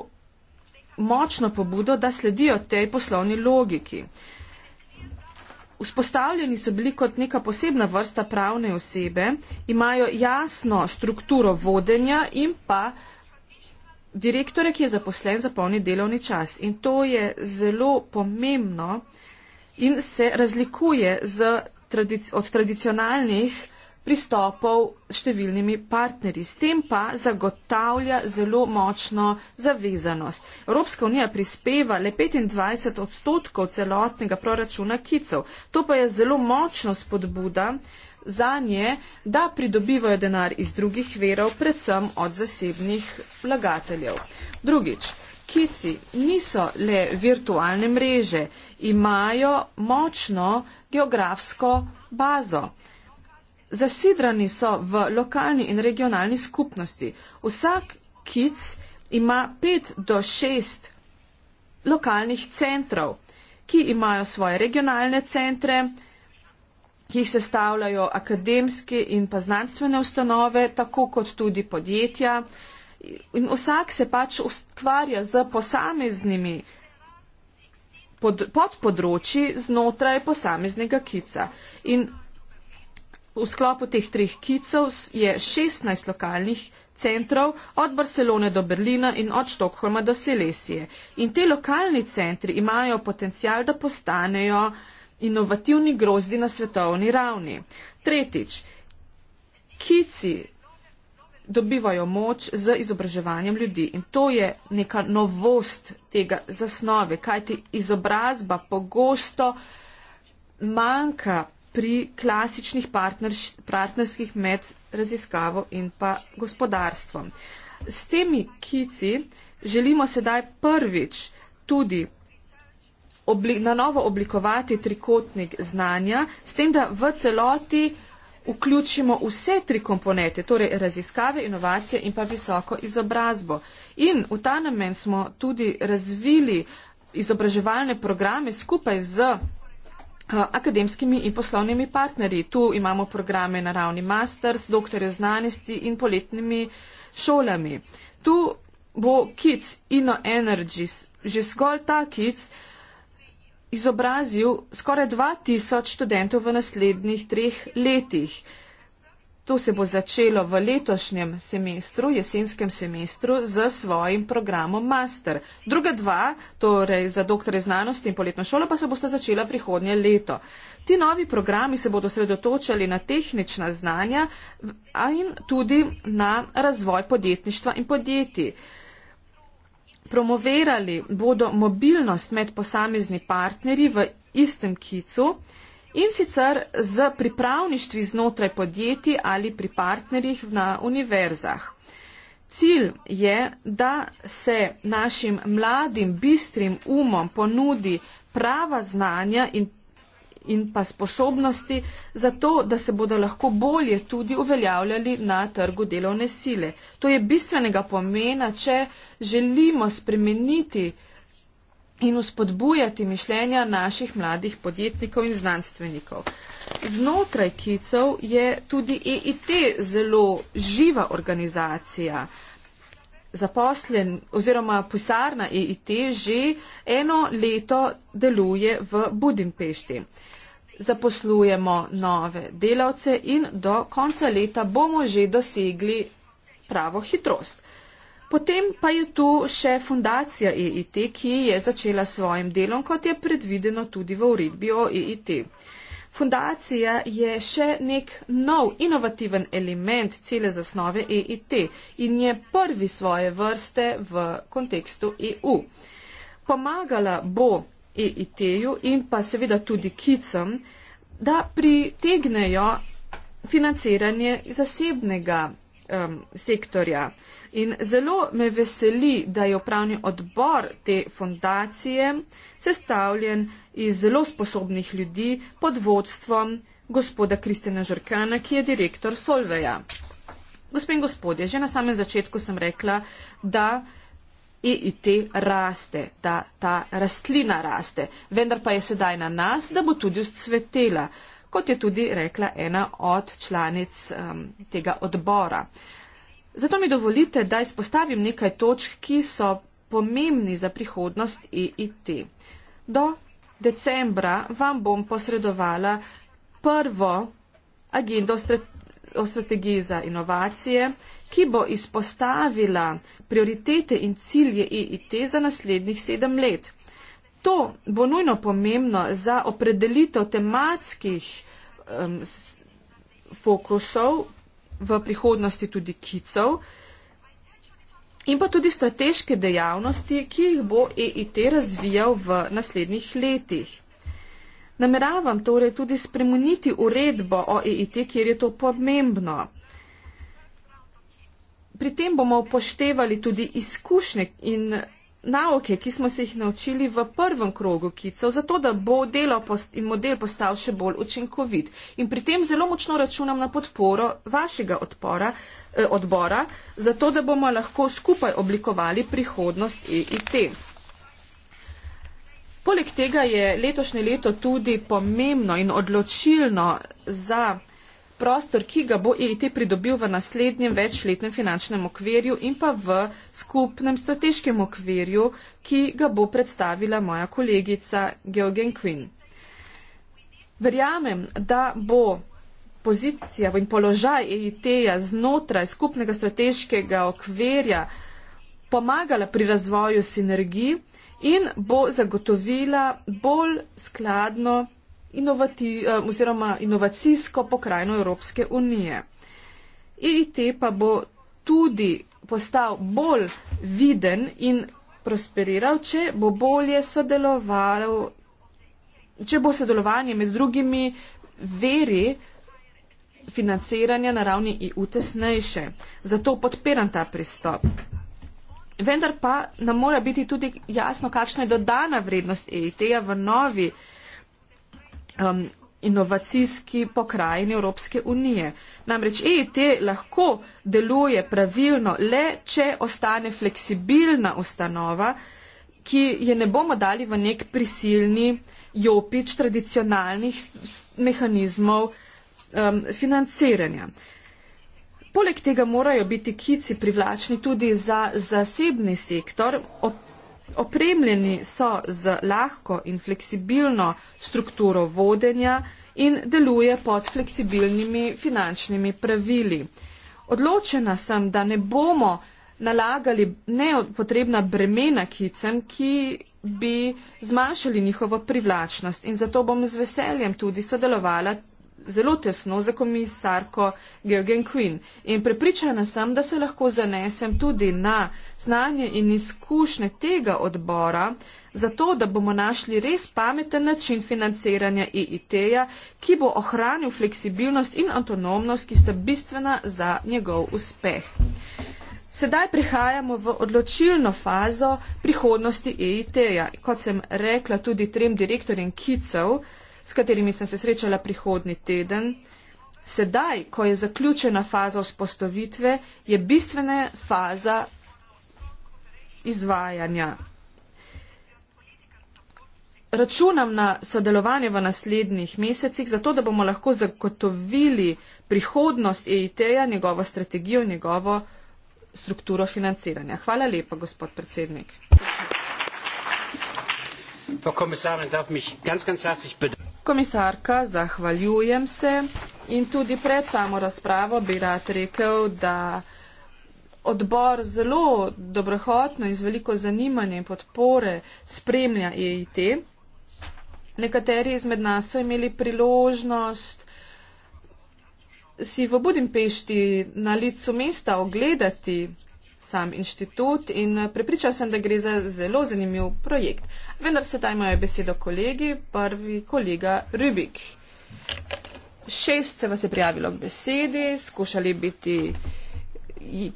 močno pobudo, da sledijo tej poslovni logiki. Vzpostavljeni so bili kot neka posebna vrsta pravne osebe, imajo jasno strukturo vodenja in pa direktore, ki je zaposlen za polni delovni čas. In to je zelo pomembno in se razlikuje tradic od tradicionalnih pristopov s številnimi partnerji. S tem pa zagotavlja zelo močno zavezanost. Evropska unija prispeva le 25 odstotkov celotnega proračuna kicov. To pa je zelo močno spodbuda za nje, da pridobivajo denar iz drugih verov, predvsem od zasebnih vlagateljev. Drugič. Kici niso le virtualne mreže, imajo močno geografsko bazo. Zasidrani so v lokalni in regionalni skupnosti. Vsak kic ima pet do šest lokalnih centrov, ki imajo svoje regionalne centre, ki jih sestavljajo akademske in pa znanstvene ustanove, tako kot tudi podjetja. In vsak se pač ustvarja z posameznimi pod, podpodročji znotraj posameznega kica. In V sklopu teh treh kicov je 16 lokalnih centrov od Barcelone do Berlina in od Štokholma do Selesije. In te lokalni centri imajo potencial, da postanejo inovativni grozdi na svetovni ravni. Tretjič, kici dobivajo moč z izobraževanjem ljudi in to je neka novost tega zasnove, kajti izobrazba pogosto manjka pri klasičnih partnerskih med raziskavo in pa gospodarstvom. S temi kici želimo sedaj prvič tudi na novo oblikovati trikotnik znanja, s tem, da v celoti vključimo vse tri komponente, torej raziskave, inovacije in pa visoko izobrazbo. In v ta namen smo tudi razvili izobraževalne programe skupaj z akademskimi in poslovnimi partnerji. Tu imamo programe na ravni master, doktorje znanosti in poletnimi šolami. Tu bo Kids Inno Energies, že zgolj ta Kids, izobrazil skoraj 2000 študentov v naslednjih treh letih. To se bo začelo v letošnjem semestru, jesenskem semestru, z svojim programom master. Druga dva, torej za doktore znanosti in poletno šolo, pa se bosta začela prihodnje leto. Ti novi programi se bodo sredotočali na tehnična znanja in tudi na razvoj podjetništva in podjetij. Promovirali bodo mobilnost med posamezni partnerji v istem kicu in sicer z pripravništvi znotraj podjetij ali pri partnerjih na univerzah. Cilj je, da se našim mladim, bistrim umom ponudi prava znanja in in pa sposobnosti za to, da se bodo lahko bolje tudi uveljavljali na trgu delovne sile. To je bistvenega pomena, če želimo spremeniti uh, in uspodbujati mišljenja naših mladih podjetnikov in znanstvenikov. Znotraj Kicov je tudi EIT zelo živa organizacija. Zaposlen oziroma pisarna EIT že eno leto deluje v Budimpešti. Zaposlujemo nove delavce in do konca leta bomo že dosegli pravo hitrost. Potem pa je tu še fundacija EIT, ki je začela s svojim delom, kot je predvideno tudi v uredbi o EIT. Fundacija je še nek nov inovativen element cele zasnove EIT in je prvi svoje vrste v kontekstu EU. Pomagala bo EIT-ju in pa seveda tudi KICEM, da pritegnejo financiranje zasebnega um, sektorja. In zelo me veseli, da je upravni odbor te fundacije sestavljen iz zelo sposobnih ljudi pod vodstvom gospoda Kristina Žrkana, ki je direktor Solveja. Gospe in gospodje, že na samem začetku sem rekla, da EIT raste, da ta rastlina raste, vendar pa je sedaj na nas, da bo tudi vzcvetela kot je tudi rekla ena od članic um, tega odbora. Zato mi dovolite, da izpostavim nekaj točk, ki so pomembni za prihodnost EIT. Do decembra vam bom posredovala prvo agendo o strategiji za inovacije, ki bo izpostavila prioritete in cilje EIT za naslednjih sedem let to bo nujno pomembno za opredelitev tematskih um, fokusov v prihodnosti tudi kicov in pa tudi strateške dejavnosti, ki jih bo EIT razvijal v naslednjih letih. Nameravam torej tudi spremeniti uredbo o EIT, kjer je to pomembno. Pri tem bomo upoštevali tudi izkušnje in nauke, ki smo se jih naučili v prvem krogu kicev, zato da bo delo in model postal še bolj učinkovit. In pri tem zelo močno računam na podporo vašega odpora, eh, odbora, zato da bomo lahko skupaj oblikovali prihodnost EIT. Poleg tega je letošnje leto tudi pomembno in odločilno za prostor, ki ga bo EIT pridobil v naslednjem večletnem finančnem okvirju in pa v skupnem strateškem okvirju, ki ga bo predstavila moja kolegica Georgen Quinn. Verjamem, da bo pozicija in položaj EIT-ja znotraj skupnega strateškega okvirja pomagala pri razvoju sinergij in bo zagotovila bolj skladno inovati, eh, oziroma inovacijsko pokrajino Evropske unije. EIT pa bo tudi postal bolj viden in prosperiral, če bo bolje sodeloval, če bo sodelovanje med drugimi veri financiranja na ravni EU tesnejše. Zato podpiram ta pristop. Vendar pa nam mora biti tudi jasno, kakšna je dodana vrednost EIT-ja v novi um, inovacijski pokrajini Evropske unije. Namreč EIT lahko deluje pravilno le, če ostane fleksibilna ustanova, ki je ne bomo dali v nek prisilni jopič tradicionalnih mehanizmov um, financiranja. Poleg tega morajo biti kici privlačni tudi za zasebni sektor, od Opremljeni so z lahko in fleksibilno strukturo vodenja in deluje pod fleksibilnimi finančnimi pravili. Odločena sem, da ne bomo nalagali nepotrebna bremena kicem, ki bi zmanjšali njihovo privlačnost in zato bom z veseljem tudi sodelovala zelo tesno za komisarko Georgen Queen in prepričana sem, da se lahko zanesem tudi na znanje in izkušnje tega odbora, zato da bomo našli res pameten način financiranja EIT-ja, ki bo ohranil fleksibilnost in avtonomnost, ki sta bistvena za njegov uspeh. Sedaj prihajamo v odločilno fazo prihodnosti EIT-ja. Kot sem rekla tudi trem direktorjem Kicev, s katerimi sem se srečala prihodni teden. Sedaj, ko je zaključena faza vzpostavitve, je bistvena faza izvajanja. Računam na sodelovanje v naslednjih mesecih, zato da bomo lahko zagotovili prihodnost EIT-ja, njegovo strategijo, njegovo strukturo financiranja. Hvala lepa, gospod predsednik. Frau Kommissarin, darf mich ganz, ganz herzlich bedanken. Komisarka, zahvaljujem se in tudi pred samo razpravo bi rad rekel, da odbor zelo dobrohotno in z veliko zanimanja in podpore spremlja EIT. Nekateri izmed nas so imeli priložnost si v Budimpešti na licu mesta ogledati sam inštitut in eh, prepričan sem, da gre za zelo zanimiv projekt. Vendar sedaj imajo besedo kolegi, prvi kolega Rubik. Šest se vas je prijavilo k besedi, skušali biti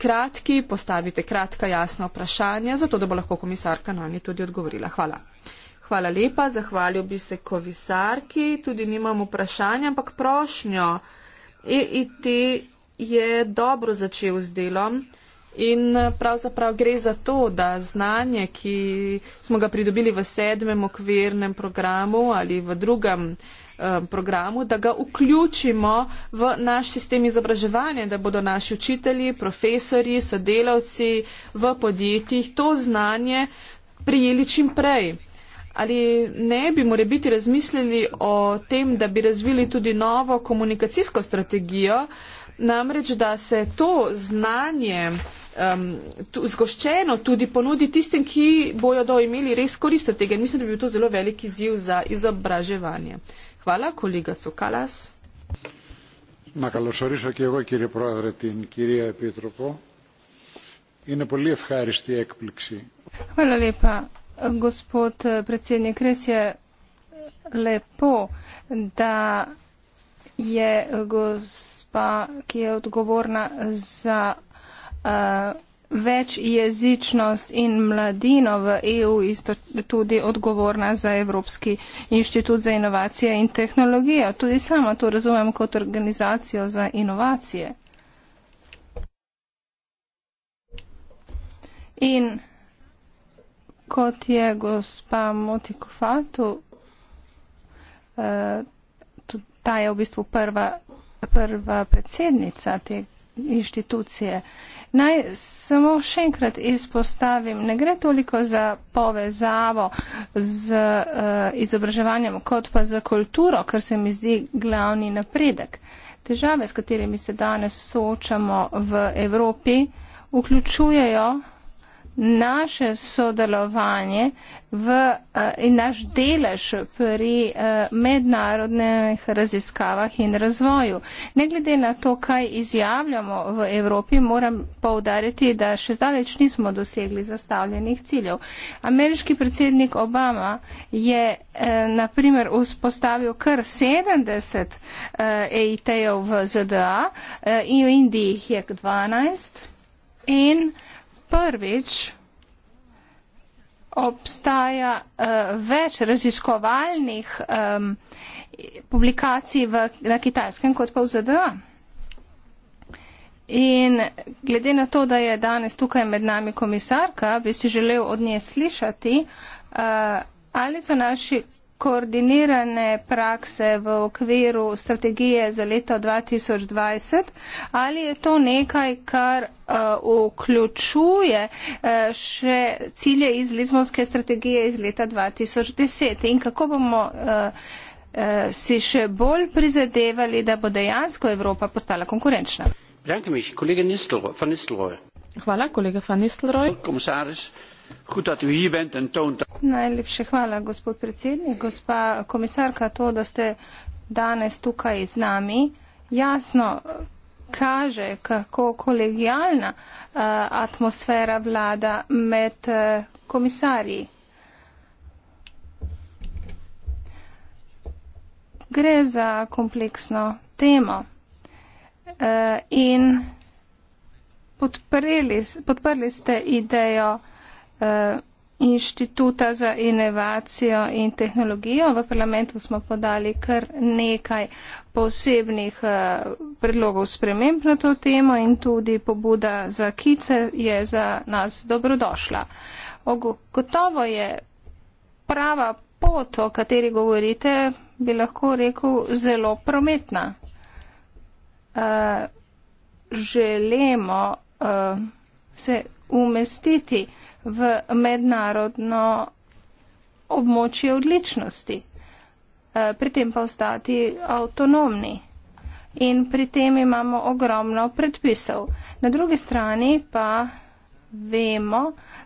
kratki, postavite kratka jasna vprašanja, zato da bo lahko komisarka na nje tudi odgovorila. Hvala. Hvala lepa, zahvalil bi se komisarki, tudi nimam vprašanja, ampak prošnjo. E IT je dobro začel z delom. In eh, pravzaprav gre za to, da znanje, ki smo ga pridobili v sedmem okvirnem programu ali v drugem eh, programu, da ga vključimo v naš sistem izobraževanja, da bodo naši učitelji, profesori, sodelavci v podjetjih to znanje prijeli čim prej. Ali ne bi more biti razmislili o tem, da bi razvili tudi novo komunikacijsko strategijo, namreč da se to znanje um, zgoščeno tudi ponudi tistem, ki bojo do imeli res korist od tega. Mislim, da bi bil to zelo veliki ziv za izobraževanje. Hvala, kolega Cokalas. Να καλωσορίσω και εγώ κύριε Πρόεδρε την κυρία Επίτροπο. Είναι πολύ ευχάριστη έκπληξη. Hvala lepa, gospod eh, predsjednik. Res je eh, lepo, da je eh, gospa, ki je odgovorna za uh, eh, večjezičnost in mladino v EU isto, tudi odgovorna za Evropski inštitut za inovacije in tehnologijo. Tudi sama to razumem kot organizacijo za inovacije. In kot je gospa Motikofatu, eh, ta je v bistvu prva, prva predsednica te inštitucije, Naj samo še enkrat izpostavim, ne gre toliko za povezavo z uh, izobraževanjem, kot pa za kulturo, kar se mi zdi glavni napredek. Težave, s katerimi se danes soočamo v Evropi, vključujejo naše sodelovanje v, eh, in naš delež pri eh, mednarodnih raziskavah in razvoju. Ne glede na to, kaj izjavljamo v Evropi, moram povdariti, da še zdaleč nismo dosegli zastavljenih ciljev. Ameriški predsednik Obama je eh, naprimer vzpostavil kar 70 EIT-ov v ZDA in v Indiji jih je 12 in prvič obstaja uh, več raziskovalnih um, publikacij v, na kitajskem kot pa v ZDA. In glede na to, da je danes tukaj med nami komisarka, bi si želel od nje slišati, uh, ali so naši koordinirane prakse v okviru strategije za leto 2020 ali je to nekaj, kar uh, vključuje uh, še cilje iz Lizbonske strategije iz leta 2010 in kako bomo uh, uh, si še bolj prizadevali, da bo dejansko Evropa postala konkurenčna. Hvala, kolega Fanistelroj najlepša hvala gospod predsednik gospa komisarka to da ste danes tukaj z nami jasno eh, kaže kako kolegijalna uh, eh, atmosfera vlada med uh, komisarji gre za kompleksno temo uh, in podprli, podprli ste idejo uh, inštituta za inovacijo in tehnologijo. V parlamentu smo podali kar nekaj posebnih uh, predlogov sprememb na to temo in tudi pobuda za kice je za nas dobrodošla. Gotovo je prava pot, o kateri govorite, bi lahko rekel, zelo prometna. Uh, eh, želemo uh, se umestiti uh, v mednarodno območje odličnosti, eh, pri tem pa ostati avtonomni. In pri tem imamo ogromno predpisov. Na drugi strani pa vemo,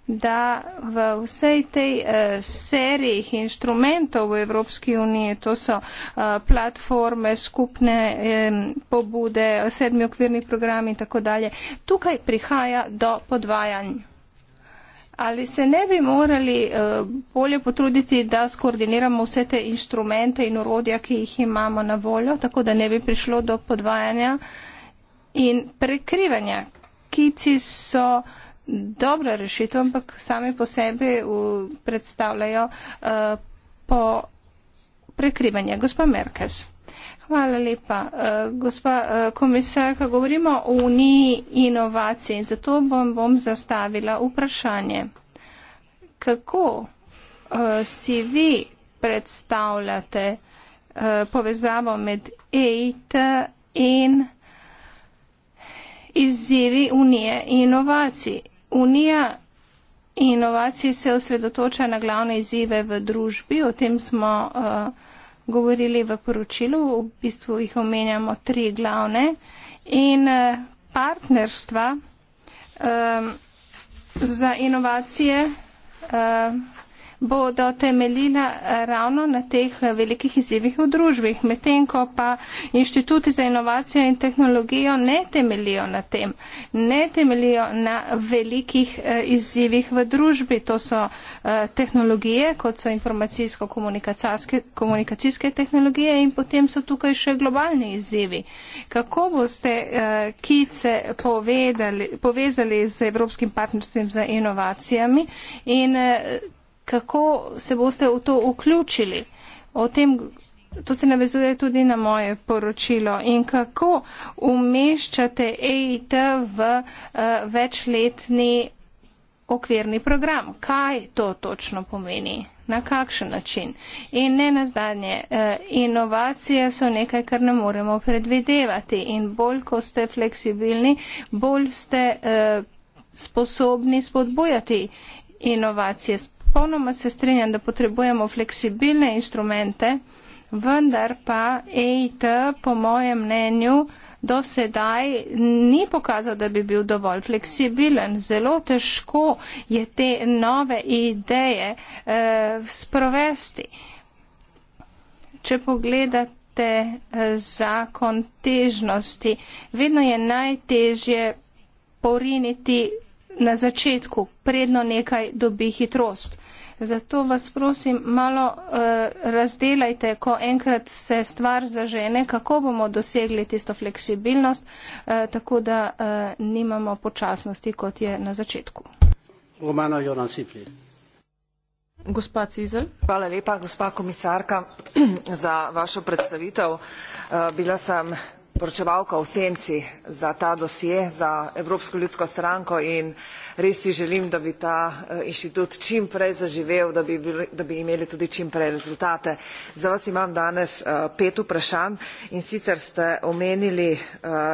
da v vsej tej eh, seriji inštrumentov v Evropski uniji, to so eh, platforme, skupne eh, pobude, sedmi okvirni programi in tako dalje, tukaj prihaja do podvajanja. Ali se ne bi morali eh, bolje potruditi, da skoordiniramo vse te instrumente in urodja, ki jih imamo na voljo, tako da ne bi prišlo do podvajanja in prekrivanja? Kici so dobra rešitev, ampak sami po sebi eh, predstavljajo eh, po prekrivanje. Gospa Merkez. Hvala lepa. Eh, gospa eh, komisarka, govorimo o uniji inovacij in zato bom, bom zastavila vprašanje. Kako eh, si vi predstavljate povezavo med EIT in izzivi unije inovacij? Unija inovacij se osredotoča na glavne izzive v družbi, o tem smo govorili v poročilu, v bistvu jih omenjamo tri glavne. In eh, partnerstva um, za inovacije. Um, bodo temeljila eh, ravno na teh eh, velikih izzivih v družbi, medtem ko pa inštituti za inovacijo in tehnologijo ne temeljijo na tem, ne temeljijo na velikih eh, izzivih v družbi. To so tehnologije, kot so informacijsko-komunikacijske komunikacijske tehnologije in potem so tukaj še globalni izzivi. Kako boste kice povedali, povezali z Evropskim partnerstvom za inovacijami in kako se boste v to vključili. O tem, to se navezuje tudi na moje poročilo in kako umeščate EIT v uh, večletni okvirni program. Kaj to točno pomeni? Na kakšen način? In ne na zadnje, uh, eh, inovacije so nekaj, kar ne moremo predvidevati in bolj, ko ste fleksibilni, bolj ste. Uh, sposobni spodbujati inovacije. Ponoma se strinjam, da potrebujemo fleksibilne instrumente, vendar pa EIT, po mojem mnenju, do sedaj ni pokazal, da bi bil dovolj fleksibilen. Zelo težko je te nove ideje eh, sprovesti. Če pogledate eh, zakon težnosti, vedno je najtežje poriniti na začetku, predno nekaj dobi hitrost. Zato vas prosim, malo uh, razdelajte, ko enkrat se stvar zažene, kako bomo dosegli tisto fleksibilnost, uh, tako da uh, nimamo počasnosti, kot je na začetku. Romano Joran Sipri. Gospa Cizel. Hvala lepa, gospa komisarka, za vašo predstavitev. Uh, bila sem poročevalka v senci za ta dosje, za Evropsko ljudsko stranko in res si želim, da bi ta eh, inštitut čim prej zaživel, da bi, bil, da bi imeli tudi čim prej rezultate. Za vas imam danes eh, pet vprašanj in sicer ste omenili, eh,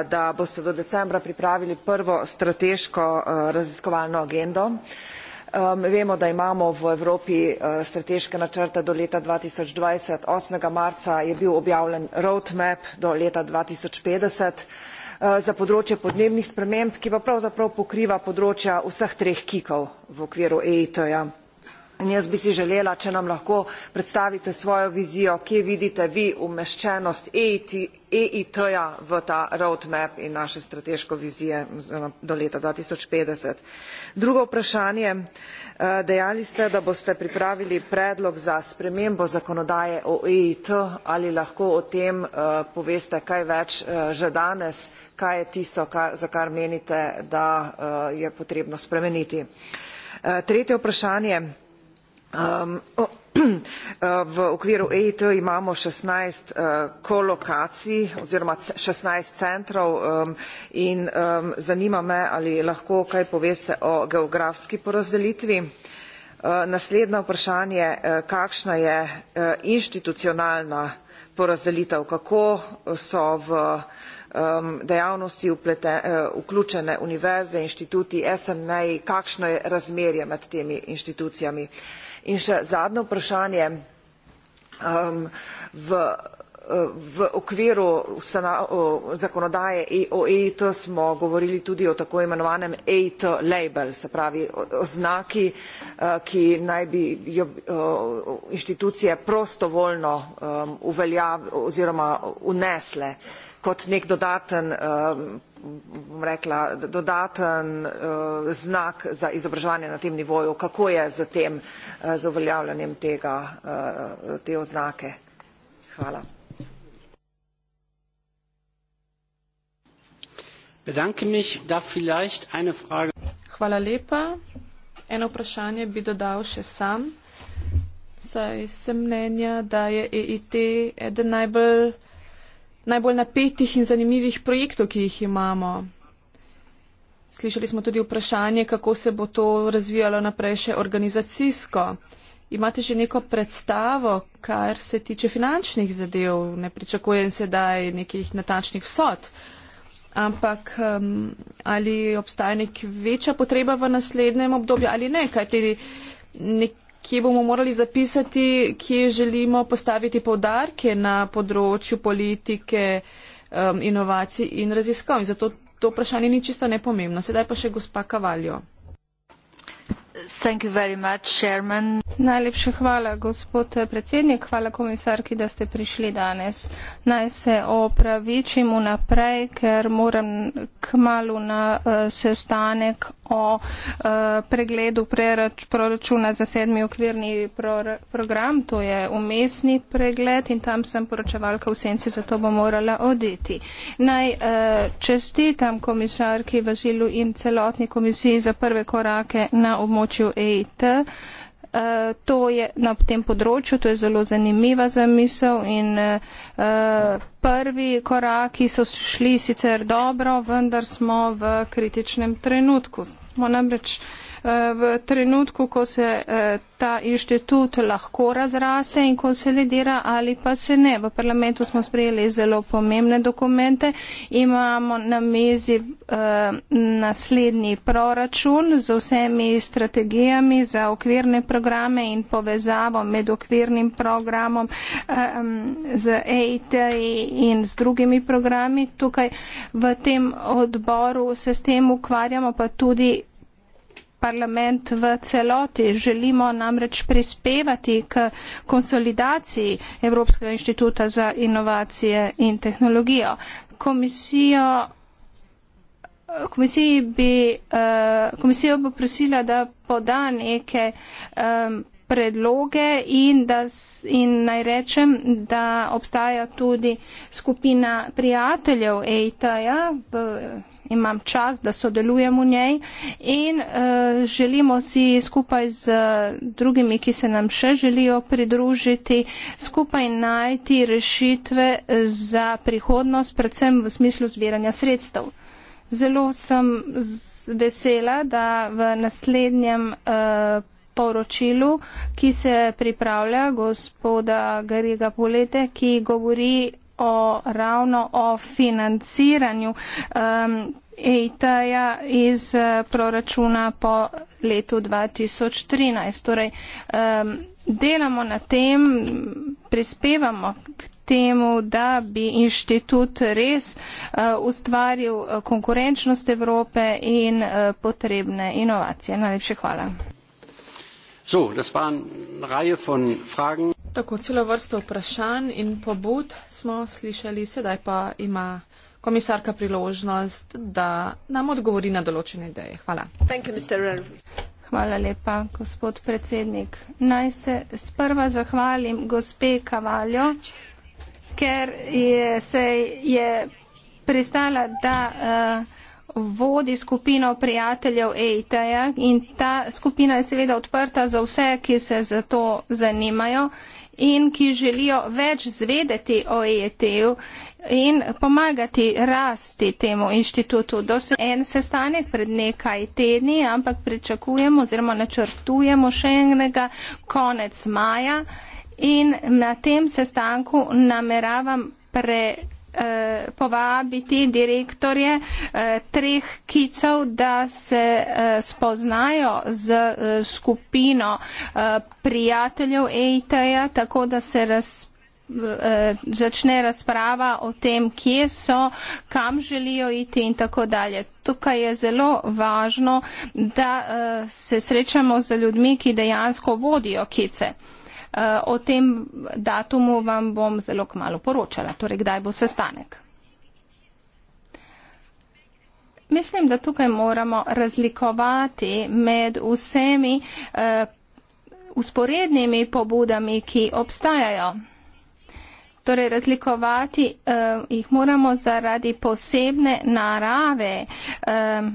da boste do decembra pripravili prvo strateško raziskovalno agendo. Um, vemo, da imamo v Evropi uh, strateške načrte do leta 2020. 8. marca je bil objavljen roadmap do leta 2050 eh, za področje podnebnih sprememb, ki pa pravzaprav pokriva področja vseh treh kikov v okviru EIT-ja. In jaz bi si želela, če nam lahko predstavite svojo vizijo, kje vidite vi umeščenost EIT-ja e v ta roadmap in naše strateško vizije do leta 2050. Drugo vprašanje, eh, dejali ste, da boste pripravili predlog za spremembo zakonodaje o EIT, ali lahko o tem eh, poveste kaj več eh, že danes, kaj je tisto, za kar menite, da je potrebno spremeniti. Tretje vprašanje, Um, uh, v okviru eit imamo šestnajst uh, kolokacij oziroma šestnajst centrov um, in um, zanima me ali lahko kaj poveste o geografski porazdelitvi. Uh, naslednje vprašanje kakšna je inštitucionalna porazdelitev kako so v dejavnosti vključene univerze inštituti SNI kakšno je razmerje med temi inštitucijami. In še zadnje vprašanje. Um, v, v okviru zakonodaje e-, o EIT smo govorili tudi o tako imenovanem EIT label, se pravi oznaki, uh, ki naj bi jo, inštitucije prostovoljno um, uveljavile oziroma unesle kot nek dodaten um, bom rekla, dodaten uh, znak za izobraževanje na tem nivoju. Kako je z tem, uh, z uveljavljanjem tega, uh, te oznake? Hvala. Hvala lepa. Eno vprašanje bi dodal še sam. Saj sem mnenja, da je EIT eden najbolj najbolj napetih in zanimivih projektov, ki jih imamo. Slišali smo tudi vprašanje, kako se bo to razvijalo naprej še organizacijsko. Imate že neko predstavo, kar se tiče finančnih zadev, ne pričakujem sedaj nekih natačnih vsot, ampak um, ali obstaja nek večja potreba v naslednjem obdobju ali ne, kaj tudi nek kje bomo morali zapisati, kje želimo postaviti povdarke na področju politike, um, inovacij in raziskav. In zato to vprašanje ni čisto nepomembno. Sedaj pa še gospa Kavaljo. Najlepša hvala, gospod predsednik. Hvala komisarki, da ste prišli danes. Naj se opravičim vnaprej, ker moram k malu na uh, sestanek o uh, pregledu prerač, proračuna za sedmi okvirni pror, program. To je umestni pregled in tam sem poročevalka v senci, zato bom morala oditi. Naj uh, čestitam komisarki Vazilu in celotni komisiji za prve korake na območju področju EIT. Uh, eh, to je na tem področju, to je zelo zanimiva zamisel in uh, prvi koraki so šli sicer dobro, vendar smo v kritičnem trenutku. Moram reči, Eh, v trenutku, ko se eh, ta inštitut lahko razraste in konsolidira ali pa se ne. V parlamentu smo sprejeli zelo pomembne dokumente. Imamo na mezi eh, naslednji proračun z vsemi strategijami za okvirne programe in povezavo med okvirnim programom z EIT in z drugimi programi. Tukaj v tem odboru se s tem ukvarjamo, pa tudi parlament v celoti. Želimo namreč prispevati k konsolidaciji Evropskega inštituta za inovacije in tehnologijo. Komisijo Komisijo bi eh, komisijo bo prosila, da poda neke um, predloge in, da, in naj rečem, da obstaja tudi skupina prijateljev EIT-ja, imam čas, da sodelujem v njej in uh, želimo si skupaj z eh, drugimi, ki se nam še želijo pridružiti, skupaj najti rešitve eh, za prihodnost, predvsem v smislu zbiranja sredstev. Zelo sem vesela, da v naslednjem. Uh, poročilu, ki se pripravlja gospoda Gariga Polete, ki govori o, ravno o financiranju um, EIT-ja iz uh, proračuna po letu 2013. Torej, um, delamo na tem, prispevamo k temu, da bi inštitut res uh, ustvaril uh, konkurenčnost Evrope in uh, potrebne inovacije. Najlepše hvala. So, das war eine Reihe von Fragen. Tako celo vrsto vprašanj in pobud smo slišali, sedaj pa ima komisarka priložnost, da nam odgovori na določene ideje. Hvala. Hvala lepa, gospod predsednik. Naj se sprva zahvalim gospe Kavaljo, ker je, se je pristala, da uh, vodi skupino prijateljev EIT-ja in ta skupina je seveda odprta za vse, ki se za to zanimajo in ki želijo več zvedeti o EET-u in pomagati rasti temu inštitutu. Dosem en sestanek pred nekaj tedni, ampak pričakujemo oziroma načrtujemo še enega konec maja in na tem sestanku nameravam pre Eh, povabiti direktorje eh, treh kicov, da se eh, spoznajo z skupino prijateljev EIT-ja, tako da se raz, začne razprava o tem, kje so, kam želijo iti in tako dalje. Tukaj je zelo važno, da se srečamo z ljudmi, ki dejansko vodijo kice. Eh, o tem datumu vam bom zelo kmalo poročala, torej kdaj bo sestanek. Mislim, da tukaj moramo razlikovati med vsemi uh, eh, usporednimi pobudami, ki obstajajo. Torej, razlikovati uh, jih moramo zaradi posebne narave uh,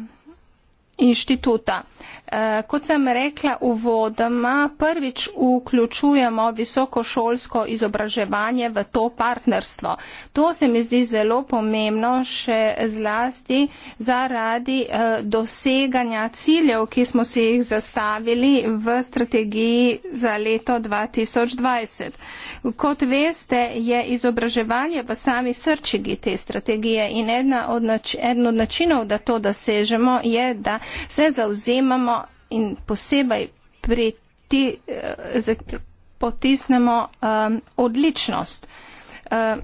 inštituta. Uh, Eh, kot sem rekla v vodama, prvič vključujemo visokošolsko izobraževanje v to partnerstvo. To se mi zdi zelo pomembno še zlasti zaradi eh, doseganja ciljev, ki smo si jih zastavili v strategiji za leto 2020. Kot veste, je izobraževanje v sami srčigi te strategije in eden od, nač od načinov, da to dosežemo, je, da se zauzemamo in posebej pri ti eh, potisnemo eh, odličnost. Eh.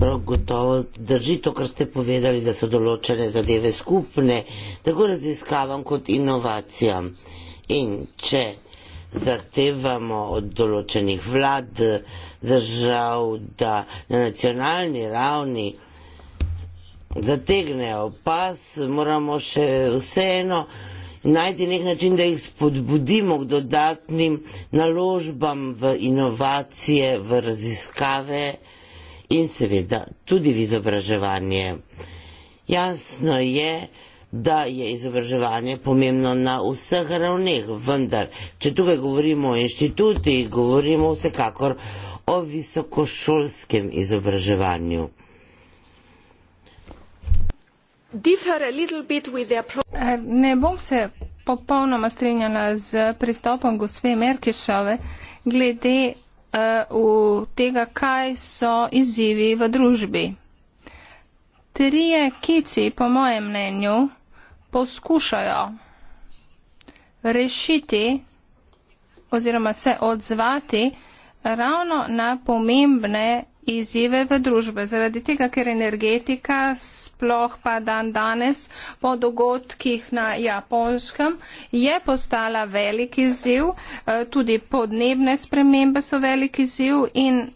Prav gotovo drži to, kar ste povedali, da so določene zadeve skupne, tako raziskavam kot inovacijam. In če zahtevamo od določenih vlad, držav, da na nacionalni ravni zategnejo pas, moramo še vseeno najti nek način, da jih spodbudimo k dodatnim naložbam v inovacije, v raziskave in seveda tudi v izobraževanje. Jasno je, da je izobraževanje pomembno na vseh ravneh, vendar, če tukaj govorimo o inštituti, govorimo vsekakor o visokošolskem izobraževanju. Eh, ne bom se popolnoma strinjala z pristopom gospe Merkešove glede uh, tega, kaj so izzivi v družbi. Trije kici, po mojem mnenju, poskušajo rešiti oziroma se odzvati ravno na pomembne izzive v družbe. Zaradi tega, ker energetika sploh pa dan danes po dogodkih na japonskem je postala velik izziv, eh, tudi podnebne spremembe so velik izziv in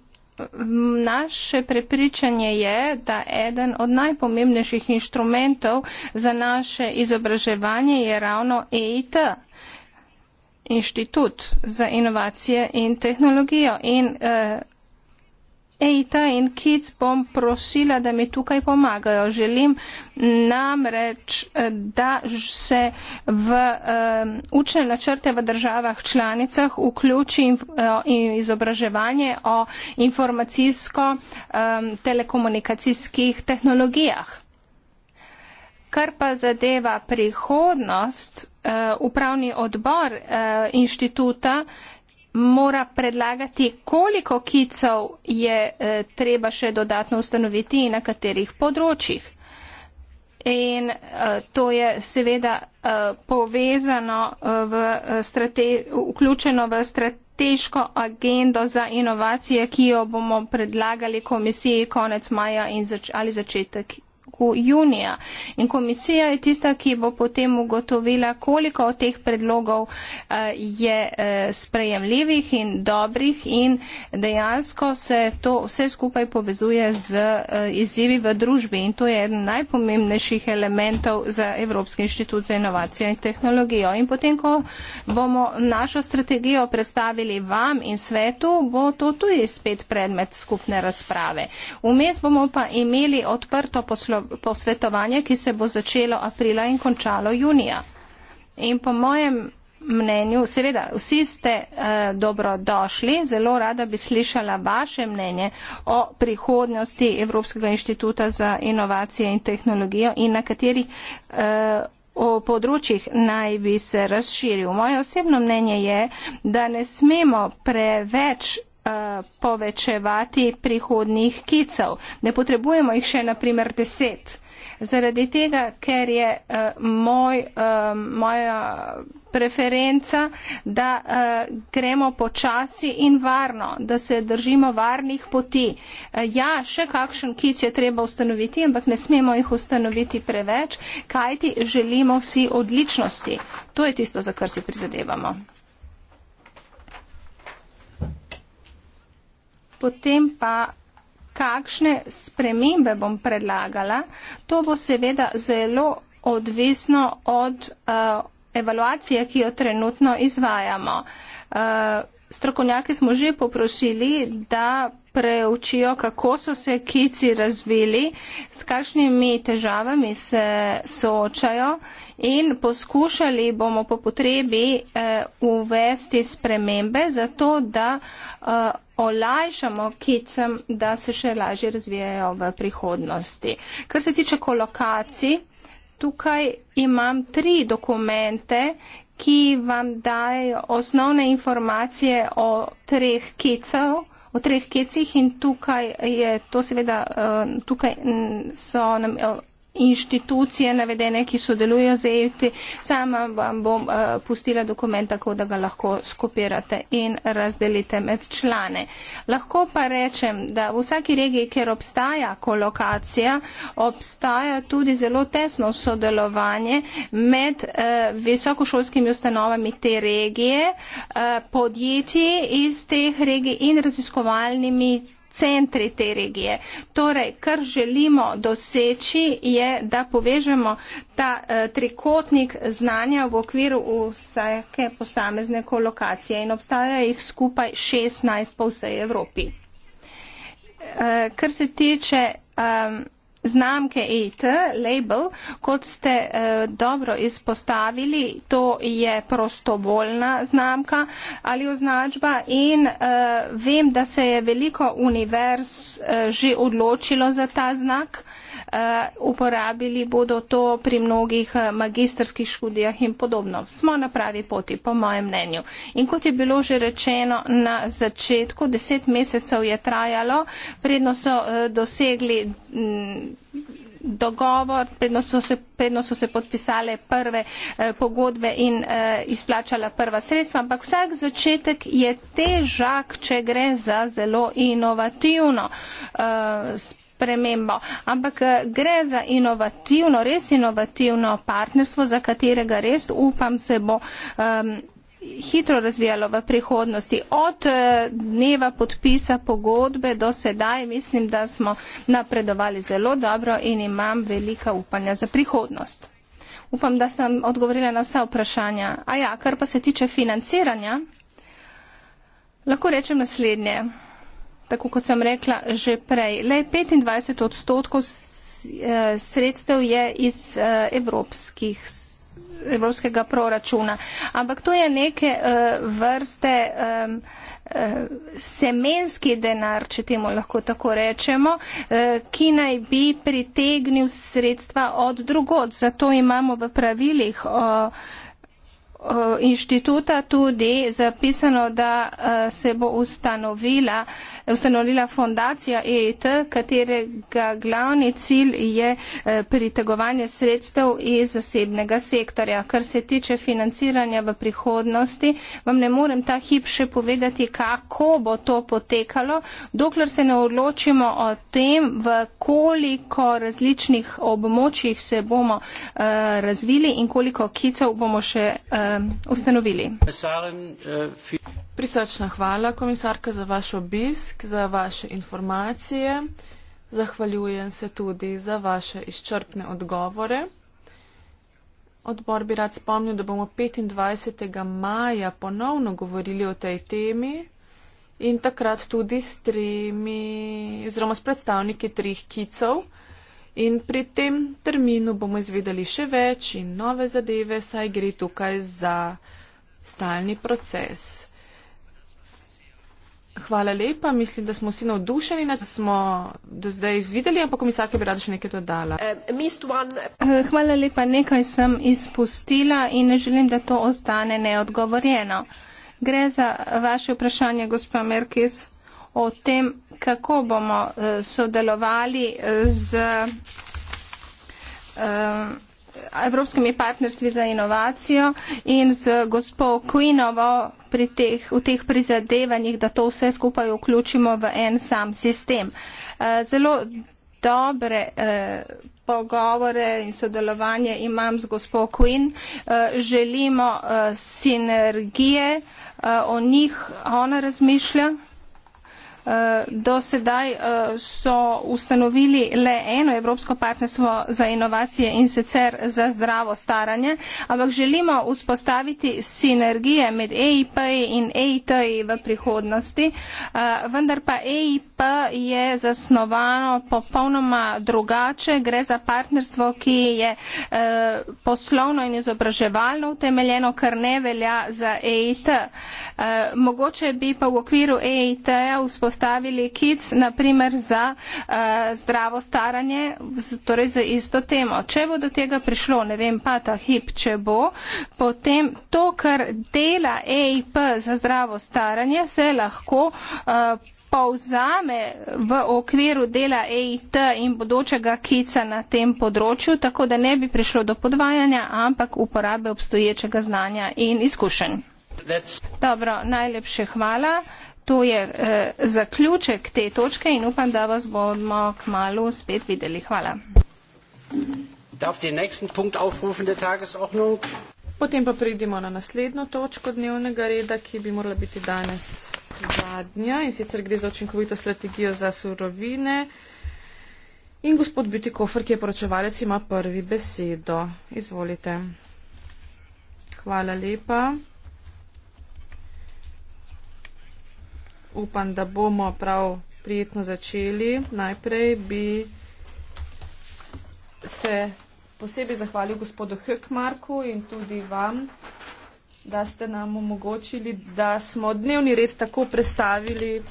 naše prepričanje je, da eden od najpomembnejših inštrumentov za naše izobraževanje je ravno EIT. Inštitut za inovacije in tehnologijo. In, uh, Eita in Kic bom prosila, da mi tukaj pomagajo. Želim namreč, eh, da se v um, učne načrte v državah članicah vključi in, eh, in izobraževanje o informacijsko-telekomunikacijskih um, tehnologijah. Kar pa zadeva prihodnost, uh, upravni odbor uh, inštituta mora predlagati, koliko kicov je eh, treba še dodatno ustanoviti in na katerih področjih. In eh, to je seveda eh, povezano eh, v eh, strateško, vključeno v strateško agendo za inovacije, ki jo bomo predlagali komisiji konec maja zač ali začetek roku junija. In komisija je tista, ki bo potem ugotovila, koliko od teh predlogov eh, je eh, sprejemljivih in dobrih in dejansko se to vse skupaj povezuje z eh, izzivi v družbi. In to je eden najpomembnejših elementov za Evropski inštitut za inovacijo in tehnologijo. In potem, ko bomo našo strategijo predstavili vam in svetu, bo to tudi spet predmet skupne razprave. Vmes bomo pa imeli odprto poslo, posvetovanje, ki se bo začelo aprila in končalo junija. In po mojem mnenju, seveda, vsi ste eh, dobrodošli, zelo rada bi slišala vaše mnenje o prihodnosti Evropskega inštituta za inovacije in tehnologijo in na katerih eh, področjih naj bi se razširil. Moje osebno mnenje je, da ne smemo preveč Eh, povečevati prihodnih kicev. Ne potrebujemo jih še naprimer deset. Zaradi tega, ker je uh, moj, uh, moja preferenca, da uh, gremo počasi in varno, da se držimo varnih poti. Uh, ja, še kakšen kic je treba ustanoviti, ampak ne smemo jih ustanoviti preveč, kajti želimo vsi odličnosti. To je tisto, za kar si prizadevamo. potem pa kakšne spremembe bom predlagala. To bo seveda zelo odvisno od uh, eh, evaluacije, ki jo trenutno izvajamo. Uh, strokovnjake smo že poprosili, da preučijo, kako so se kici razvili, s kakšnimi težavami se soočajo in poskušali bomo po potrebi uh, uvesti spremembe za to, da uh, olajšamo kicem, da se še lažje razvijajo v prihodnosti. Kar se tiče kolokacij, tukaj imam tri dokumente, ki vam dajo osnovne informacije o treh kicev. O treh kecih in tukaj, je, seveda, eh, tukaj mm, so eh, inštitucije navedene, ki sodelujo z EIT. Sama vam bom eh, pustila dokument tako, da ga lahko skopirate in razdelite med člane. Lahko pa rečem, da v vsaki regiji, kjer obstaja kolokacija, obstaja tudi zelo tesno sodelovanje med eh, visokošolskimi ustanovami te regije, eh, podjetji iz teh regij in raziskovalnimi centri te regije. Torej, kar želimo doseči je, da povežemo ta eh, trikotnik znanja v okviru vsake posamezne kolokacije in obstajajo jih skupaj 16 po vsej Evropi. Eh, kar se tiče. Eh, znamke ET, label, kot ste eh, dobro izpostavili, to je prostovoljna znamka ali označba in eh, vem, da se je veliko univerz eh, že odločilo za ta znak. Eh, Eh, uporabili bodo to pri mnogih eh, magistrskih študijah in podobno. Smo na pravi poti, po mojem mnenju. In kot je bilo že rečeno na začetku, deset mesecev je trajalo, predno so eh, dosegli mm, dogovor, predno so se, predno so se podpisale prve eh, pogodbe in eh, izplačala prva sredstva, ampak vsak začetek je težak, če gre za zelo inovativno. Eh, spremembo. Ampak eh, gre za inovativno, res inovativno partnerstvo, za katerega res upam se bo. Um, hitro razvijalo v prihodnosti. Od eh, dneva podpisa pogodbe do sedaj mislim, da smo napredovali zelo dobro in imam velika upanja za prihodnost. Upam, da sem odgovorila na vsa vprašanja. A ja, kar pa se tiče financiranja, lahko rečem naslednje tako kot sem rekla že prej. Le 25 odstotkov eh, sredstev je iz eh, evropskih, evropskega proračuna. Ampak to je neke eh, vrste semenski denar, če temu lahko tako rečemo, ki naj bi pritegnil sredstva od drugod. Zato imamo v pravilih inštituta tudi zapisano, da se bo ustanovila ustanovila fundacija EIT, katerega glavni cilj je eh, pritegovanje sredstev iz zasebnega sektorja. Kar se tiče financiranja v prihodnosti, vam ne morem ta hip še povedati, kako bo to potekalo, dokler se ne odločimo o tem, v koliko različnih območjih se bomo uh, razvili in koliko kicev bomo še uh, ustanovili. Prisrčna hvala, komisarka, za vaš obisk, za vaše informacije. Zahvaljujem se tudi za vaše izčrpne odgovore. Odbor bi rad spomnil, da bomo 25. maja ponovno govorili o tej temi in takrat tudi s tremi, oziroma s predstavniki trih kicov. In pri tem terminu bomo izvedeli še več in nove zadeve, saj gre tukaj za stalni proces. Hvala lepa. Mislim, da smo vsi navdušeni, da smo do zdaj videli, ampak komisarka bi rada še nekaj dodala. Eh, eh, hvala lepa. Nekaj sem izpustila in ne želim, da to ostane neodgovorjeno. Gre za vaše vprašanje, gospod Merkis, o tem, kako bomo eh, sodelovali z. Um, Evropskimi partnerstvi za inovacijo in z gospo Queenovo pri teh, v teh prizadevanjih, da to vse skupaj vključimo v en sam sistem. Eh, zelo dobre eh, pogovore in sodelovanje imam z gospo Queen. Eh, želimo sinergije, o njih ona razmišlja. Eh, do sedaj eh, so ustanovili le eno Evropsko partnerstvo za inovacije in sicer za zdravo staranje, ampak želimo vzpostaviti sinergije med EIP in EIT v prihodnosti, eh, vendar pa EIP je zasnovano popolnoma drugače, gre za partnerstvo, ki je poslovno in izobraževalno utemeljeno, kar ne velja za EIT. Mogoče bi pa v okviru EIT-ja vzpostavili postavili kic, naprimer za uh, zdravo staranje, z, torej za isto temo. Če bo do tega prišlo, ne vem pa ta hip, če bo, potem to, kar dela EIP za zdravo staranje, se lahko. Uh, eh, pa vzame v okviru dela EIT in bodočega kica na tem področju, tako da ne bi prišlo do podvajanja, ampak uporabe obstoječega znanja in izkušenj. Dobro, najlepše hvala to je eh, zaključek te točke in upam, da vas bomo k malu spet videli. Hvala. Darf den nächsten Punkt aufrufen der Tagesordnung? Potem pa pridimo na naslednjo točko dnevnega reda, ki bi morala biti danes zadnja in sicer gre za učinkovito strategijo za surovine. In gospod Bütikofer, ki je poročevalec, ima prvi besedo. Izvolite. Hvala lepa. upam, da bomo prav prijetno začeli. Najprej bi se posebej zahvalil gospodu Hökmarku in tudi vam, da ste nam omogočili, da smo dnevni red tako predstavili,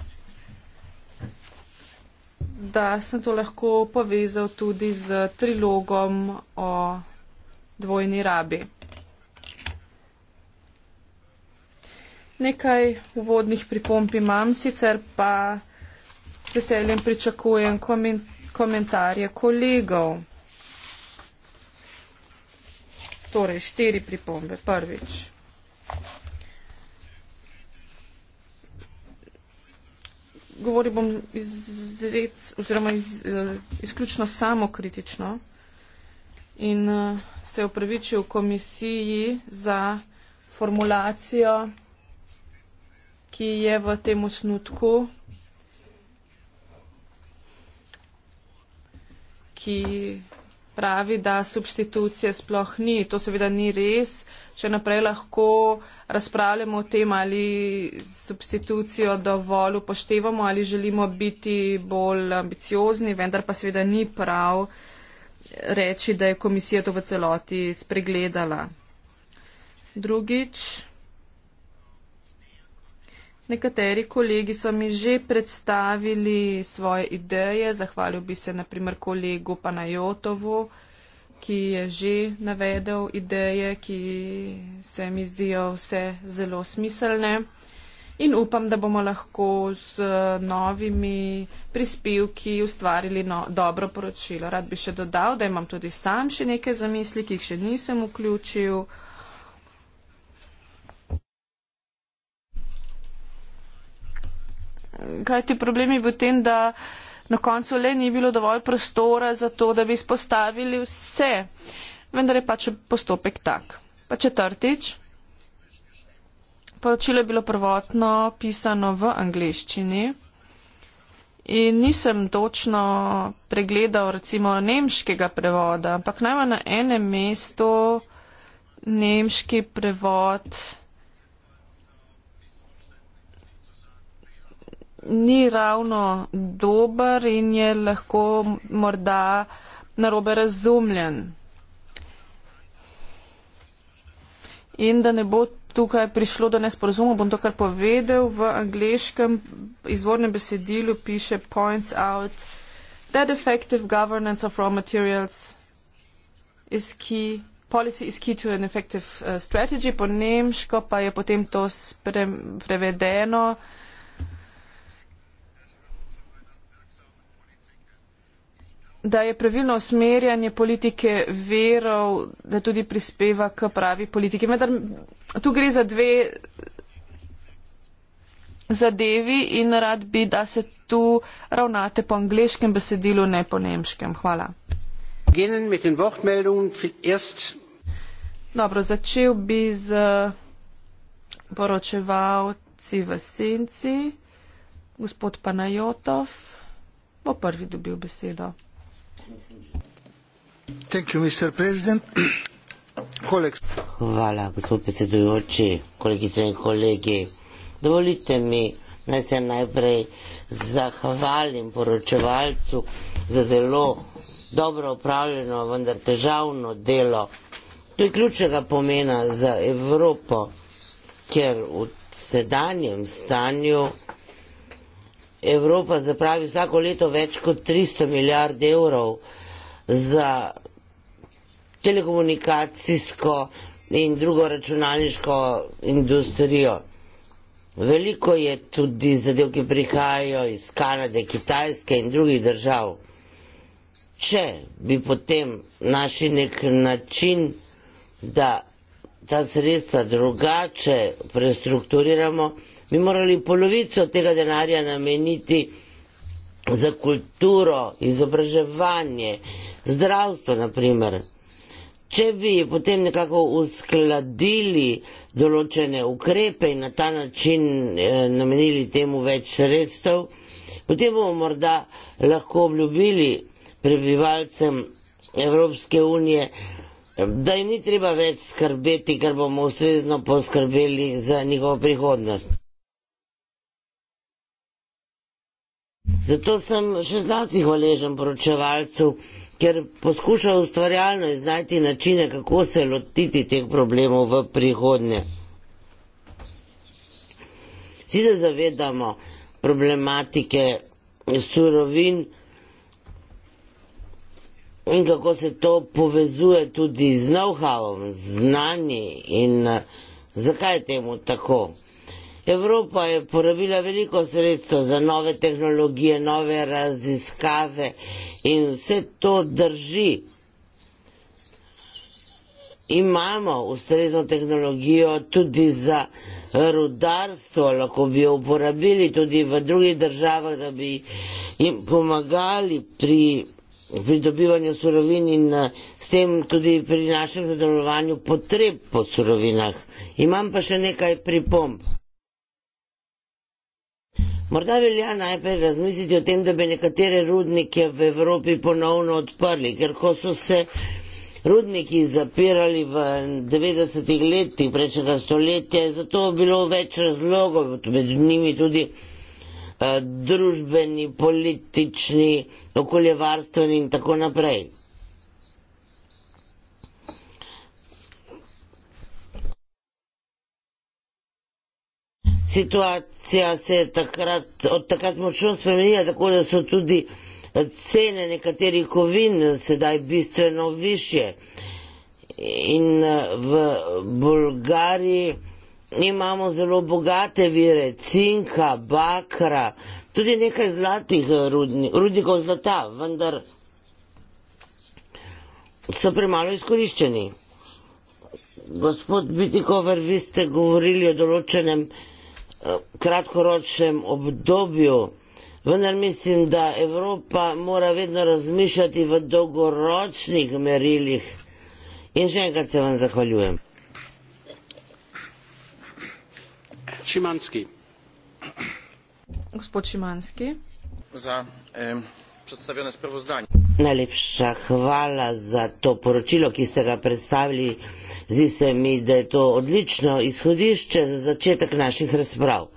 da sem to lahko povezal tudi z trilogom o dvojni rabi. Nekaj uvodnih pripomb imam, sicer pa z veseljem pričakujem komen komentarje kolegov. Torej, štiri pripombe. Prvič. Govori bom izred, oziroma iz, eh, izključno samokritično in eh, se opravičil komisiji za formulacijo ki je v tem osnutku, ki pravi, da substitucije sploh ni. To seveda ni res. Če naprej lahko razpravljamo o tem, ali substitucijo dovolj upoštevamo, ali želimo biti bolj ambiciozni, vendar pa seveda ni prav reči, da je komisija to v celoti spregledala. Drugič, Nekateri kolegi so mi že predstavili svoje ideje. Zahvalil bi se naprimer kolegu Panajotovu, ki je že navedel ideje, ki se mi zdijo vse zelo smiselne. In upam, da bomo lahko z novimi prispevki ustvarili no, dobro poročilo. Rad bi še dodal, da imam tudi sam še neke zamisli, ki jih še nisem vključil. Kaj ti problemi je v tem, da na koncu le ni bilo dovolj prostora za to, da bi izpostavili vse. Vendar je pač postopek tak. Pa četrtič. Poročilo je bilo prvotno pisano v angliščini in nisem točno pregledal recimo nemškega prevoda, ampak najmanj na enem mestu nemški prevod. ni ravno dober in je lahko morda narobe razumljen. In da ne bo tukaj prišlo do nesporazumov, bom to kar povedal. V angliškem izvornem besedilu piše points out that effective governance of raw materials is key. Policy is key to an effective uh, strategy, po nemško pa je potem to spre, prevedeno. da je pravilno usmerjanje politike verov, da tudi prispeva k pravi politiki. Medar, tu gre za dve zadevi in rad bi, da se tu ravnate po angliškem besedilu, ne po nemškem. Hvala. Dobro, začel bi z poročevalci v senci. Gospod Panajotov bo prvi dobil besedo. Hvala, gospod predsedujoči, kolegice in kolegi. Dovolite mi, naj se najprej zahvalim poročevalcu za zelo dobro upravljeno, vendar težavno delo. To je ključnega pomena za Evropo, ker v sedanjem stanju Evropa zapravi vsako leto več kot 300 milijard evrov za telekomunikacijsko in drugo računalniško industrijo. Veliko je tudi zadev, ki prihajajo iz Kanade, Kitajske in drugih držav. Če bi potem našli nek način, da ta sredstva drugače prestrukturiramo, bi morali polovico tega denarja nameniti za kulturo, izobraževanje, zdravstvo naprimer. Če bi potem nekako uskladili določene ukrepe in na ta način eh, namenili temu več sredstev, potem bomo morda lahko obljubili prebivalcem Evropske unije, da jim ni treba več skrbeti, ker bomo ustrezno poskrbeli za njihovo prihodnost. Zato sem še zlasti hvaležen poročevalcu, ker poskuša ustvarjalno iznajti načine, kako se lotiti teh problemov v prihodnje. Vsi se zavedamo problematike surovin in kako se to povezuje tudi z know-howom, znanji in eh, zakaj je temu tako. Evropa je porabila veliko sredstev za nove tehnologije, nove raziskave in vse to drži. Imamo ustrezno tehnologijo tudi za rudarstvo, lahko bi jo uporabili tudi v drugih državah, da bi jim pomagali pri pridobivanju surovin in eh, s tem tudi pri našem zadovoljovanju potreb po surovinah. Imam pa še nekaj pripomb. Morda velja najprej razmisliti o tem, da bi nekatere rudnike v Evropi ponovno odprli, ker ko so se rudniki zapirali v 90-ih letih prejšnjega stoletja, je zato bilo več razlogov, med njimi tudi eh, družbeni, politični, okoljevarstveni in tako naprej. situacija se je takrat, od takrat močno spremenila, tako da so tudi cene nekaterih kovin sedaj bistveno više. In v Bolgariji imamo zelo bogate vire cinka, bakra, tudi nekaj zlatih rudnikov zlata, vendar so premalo izkoriščeni. Gospod Bitikover, vi ste govorili o določenem Eh, kratkoročnem obdobju. Vendar mislim, da Evropa mora vedno razmišljati v dolgoročnih merilih. In še enkrat se vam zahvaljujem. Šimanski. Gospod Šimanski. Za eh, predstavljeno sprevozdanje. Najlepša hvala za to poročilo, ki ste ga predstavili. Zdi se mi, da je to odlično izhodišče za začetek naših razprav.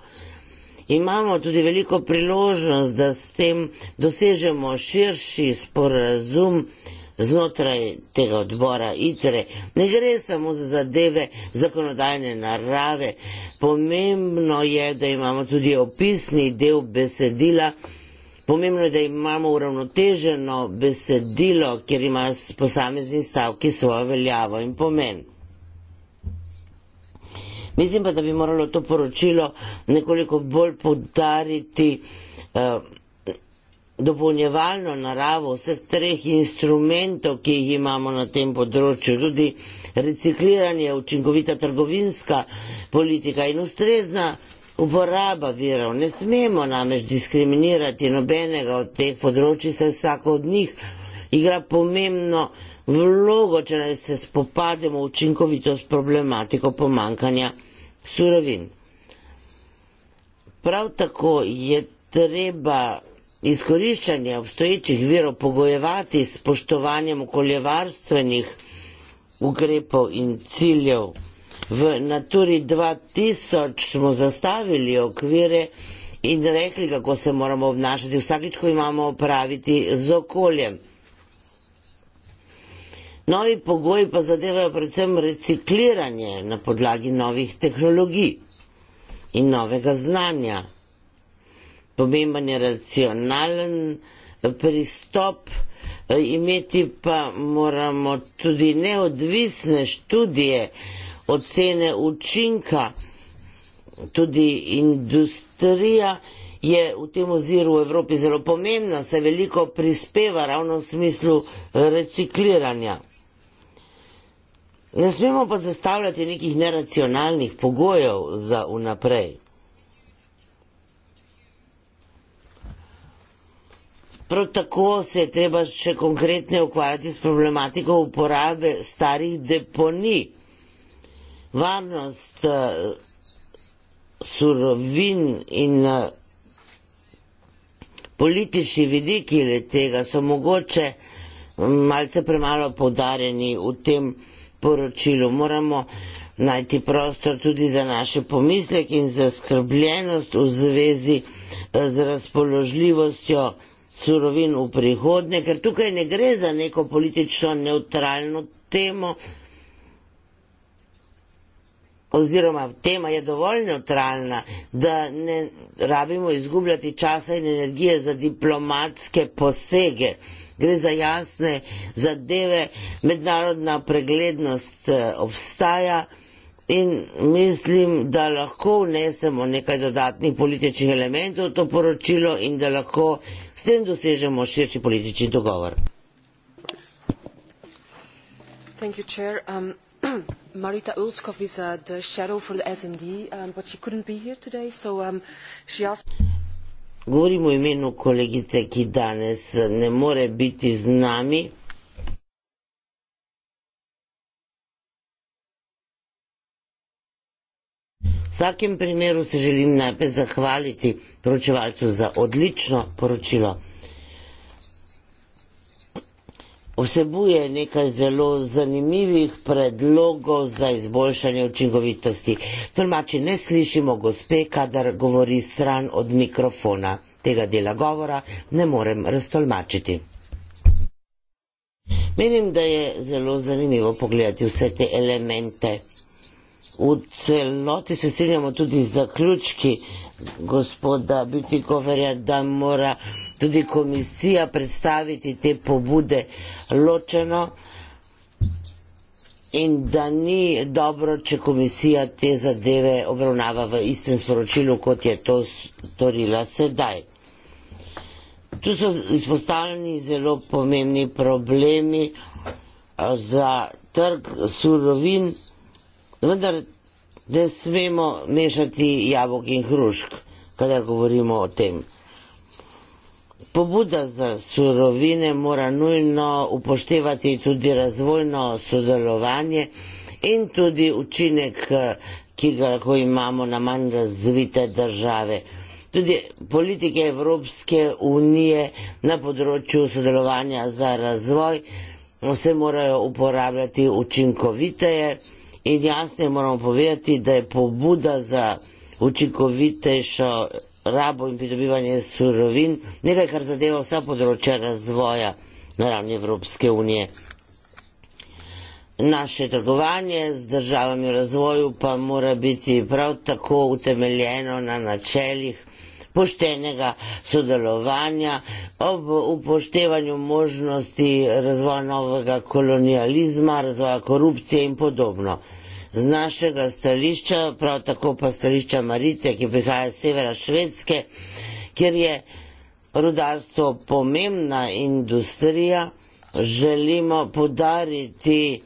Imamo tudi veliko priložnost, da s tem dosežemo širši sporazum znotraj tega odbora ITRE. Ne gre samo za zadeve zakonodajne narave. Pomembno je, da imamo tudi opisni del besedila, Pomembno je, da imamo uravnoteženo besedilo, kjer ima posamezni stavki svojo veljavo in pomen. Mislim pa, da bi moralo to poročilo nekoliko bolj podariti eh, dopolnjevalno naravo vseh treh instrumentov, ki jih imamo na tem področju. Tudi recikliranje, učinkovita trgovinska politika in ustrezna uporaba virov. Ne smemo namreč diskriminirati nobenega od teh področji, saj vsako od njih igra pomembno vlogo, če ne se spopademo učinkovito s problematiko pomankanja surovin. Prav tako je treba izkoriščanje obstoječih virov pogojevati s spoštovanjem okoljevarstvenih ukrepov in ciljev v Naturi 2000 smo zastavili okvire in rekli, kako se moramo obnašati vsakič, ko imamo opraviti z okoljem. Novi pogoji pa zadevajo predvsem recikliranje na podlagi novih tehnologij in novega znanja. Pomemben je racionalen eh, pristop, eh, imeti pa moramo tudi neodvisne študije ocene učinka, tudi industrija je v tem oziru v Evropi zelo pomembna, se veliko prispeva ravno v smislu recikliranja. Ne smemo pa zastavljati nekih neracionalnih pogojev za unaprej. Prav tako se je treba še konkretne ukvarjati s problematiko uporabe starih deponij varnost eh, surovin in eh, politični vidiki le tega so mogoče mm, malce premalo poudarjeni v tem poročilu. Moramo najti prostor tudi za naše pomislek in za skrbljenost v zvezi eh, z razpoložljivostjo surovin v prihodnje, ker tukaj ne gre za neko politično neutralno temo, oziroma tema je dovolj neutralna, da ne rabimo izgubljati časa in energije za diplomatske posege. Gre za jasne zadeve, mednarodna preglednost eh, obstaja in mislim, da lahko vnesemo nekaj dodatnih političnih elementov v to poročilo in da lahko s tem dosežemo širši politični dogovor. Hvala, predsednica. Um, Marita Ulskov is uh, the shadow for the SND, um, but she couldn't be here today, so um, she asked. o imenu kolegice ki danes uh, ne more biti z nami. V vsakem primeru se želim najprej zahvaliti poročevalcu za odlično poročilo. vsebuje nekaj zelo zanimivih predlogov za izboljšanje učinkovitosti. Tolmači ne slišimo gospe, kadar govori stran od mikrofona. Tega dela govora ne morem raztolmačiti. Menim, da je zelo zanimivo pogledati vse te elemente. V celoti se strinjamo tudi z zaključki gospoda Bitikoverja, da mora tudi komisija predstaviti te pobude ločeno in da ni dobro, če komisija te zadeve obravnava v istem sporočilu, kot je to storila sedaj. Tu so izpostavljeni zelo pomembni problemi za trg surovin, vendar ne smemo mešati jabolk in hrušk, kadar govorimo o tem. Pobuda za surovine mora nujno upoštevati tudi razvojno sodelovanje in tudi učinek, ki ga lahko imamo na manj razvite države. Tudi politike Evropske unije na področju sodelovanja za razvoj se morajo uporabljati učinkoviteje in jasne moramo povedati, da je pobuda za učinkovitejšo rabo in pridobivanje surovin, nekaj, kar zadeva vsa področja razvoja na ravni Evropske unije. Naše trgovanje z državami v razvoju pa mora biti prav tako utemeljeno na načelih poštenega sodelovanja ob upoštevanju možnosti razvoja novega kolonializma, razvoja korupcije in podobno z našega stališča, prav tako pa stališča Marite, ki prihaja iz severa Švedske, kjer je rudarstvo pomembna industrija, želimo podariti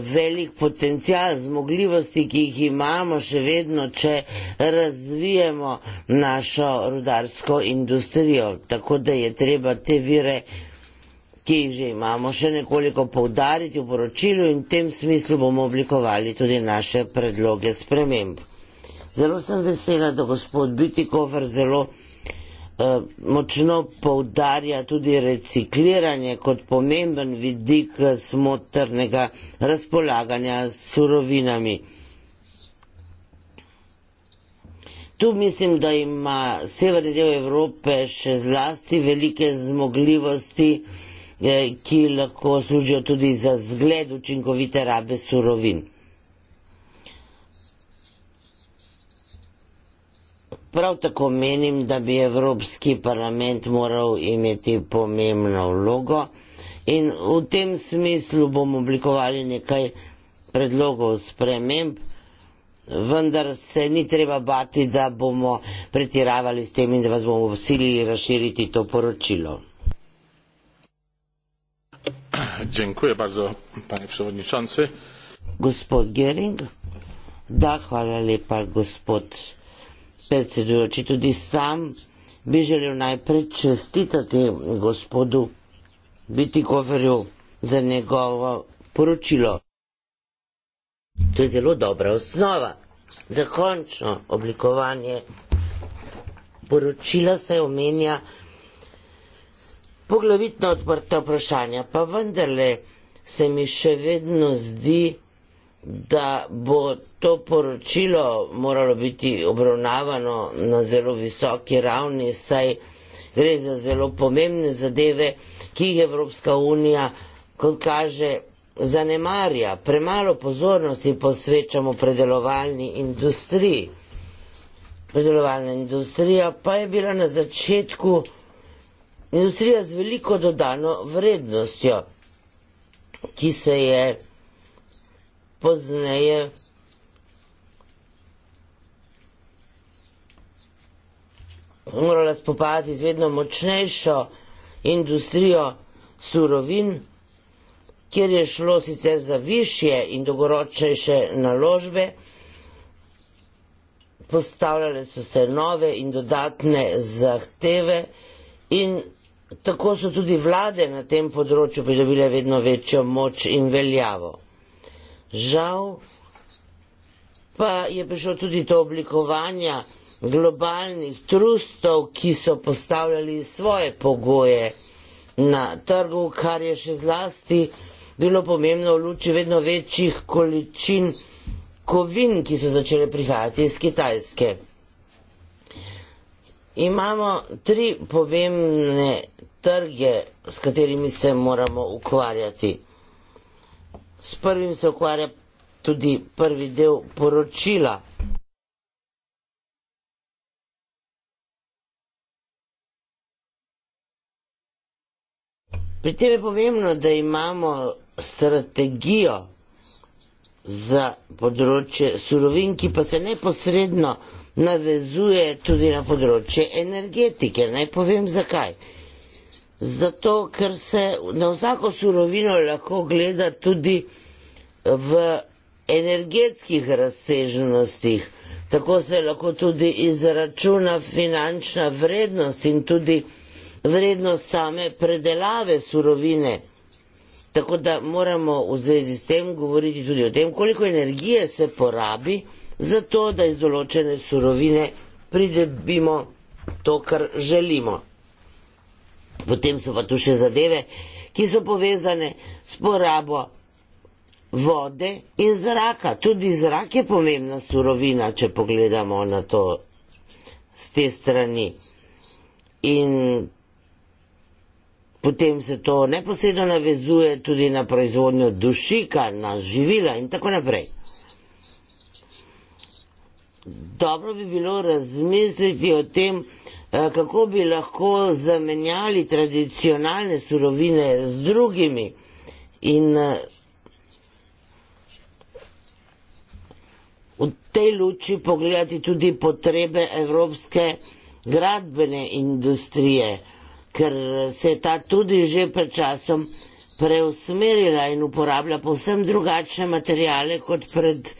velik potencial zmogljivosti, ki jih imamo še vedno, če razvijemo našo rudarsko industrijo. Tako da je treba te vire ki jih že imamo, še nekoliko poudariti v poročilu in v tem smislu bomo oblikovali tudi naše predloge sprememb. Zelo sem vesela, da gospod Bitikofer zelo eh, močno poudarja tudi recikliranje kot pomemben vidik smotrnega razpolaganja s surovinami. Tu mislim, da ima severni del Evrope še zlasti velike zmogljivosti, Eh, ki lahko služijo tudi za zgled učinkovite rabe surovin. Prav tako menim, da bi Evropski parlament moral imeti pomembno vlogo in v tem smislu bomo oblikovali nekaj predlogov sprememb, vendar se ni treba bati, da bomo pretiravali s tem in da vas bomo silili razširiti to poročilo dziękuję bardzo panie przewodniczący gospod Gering da hvala lepa gospod predsedujoči tudi sam bi želel najprej čestitati gospodu Vitikoferju za njegovo poročilo to je zelo dobra osnova za končno oblikovanje poročila se omenja poglavitno odprta vprašanja, pa vendarle se mi še vedno zdi, da bo to poročilo moralo biti obravnavano na zelo visoki ravni, saj gre za zelo pomembne zadeve, ki jih Evropska unija, kot kaže, zanemarja, premalo pozornosti posvečamo predelovalni industriji. Predelovalna industrija pa je bila na začetku industrija z veliko dodano vrednostjo, ki se je pozneje morala spopadati z vedno močnejšo industrijo surovin, kjer je šlo sicer za višje in dolgoročnejše naložbe, postavljale so se nove in dodatne zahteve in Tako so tudi vlade na tem področju pridobile vedno večjo moč in veljavo. Žal pa je prišlo tudi to oblikovanja globalnih trustov, ki so postavljali svoje pogoje na trgu, kar je še zlasti bilo pomembno v luči vedno večjih količin kovin, ki so začele prihajati iz Kitajske. Imamo tri pomembne trge, s katerimi se moramo ukvarjati. S prvim se ukvarja tudi prvi del poročila. Pri tem je pomembno, da imamo strategijo za področje surovin, ki pa se neposredno navezuje tudi na področje energetike. Naj povem zakaj. Zato, ker se na vsako surovino lahko gleda tudi v energetskih razsežnostih, tako se lahko tudi izračuna finančna vrednost in tudi vrednost same predelave surovine. Tako da moramo v zvezi s tem govoriti tudi o tem, koliko energije se porabi za to, da iz določene surovine pridobimo to, kar želimo. Potem so pa tu še zadeve, ki so povezane s porabo vode in zraka. Tudi zrak je pomembna surovina, če pogledamo na to z te strani. In potem se to neposredno navezuje tudi na proizvodnjo dušika, na živila in tako naprej. Dobro bi bilo razmisliti o tem, Eh, kako bi lahko zamenjali tradicionalne surovine z drugimi. In eh, v tej luči pogledati tudi potrebe evropske gradbene industrije, ker se je ta tudi že pred časom preusmerila in uporablja povsem drugačne materijale kot pred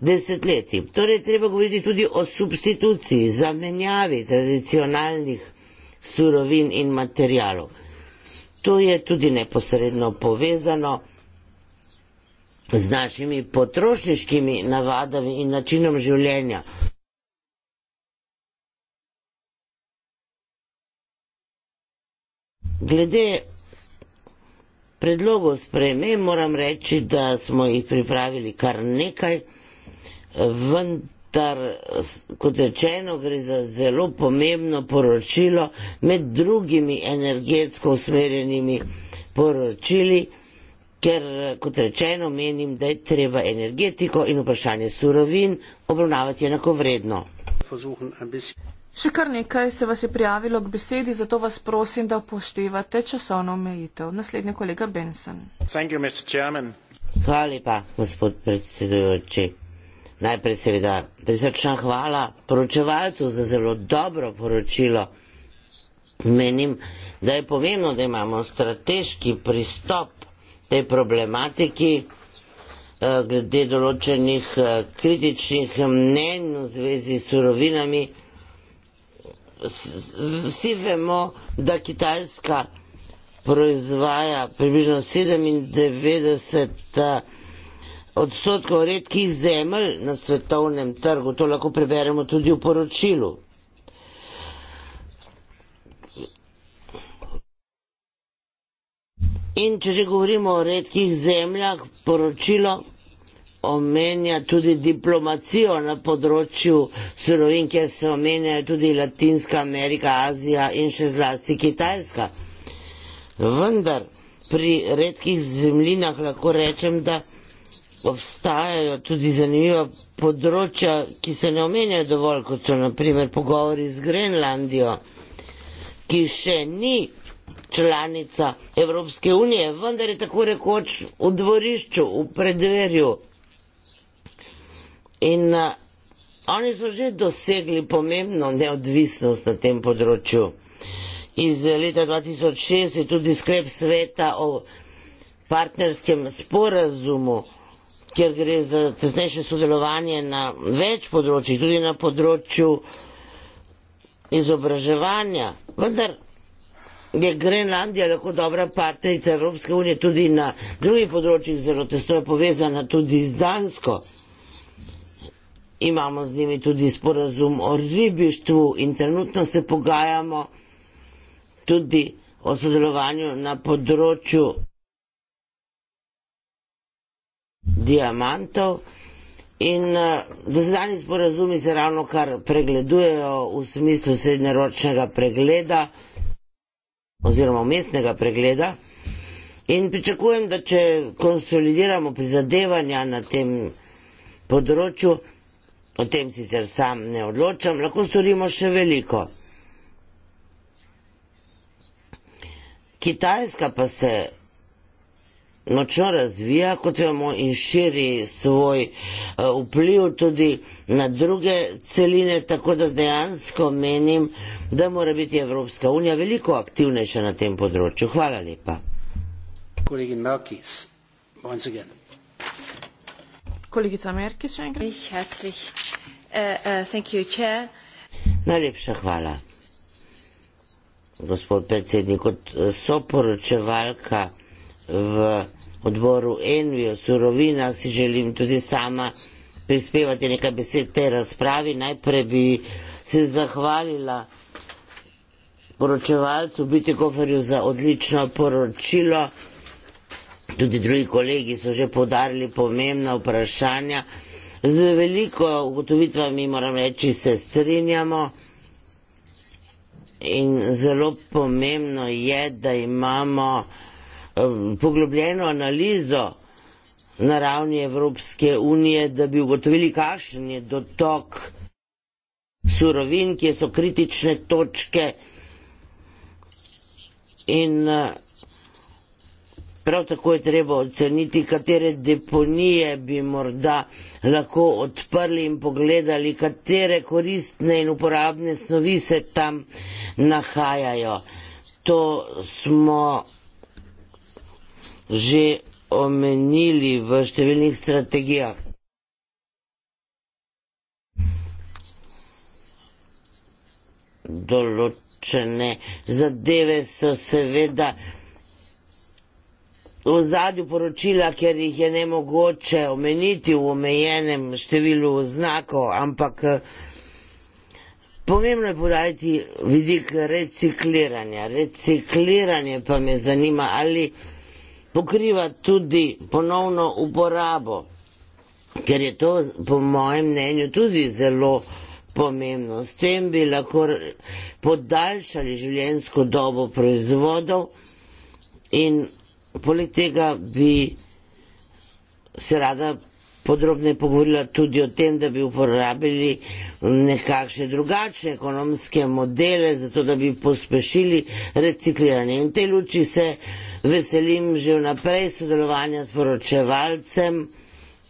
desetletji. Torej, treba govoriti tudi o substituciji, zamenjavi tradicionalnih surovin in materijalov. To je tudi neposredno povezano z našimi potrošniškimi navadami in načinom življenja. Glede predlogov spremem moram reči, da smo jih pripravili kar nekaj vendar, kot rečeno, gre za zelo pomembno poročilo med drugimi energetsko usmerjenimi poročili, ker, kot rečeno, menim, da je treba energetiko in vprašanje surovin obravnavati enakovredno. Še kar nekaj se vas je prijavilo k besedi, zato vas prosim, da upoštevate časovno omejitev. Naslednji kolega Benson. Hvala lepa, gospod predsedujoči najprej seveda prisrčna hvala poročevalcu za zelo dobro poročilo. Menim, da je pomembno, da imamo strateški pristop tej problematiki eh, glede določenih eh, kritičnih mnenj v zvezi s surovinami. Vsi vemo, da Kitajska proizvaja približno 97 odstotkov redkih zemelj na svetovnem trgu. To lahko preberemo tudi v poročilu. In če že govorimo o redkih zemljah, poročilo omenja tudi diplomacijo na področju surovin, kjer se omenjajo tudi Latinska Amerika, Azija in še zlasti Kitajska. Vendar pri redkih zemljinah lahko rečem, da obstajajo tudi zanimiva področja, ki se ne omenjajo dovolj, kot so naprimer pogovori z Grenlandijo, ki še ni članica Evropske unije, vendar je tako rekoč v dvorišču, v predverju. In a, oni so že dosegli pomembno neodvisnost na tem področju. Iz leta 2006 je tudi sklep sveta o partnerskem sporazumu kjer gre za tesnejše sodelovanje na več področjih, tudi na področju izobraževanja. Vendar je Grenlandija lahko dobra partnerica Evropske unije, tudi na drugih področjih zelo tesno je povezana tudi z Dansko. Imamo z njimi tudi sporazum o ribištvu in trenutno se pogajamo tudi o sodelovanju na področju diamantov. In eh, dosedani sporazumi se ravno kar pregledujejo v smislu srednjeročnega pregleda oziroma umestnega pregleda. In pričakujem, da če konsolidiramo prizadevanja na tem področju, o tem sicer sam ne odločam, lahko storimo še veliko. Kitajska pa se močno razvija, kot vemo, in širi svoj eh, vpliv tudi na druge celine, tako da dejansko menim, da mora biti Evropska unija veliko aktivnejša na tem področju. Hvala lepa. Kolegica Merkis, še enkrat. Äh, äh, Najlepša hvala. Gospod predsednik, kot eh, soporočevalka v odboru Envi o surovinah si želim tudi sama prispevati nekaj besed tej razpravi. Najprej bi se zahvalila poročevalcu Biti Koferju za odlično poročilo. Tudi drugi kolegi so že podarili pomembna vprašanja. Z veliko ugotovitvami moram reči, se strinjamo. In zelo pomembno je, da imamo uh, poglobljeno analizo na ravni Evropske unije, da bi ugotovili, kakšen je dotok surovin, kje so kritične točke in eh, prav tako je treba oceniti, katere deponije bi morda lahko odprli in pogledali, katere koristne in uporabne snovi se tam nahajajo. To smo že omenili v številnih strategijah. Določene zadeve so seveda v zadju poročila, ker jih je ne mogoče omeniti v omejenem številu znakov, ampak eh, pomembno je podajati vidik recikliranja. Recikliranje pa me zanima, ali pokriva tudi ponovno uporabo, ker je to po mojem mnenju tudi zelo pomembno. S tem bi lahko podaljšali življenjsko dobo proizvodov in poleg tega bi se rada podrobneje pogovorila tudi o tem, da bi uporabili mm, nekakšne drugačne ekonomske modele, zato da bi pospešili recikliranje. In v tej luči se veselim že vnaprej sodelovanja s poročevalcem,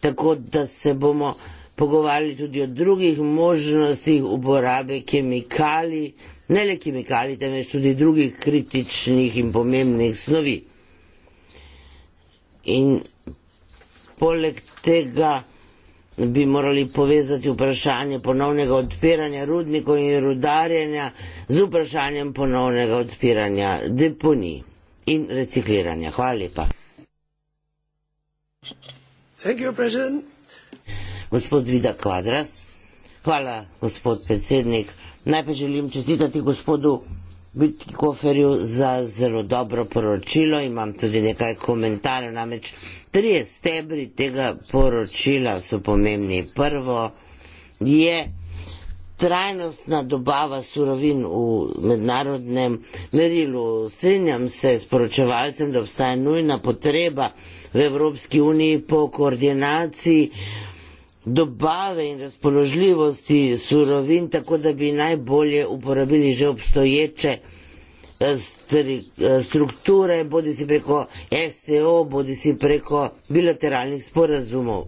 tako da se bomo pogovarjali tudi o drugih možnostih uporabe kemikalij, ne le kemikalij, temveč tudi drugih kritičnih in pomembnih snovi. In poleg tega bi morali povezati vprašanje ponovnega odpiranja rudnikov in rudarjenja z vprašanjem ponovnega odpiranja deponij in recikliranja. Hvala lepa. Gospod Vida Kvadras, hvala gospod predsednik. Najprej želim čestitati gospodu biti koferju za zelo dobro poročilo. Imam tudi nekaj komentarjev, namreč tri stebri tega poročila so pomembni. Prvo je trajnostna dobava surovin v mednarodnem merilu. Strinjam se s poročevalcem, da obstaja nujna potreba v Evropski uniji po koordinaciji dobave in razpoložljivosti surovin, tako da bi najbolje uporabili že obstoječe eh, eh, strukture, bodi si preko STO, bodi si preko bilateralnih sporazumov.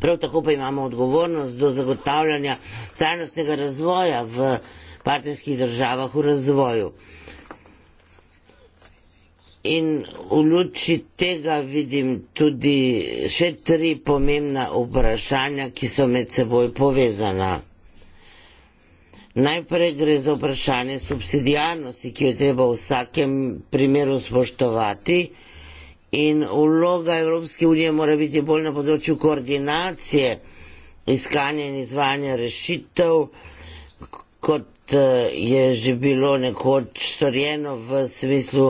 Prav tako pa imamo odgovornost do zagotavljanja trajnostnega razvoja v partnerskih državah v razvoju in v luči tega vidim tudi še tri pomembna vprašanja, ki so med seboj povezana. Najprej gre za vprašanje subsidijarnosti, ki jo je treba v vsakem primeru spoštovati in vloga Evropske unije mora biti bolj na področju koordinacije, iskanja in izvajanja rešitev, kot eh, je že bilo nekoč storjeno v smislu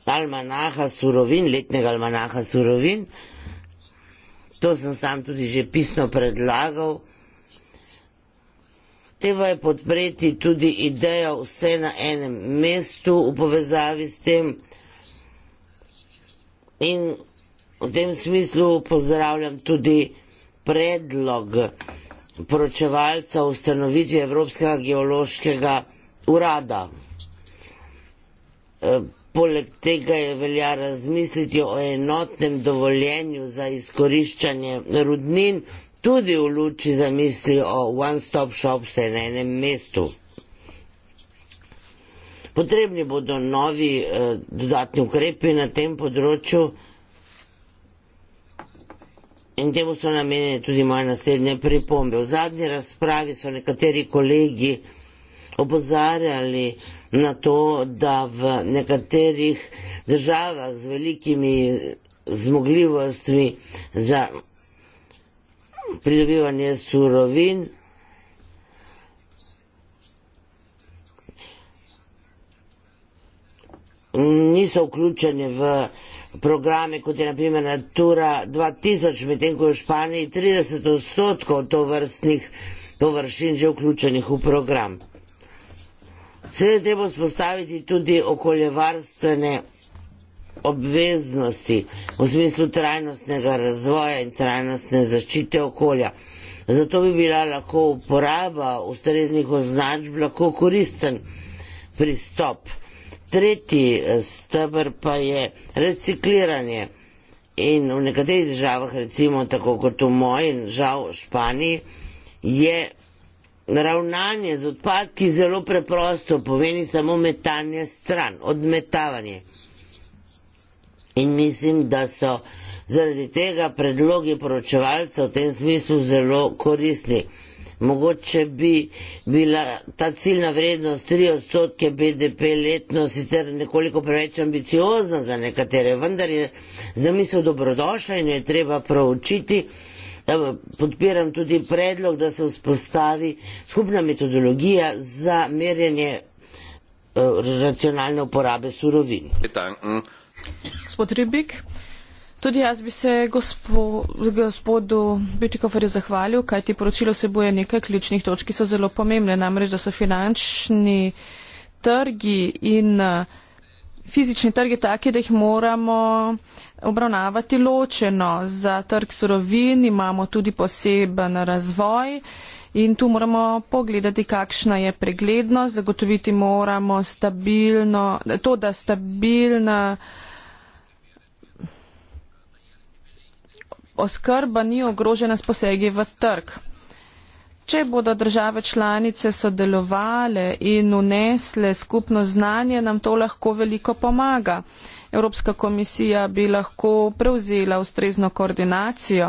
z almanaha surovin, letnega almanaha surovin. To sem sam tudi že pisno predlagal. Treba je podpreti tudi idejo vse na enem mestu v povezavi s tem in v tem smislu pozdravljam tudi predlog poročevalca ustanovitve Evropskega geološkega urada. Poleg tega je velja razmisliti o enotnem dovoljenju za izkoriščanje rudnin, tudi v luči zamisli o one-stop-shop vse na enem mestu. Potrebni bodo novi eh, dodatni ukrepi na tem področju in temu so namenjene tudi moje naslednje pripombe. V zadnji razpravi so nekateri kolegi opozarjali, na to, da v nekaterih državah z velikimi zmogljivostmi za pridobivanje surovin niso vključeni v programe, kot je naprimer Natura 2000, medtem ko je v Španiji 30 odstotkov to vrstnih površin že vključenih v program. Seveda je treba spostaviti tudi okoljevarstvene obveznosti v smislu trajnostnega razvoja in trajnostne zaščite okolja. Zato bi bila lahko uporaba ustreznih označb lahko koristen pristop. Tretji eh, stebr pa je recikliranje. In v nekaterih državah, recimo tako kot v moji, žal v Španiji, je ravnanje z odpadki zelo preprosto pomeni samo metanje stran, odmetavanje. In mislim, da so zaradi tega predlogi poročevalca v tem smislu zelo koristni. Mogoče bi bila ta ciljna vrednost 3 odstotke BDP letno sicer nekoliko preveč ambiciozna za nekatere, vendar je zamisel dobrodošla in jo je treba proučiti podpiram tudi predlog, da se vzpostavi skupna metodologija za merjenje eh, racionalne uporabe surovin. Gospod Ribik, tudi jaz bi se gospo, gospodu Bitikoferju zahvalil, kaj ti poročilo se boje nekaj ključnih točk, ki so zelo pomembne, namreč, da so finančni trgi in uh, fizični trg je taki, da jih moramo obravnavati ločeno. Za trg surovin imamo tudi poseben razvoj in tu moramo pogledati, kakšna je preglednost. Zagotoviti moramo stabilno, to, da stabilna oskrba ni ogrožena s posegi v trg. Če bodo države članice sodelovale in unesle skupno znanje, nam to lahko veliko pomaga. Evropska komisija bi lahko prevzela ustrezno koordinacijo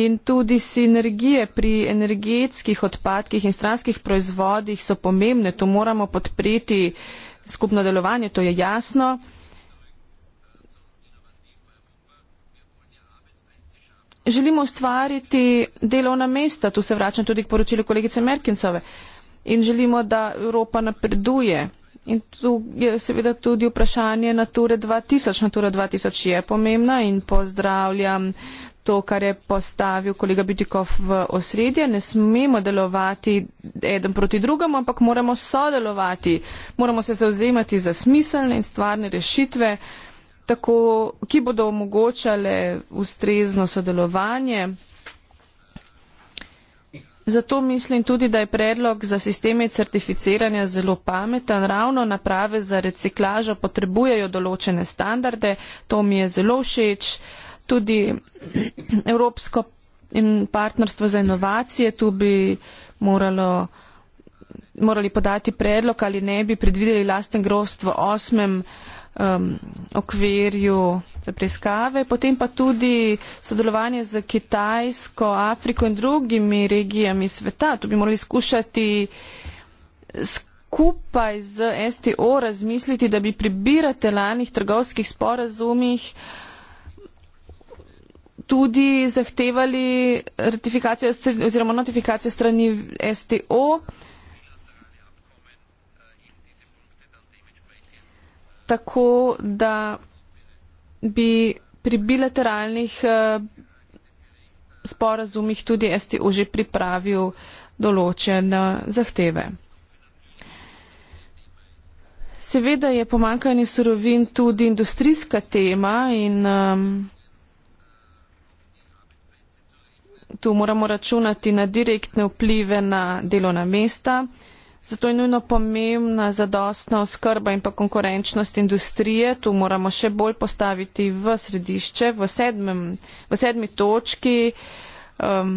in tudi sinergije pri energetskih odpadkih in stranskih proizvodih so pomembne. To moramo podpreti skupno delovanje, to je jasno. želimo ustvariti delovna mesta, tu se vračam tudi k poročilu kolegice Merkinsove, in želimo, da Evropa napreduje. In tu je seveda tudi vprašanje Nature 2000. Natura 2000 je pomembna in pozdravljam to, kar je postavil kolega Bitikov v osredje. Ne smemo delovati eden proti drugemu, ampak moramo sodelovati, moramo se zauzemati za smiselne in stvarne rešitve tako, ki bodo omogočale ustrezno sodelovanje. Zato mislim tudi, da je predlog za sisteme certificiranja zelo pameten. Ravno naprave za reciklažo potrebujejo določene standarde. To mi je zelo všeč. Tudi Evropsko partnerstvo za inovacije tu bi moralo, morali podati predlog ali ne bi predvideli lasten grovstvo osmem um, okvirju za preiskave, potem pa tudi sodelovanje z Kitajsko, Afriko in drugimi regijami sveta. To bi morali skušati skupaj z STO razmisliti, da bi pri bilateralnih trgovskih sporazumih tudi zahtevali ratifikacijo oziroma notifikacijo strani STO. tako, da bi pri bilateralnih eh, sporazumih tudi STO že pripravil določene zahteve. Seveda je pomankanje surovin tudi industrijska tema in um, tu moramo računati na direktne vplive na delovna mesta. Uh, Zato je nujno pomembna zadostna oskrba in pa konkurenčnost industrije. Tu moramo še bolj postaviti v središče, v, sedmem, v sedmi točki. Um,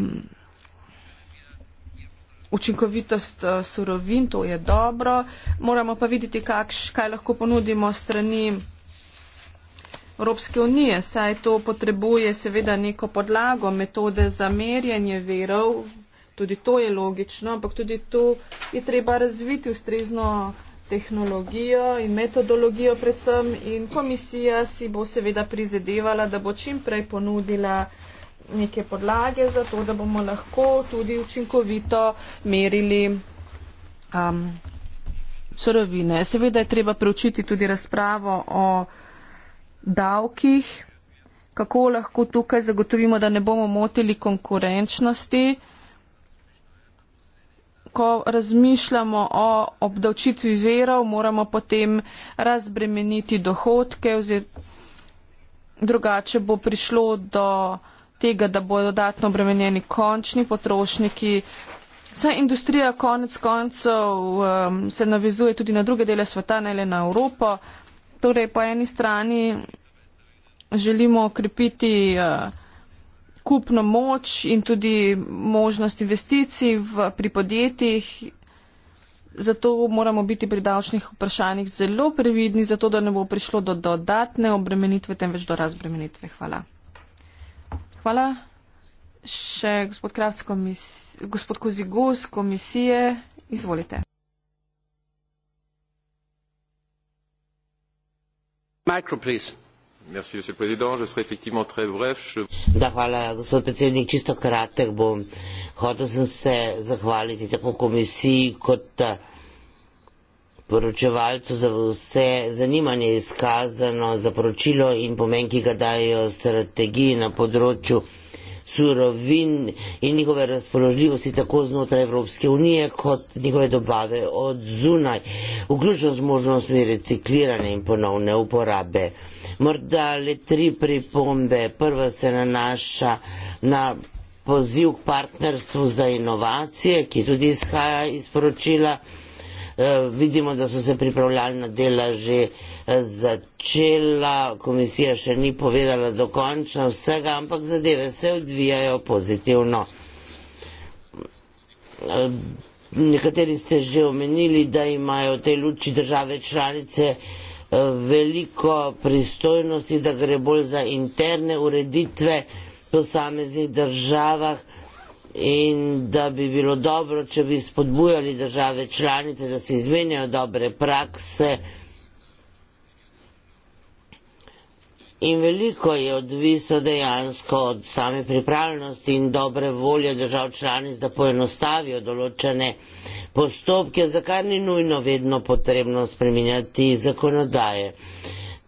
učinkovitost uh, surovin, to je dobro. Moramo pa videti, kakš, kaj lahko ponudimo strani Evropske unije. Saj to potrebuje seveda neko podlago, metode za merjanje verov tudi to je logično, ampak tudi tu je treba razviti ustrezno tehnologijo in metodologijo predvsem in komisija si bo seveda prizadevala, da bo čim prej ponudila neke podlage za to, da bomo lahko tudi učinkovito merili um, sorovine. Seveda je treba preučiti tudi razpravo o davkih, kako lahko tukaj zagotovimo, da ne bomo motili konkurenčnosti ko razmišljamo o obdavčitvi verov, moramo potem razbremeniti dohodke, drugače bo prišlo do tega, da bodo dodatno obremenjeni končni potrošniki. Saj industrija konec koncev um, se navizuje tudi na druge dele sveta, ne le na Evropo. Torej, po eni strani želimo okrepiti uh, kupno moč in tudi možnost investicij v, pri podjetjih. Zato moramo biti pri davčnih vprašanjih zelo previdni, zato da ne bo prišlo do dodatne obremenitve, temveč do razbremenitve. Hvala. Hvala. Še gospod Kravc, komis, gospod Kozigus, komisije. Izvolite. Micro, please monsieur le président je serai effectivement très bref je... Hotel sem se zahvaliti tako komisiji kot eh, poročevalcu za vse zanimanje izkazano za poročilo in pomen, ki ga dajo strategiji na področju surovin in njihove razpoložljivosti tako znotraj Evropske unije kot njihove dobave od zunaj, vključno z možnostmi recikliranja in ponovne uporabe. Morda le tri pripombe. Prva se nanaša na poziv k partnerstvu za inovacije, ki tudi izhaja iz poročila Eh, vidimo, da so se pripravljalna dela že eh, začela, komisija še ni povedala dokončno vsega, ampak zadeve se odvijajo pozitivno. Eh, nekateri ste že omenili, da imajo v tej luči države članice veliko pristojnosti, da gre bolj za interne ureditve v posameznih državah in da bi bilo dobro, če bi spodbujali države članice, da se izmenjajo dobre prakse. In veliko je odvisno dejansko od same pripravljenosti in dobre volje držav članic, da poenostavijo določene postopke, za kar ni nujno vedno potrebno spreminjati zakonodaje.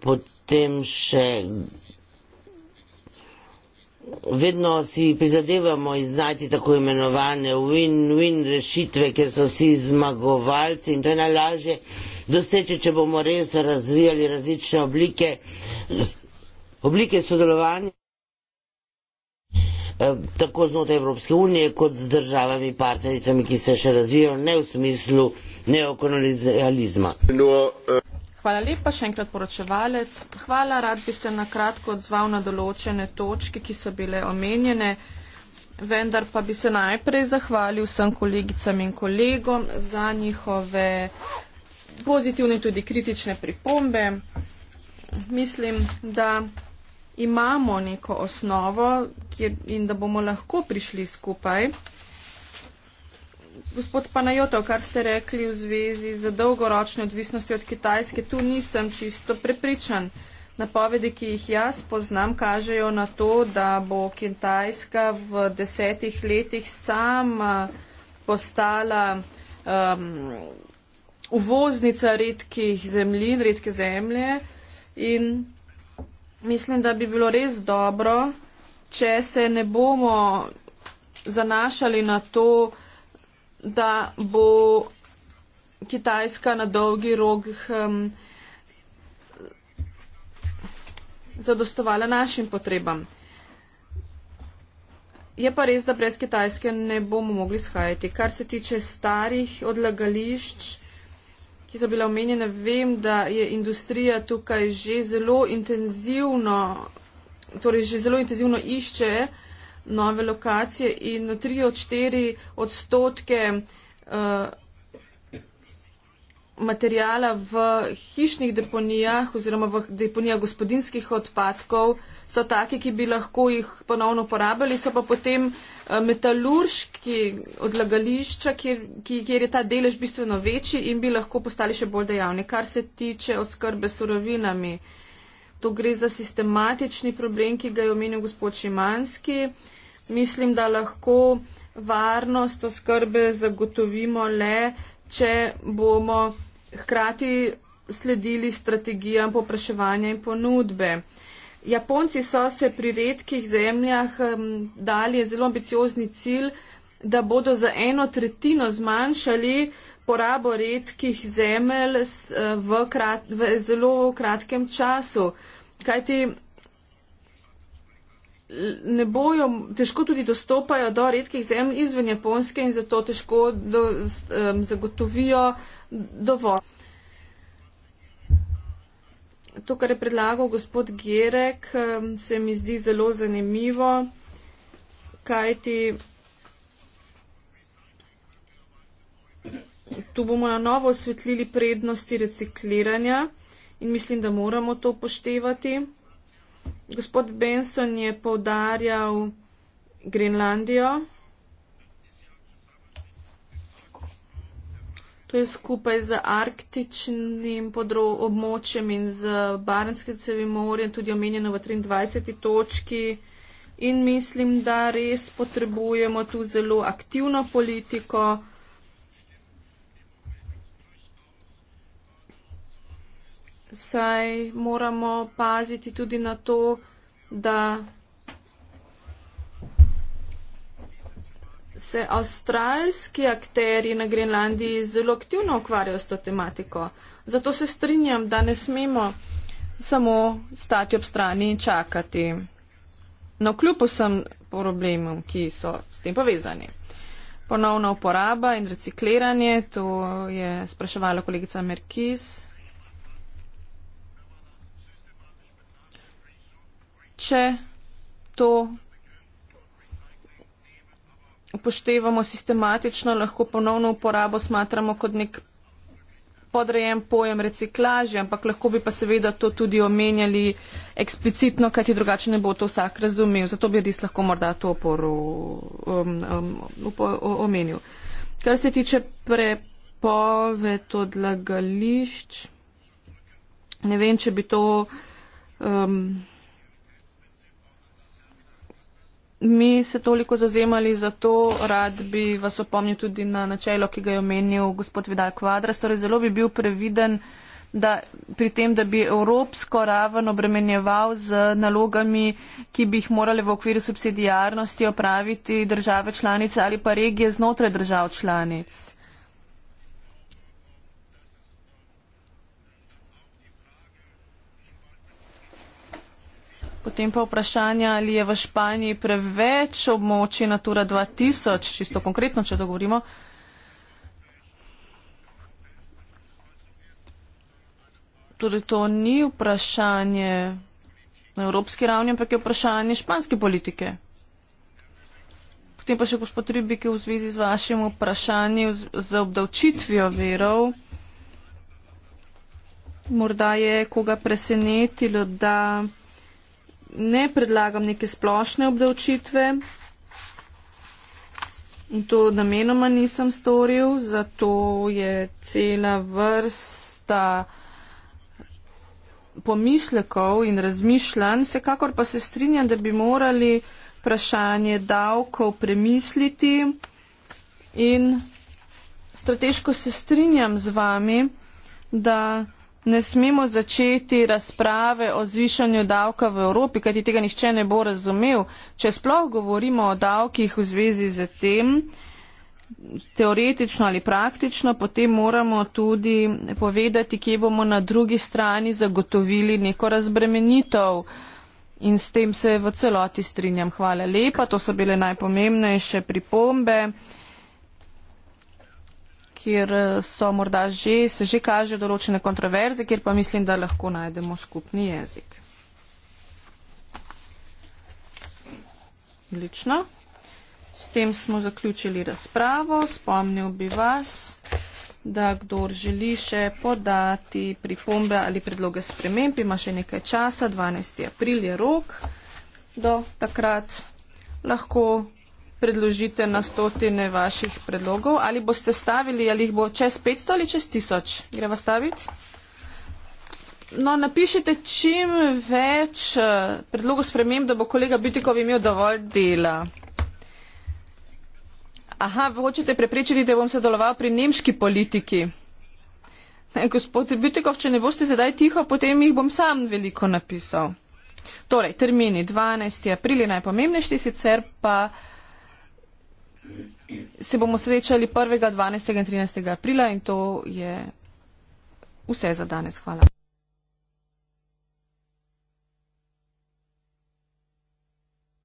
Potem še vedno si prizadevamo iznajti tako imenovane win-win rešitve, ker so vsi zmagovalci in to je najlažje doseči, če bomo res razvijali različne oblike, oblike sodelovanja eh, tako znotraj Evropske unije kot z državami partnericami, ki se še razvijajo ne v smislu neokonalizma. No, uh... Hvala lepa, še enkrat poročevalec. Hvala, rad bi se na kratko odzval na določene točke, ki so bile omenjene, vendar pa bi se najprej zahvalil vsem kolegicam in kolegom za njihove pozitivne in tudi kritične pripombe. Mislim, da imamo neko osnovo in da bomo lahko prišli skupaj. Gospod Panajoto, kar ste rekli v zvezi z dolgoročno odvisnostjo od Kitajske, tu nisem čisto prepričan. Napovedi, ki jih jaz poznam, kažejo na to, da bo Kitajska v desetih letih sama postala um, uvoznica redkih zemljin, redke zemlje in mislim, da bi bilo res dobro, če se ne bomo zanašali na to, da bo Kitajska na dolgi rok um, ehm, zadostovala našim potrebam. Je pa res, da brez Kitajske ne bomo mogli shajati. Kar se tiče starih odlagališč, ki so bila omenjena, vem, da je industrija tukaj že zelo intenzivno, torej že zelo intenzivno išče nove lokacije in 3 od 4 odstotke uh, eh, materijala v hišnih deponijah oziroma v deponijah gospodinskih odpadkov so taki, ki bi lahko jih ponovno uporabljali, so pa potem eh, metalurški odlagališča, kjer, ki, kjer je ta delež bistveno večji in bi lahko postali še bolj dejavni, kar se tiče oskrbe surovinami. Uh, Tu gre za sistematični problem, ki ga je omenil gospod Šimanski. Mislim, da lahko varnost oskrbe zagotovimo le, če bomo hkrati sledili strategijam popraševanja in ponudbe. Japonci so se pri redkih zemljah dali zelo ambiciozni cilj, da bodo za eno tretjino zmanjšali uh, porabo redkih zemelj eh, v, krat, v zelo kratkem času. Kajti ne bojo, težko tudi dostopajo do redkih zemlj izven Japonske in zato težko do, um, zagotovijo dovolj. To, kar je predlagal gospod Gerek, se mi zdi zelo zanimivo, kajti. tu bomo na novo osvetlili prednosti recikliranja in mislim, da moramo to upoštevati. Gospod Benson je povdarjal Grenlandijo. To je skupaj z arktičnim območjem in z Barenske cevi morje, tudi omenjeno v 23. točki. In mislim, da res potrebujemo tu zelo aktivno politiko. saj moramo paziti tudi na to, da se avstralski akteri na Grenlandiji zelo aktivno ukvarjajo s to tematiko. Zato se strinjam, da ne smemo samo stati ob strani in čakati. No, kljub vsem problemom, ki so s tem povezani. Ponovna uporaba in recikliranje, to je spraševala kolegica Merkis. če to upoštevamo sistematično, lahko ponovno uporabo smatramo kot nek podrejen pojem reciklaže, ampak lahko bi pa seveda to tudi omenjali eksplicitno, kajti drugače ne bo to vsak razumel. Zato bi res lahko morda to oporo um, um, omenil. Kar se tiče prepoved odlagališč, ne vem, če bi to. Um, mi se toliko zazemali za to, rad bi vas opomnil tudi na načelo, ki ga je omenil gospod Vidal Kvadras. Torej, zelo bi bil previden da, pri tem, da bi evropsko raven obremenjeval z nalogami, ki bi jih morali v okviru subsidijarnosti opraviti države članice ali pa regije znotraj držav članic. Potem pa vprašanje, ali je v Španiji preveč območje Natura 2000, čisto konkretno, če dogovorimo. Torej, to ni vprašanje na evropski ravni, ampak je vprašanje španske politike. Potem pa še gospod Ribik v zvezi z vašim vprašanjem za obdavčitvijo verov. Morda je koga presenetilo, da ne predlagam neke splošne obdavčitve. In to namenoma nisem storil, zato je cela vrsta pomislekov in razmišljanj. Vsekakor pa se strinjam, da bi morali vprašanje davkov premisliti in strateško se strinjam z vami, da ne smemo začeti razprave o zvišanju davka v Evropi, kajti tega nihče ne bo razumel. Če sploh govorimo o davkih v zvezi z tem, teoretično ali praktično, potem moramo tudi povedati, kje bomo na drugi strani zagotovili neko razbremenitev. In s tem se v celoti strinjam. Hvala lepa. To so bile najpomembnejše pripombe kjer eh, so morda že, se že kaže določene kontroverze, kjer pa mislim, da lahko najdemo skupni jezik. Odlično. S tem smo zaključili razpravo. Spomnil bi vas, da kdor želi še podati pripombe ali predloge sprememb, ima še nekaj časa, 12. april je rok, do takrat lahko predložite na stotine vaših predlogov, ali boste stavili, ali jih bo čez 500 ali čez 1000. Greva staviti? No, napišite čim več eh, predlogov sprememb, da bo kolega Bitikov imel dovolj dela. Aha, hočete prepričati, da bom sodeloval pri nemški politiki. Ne, gospod Bitikov, če ne boste sedaj tiho, potem jih bom sam veliko napisal. Torej, termini 12. april je najpomembnejši, sicer pa se bomo srečali 1. 12. in 13. aprila in to je vse za danes. Hvala.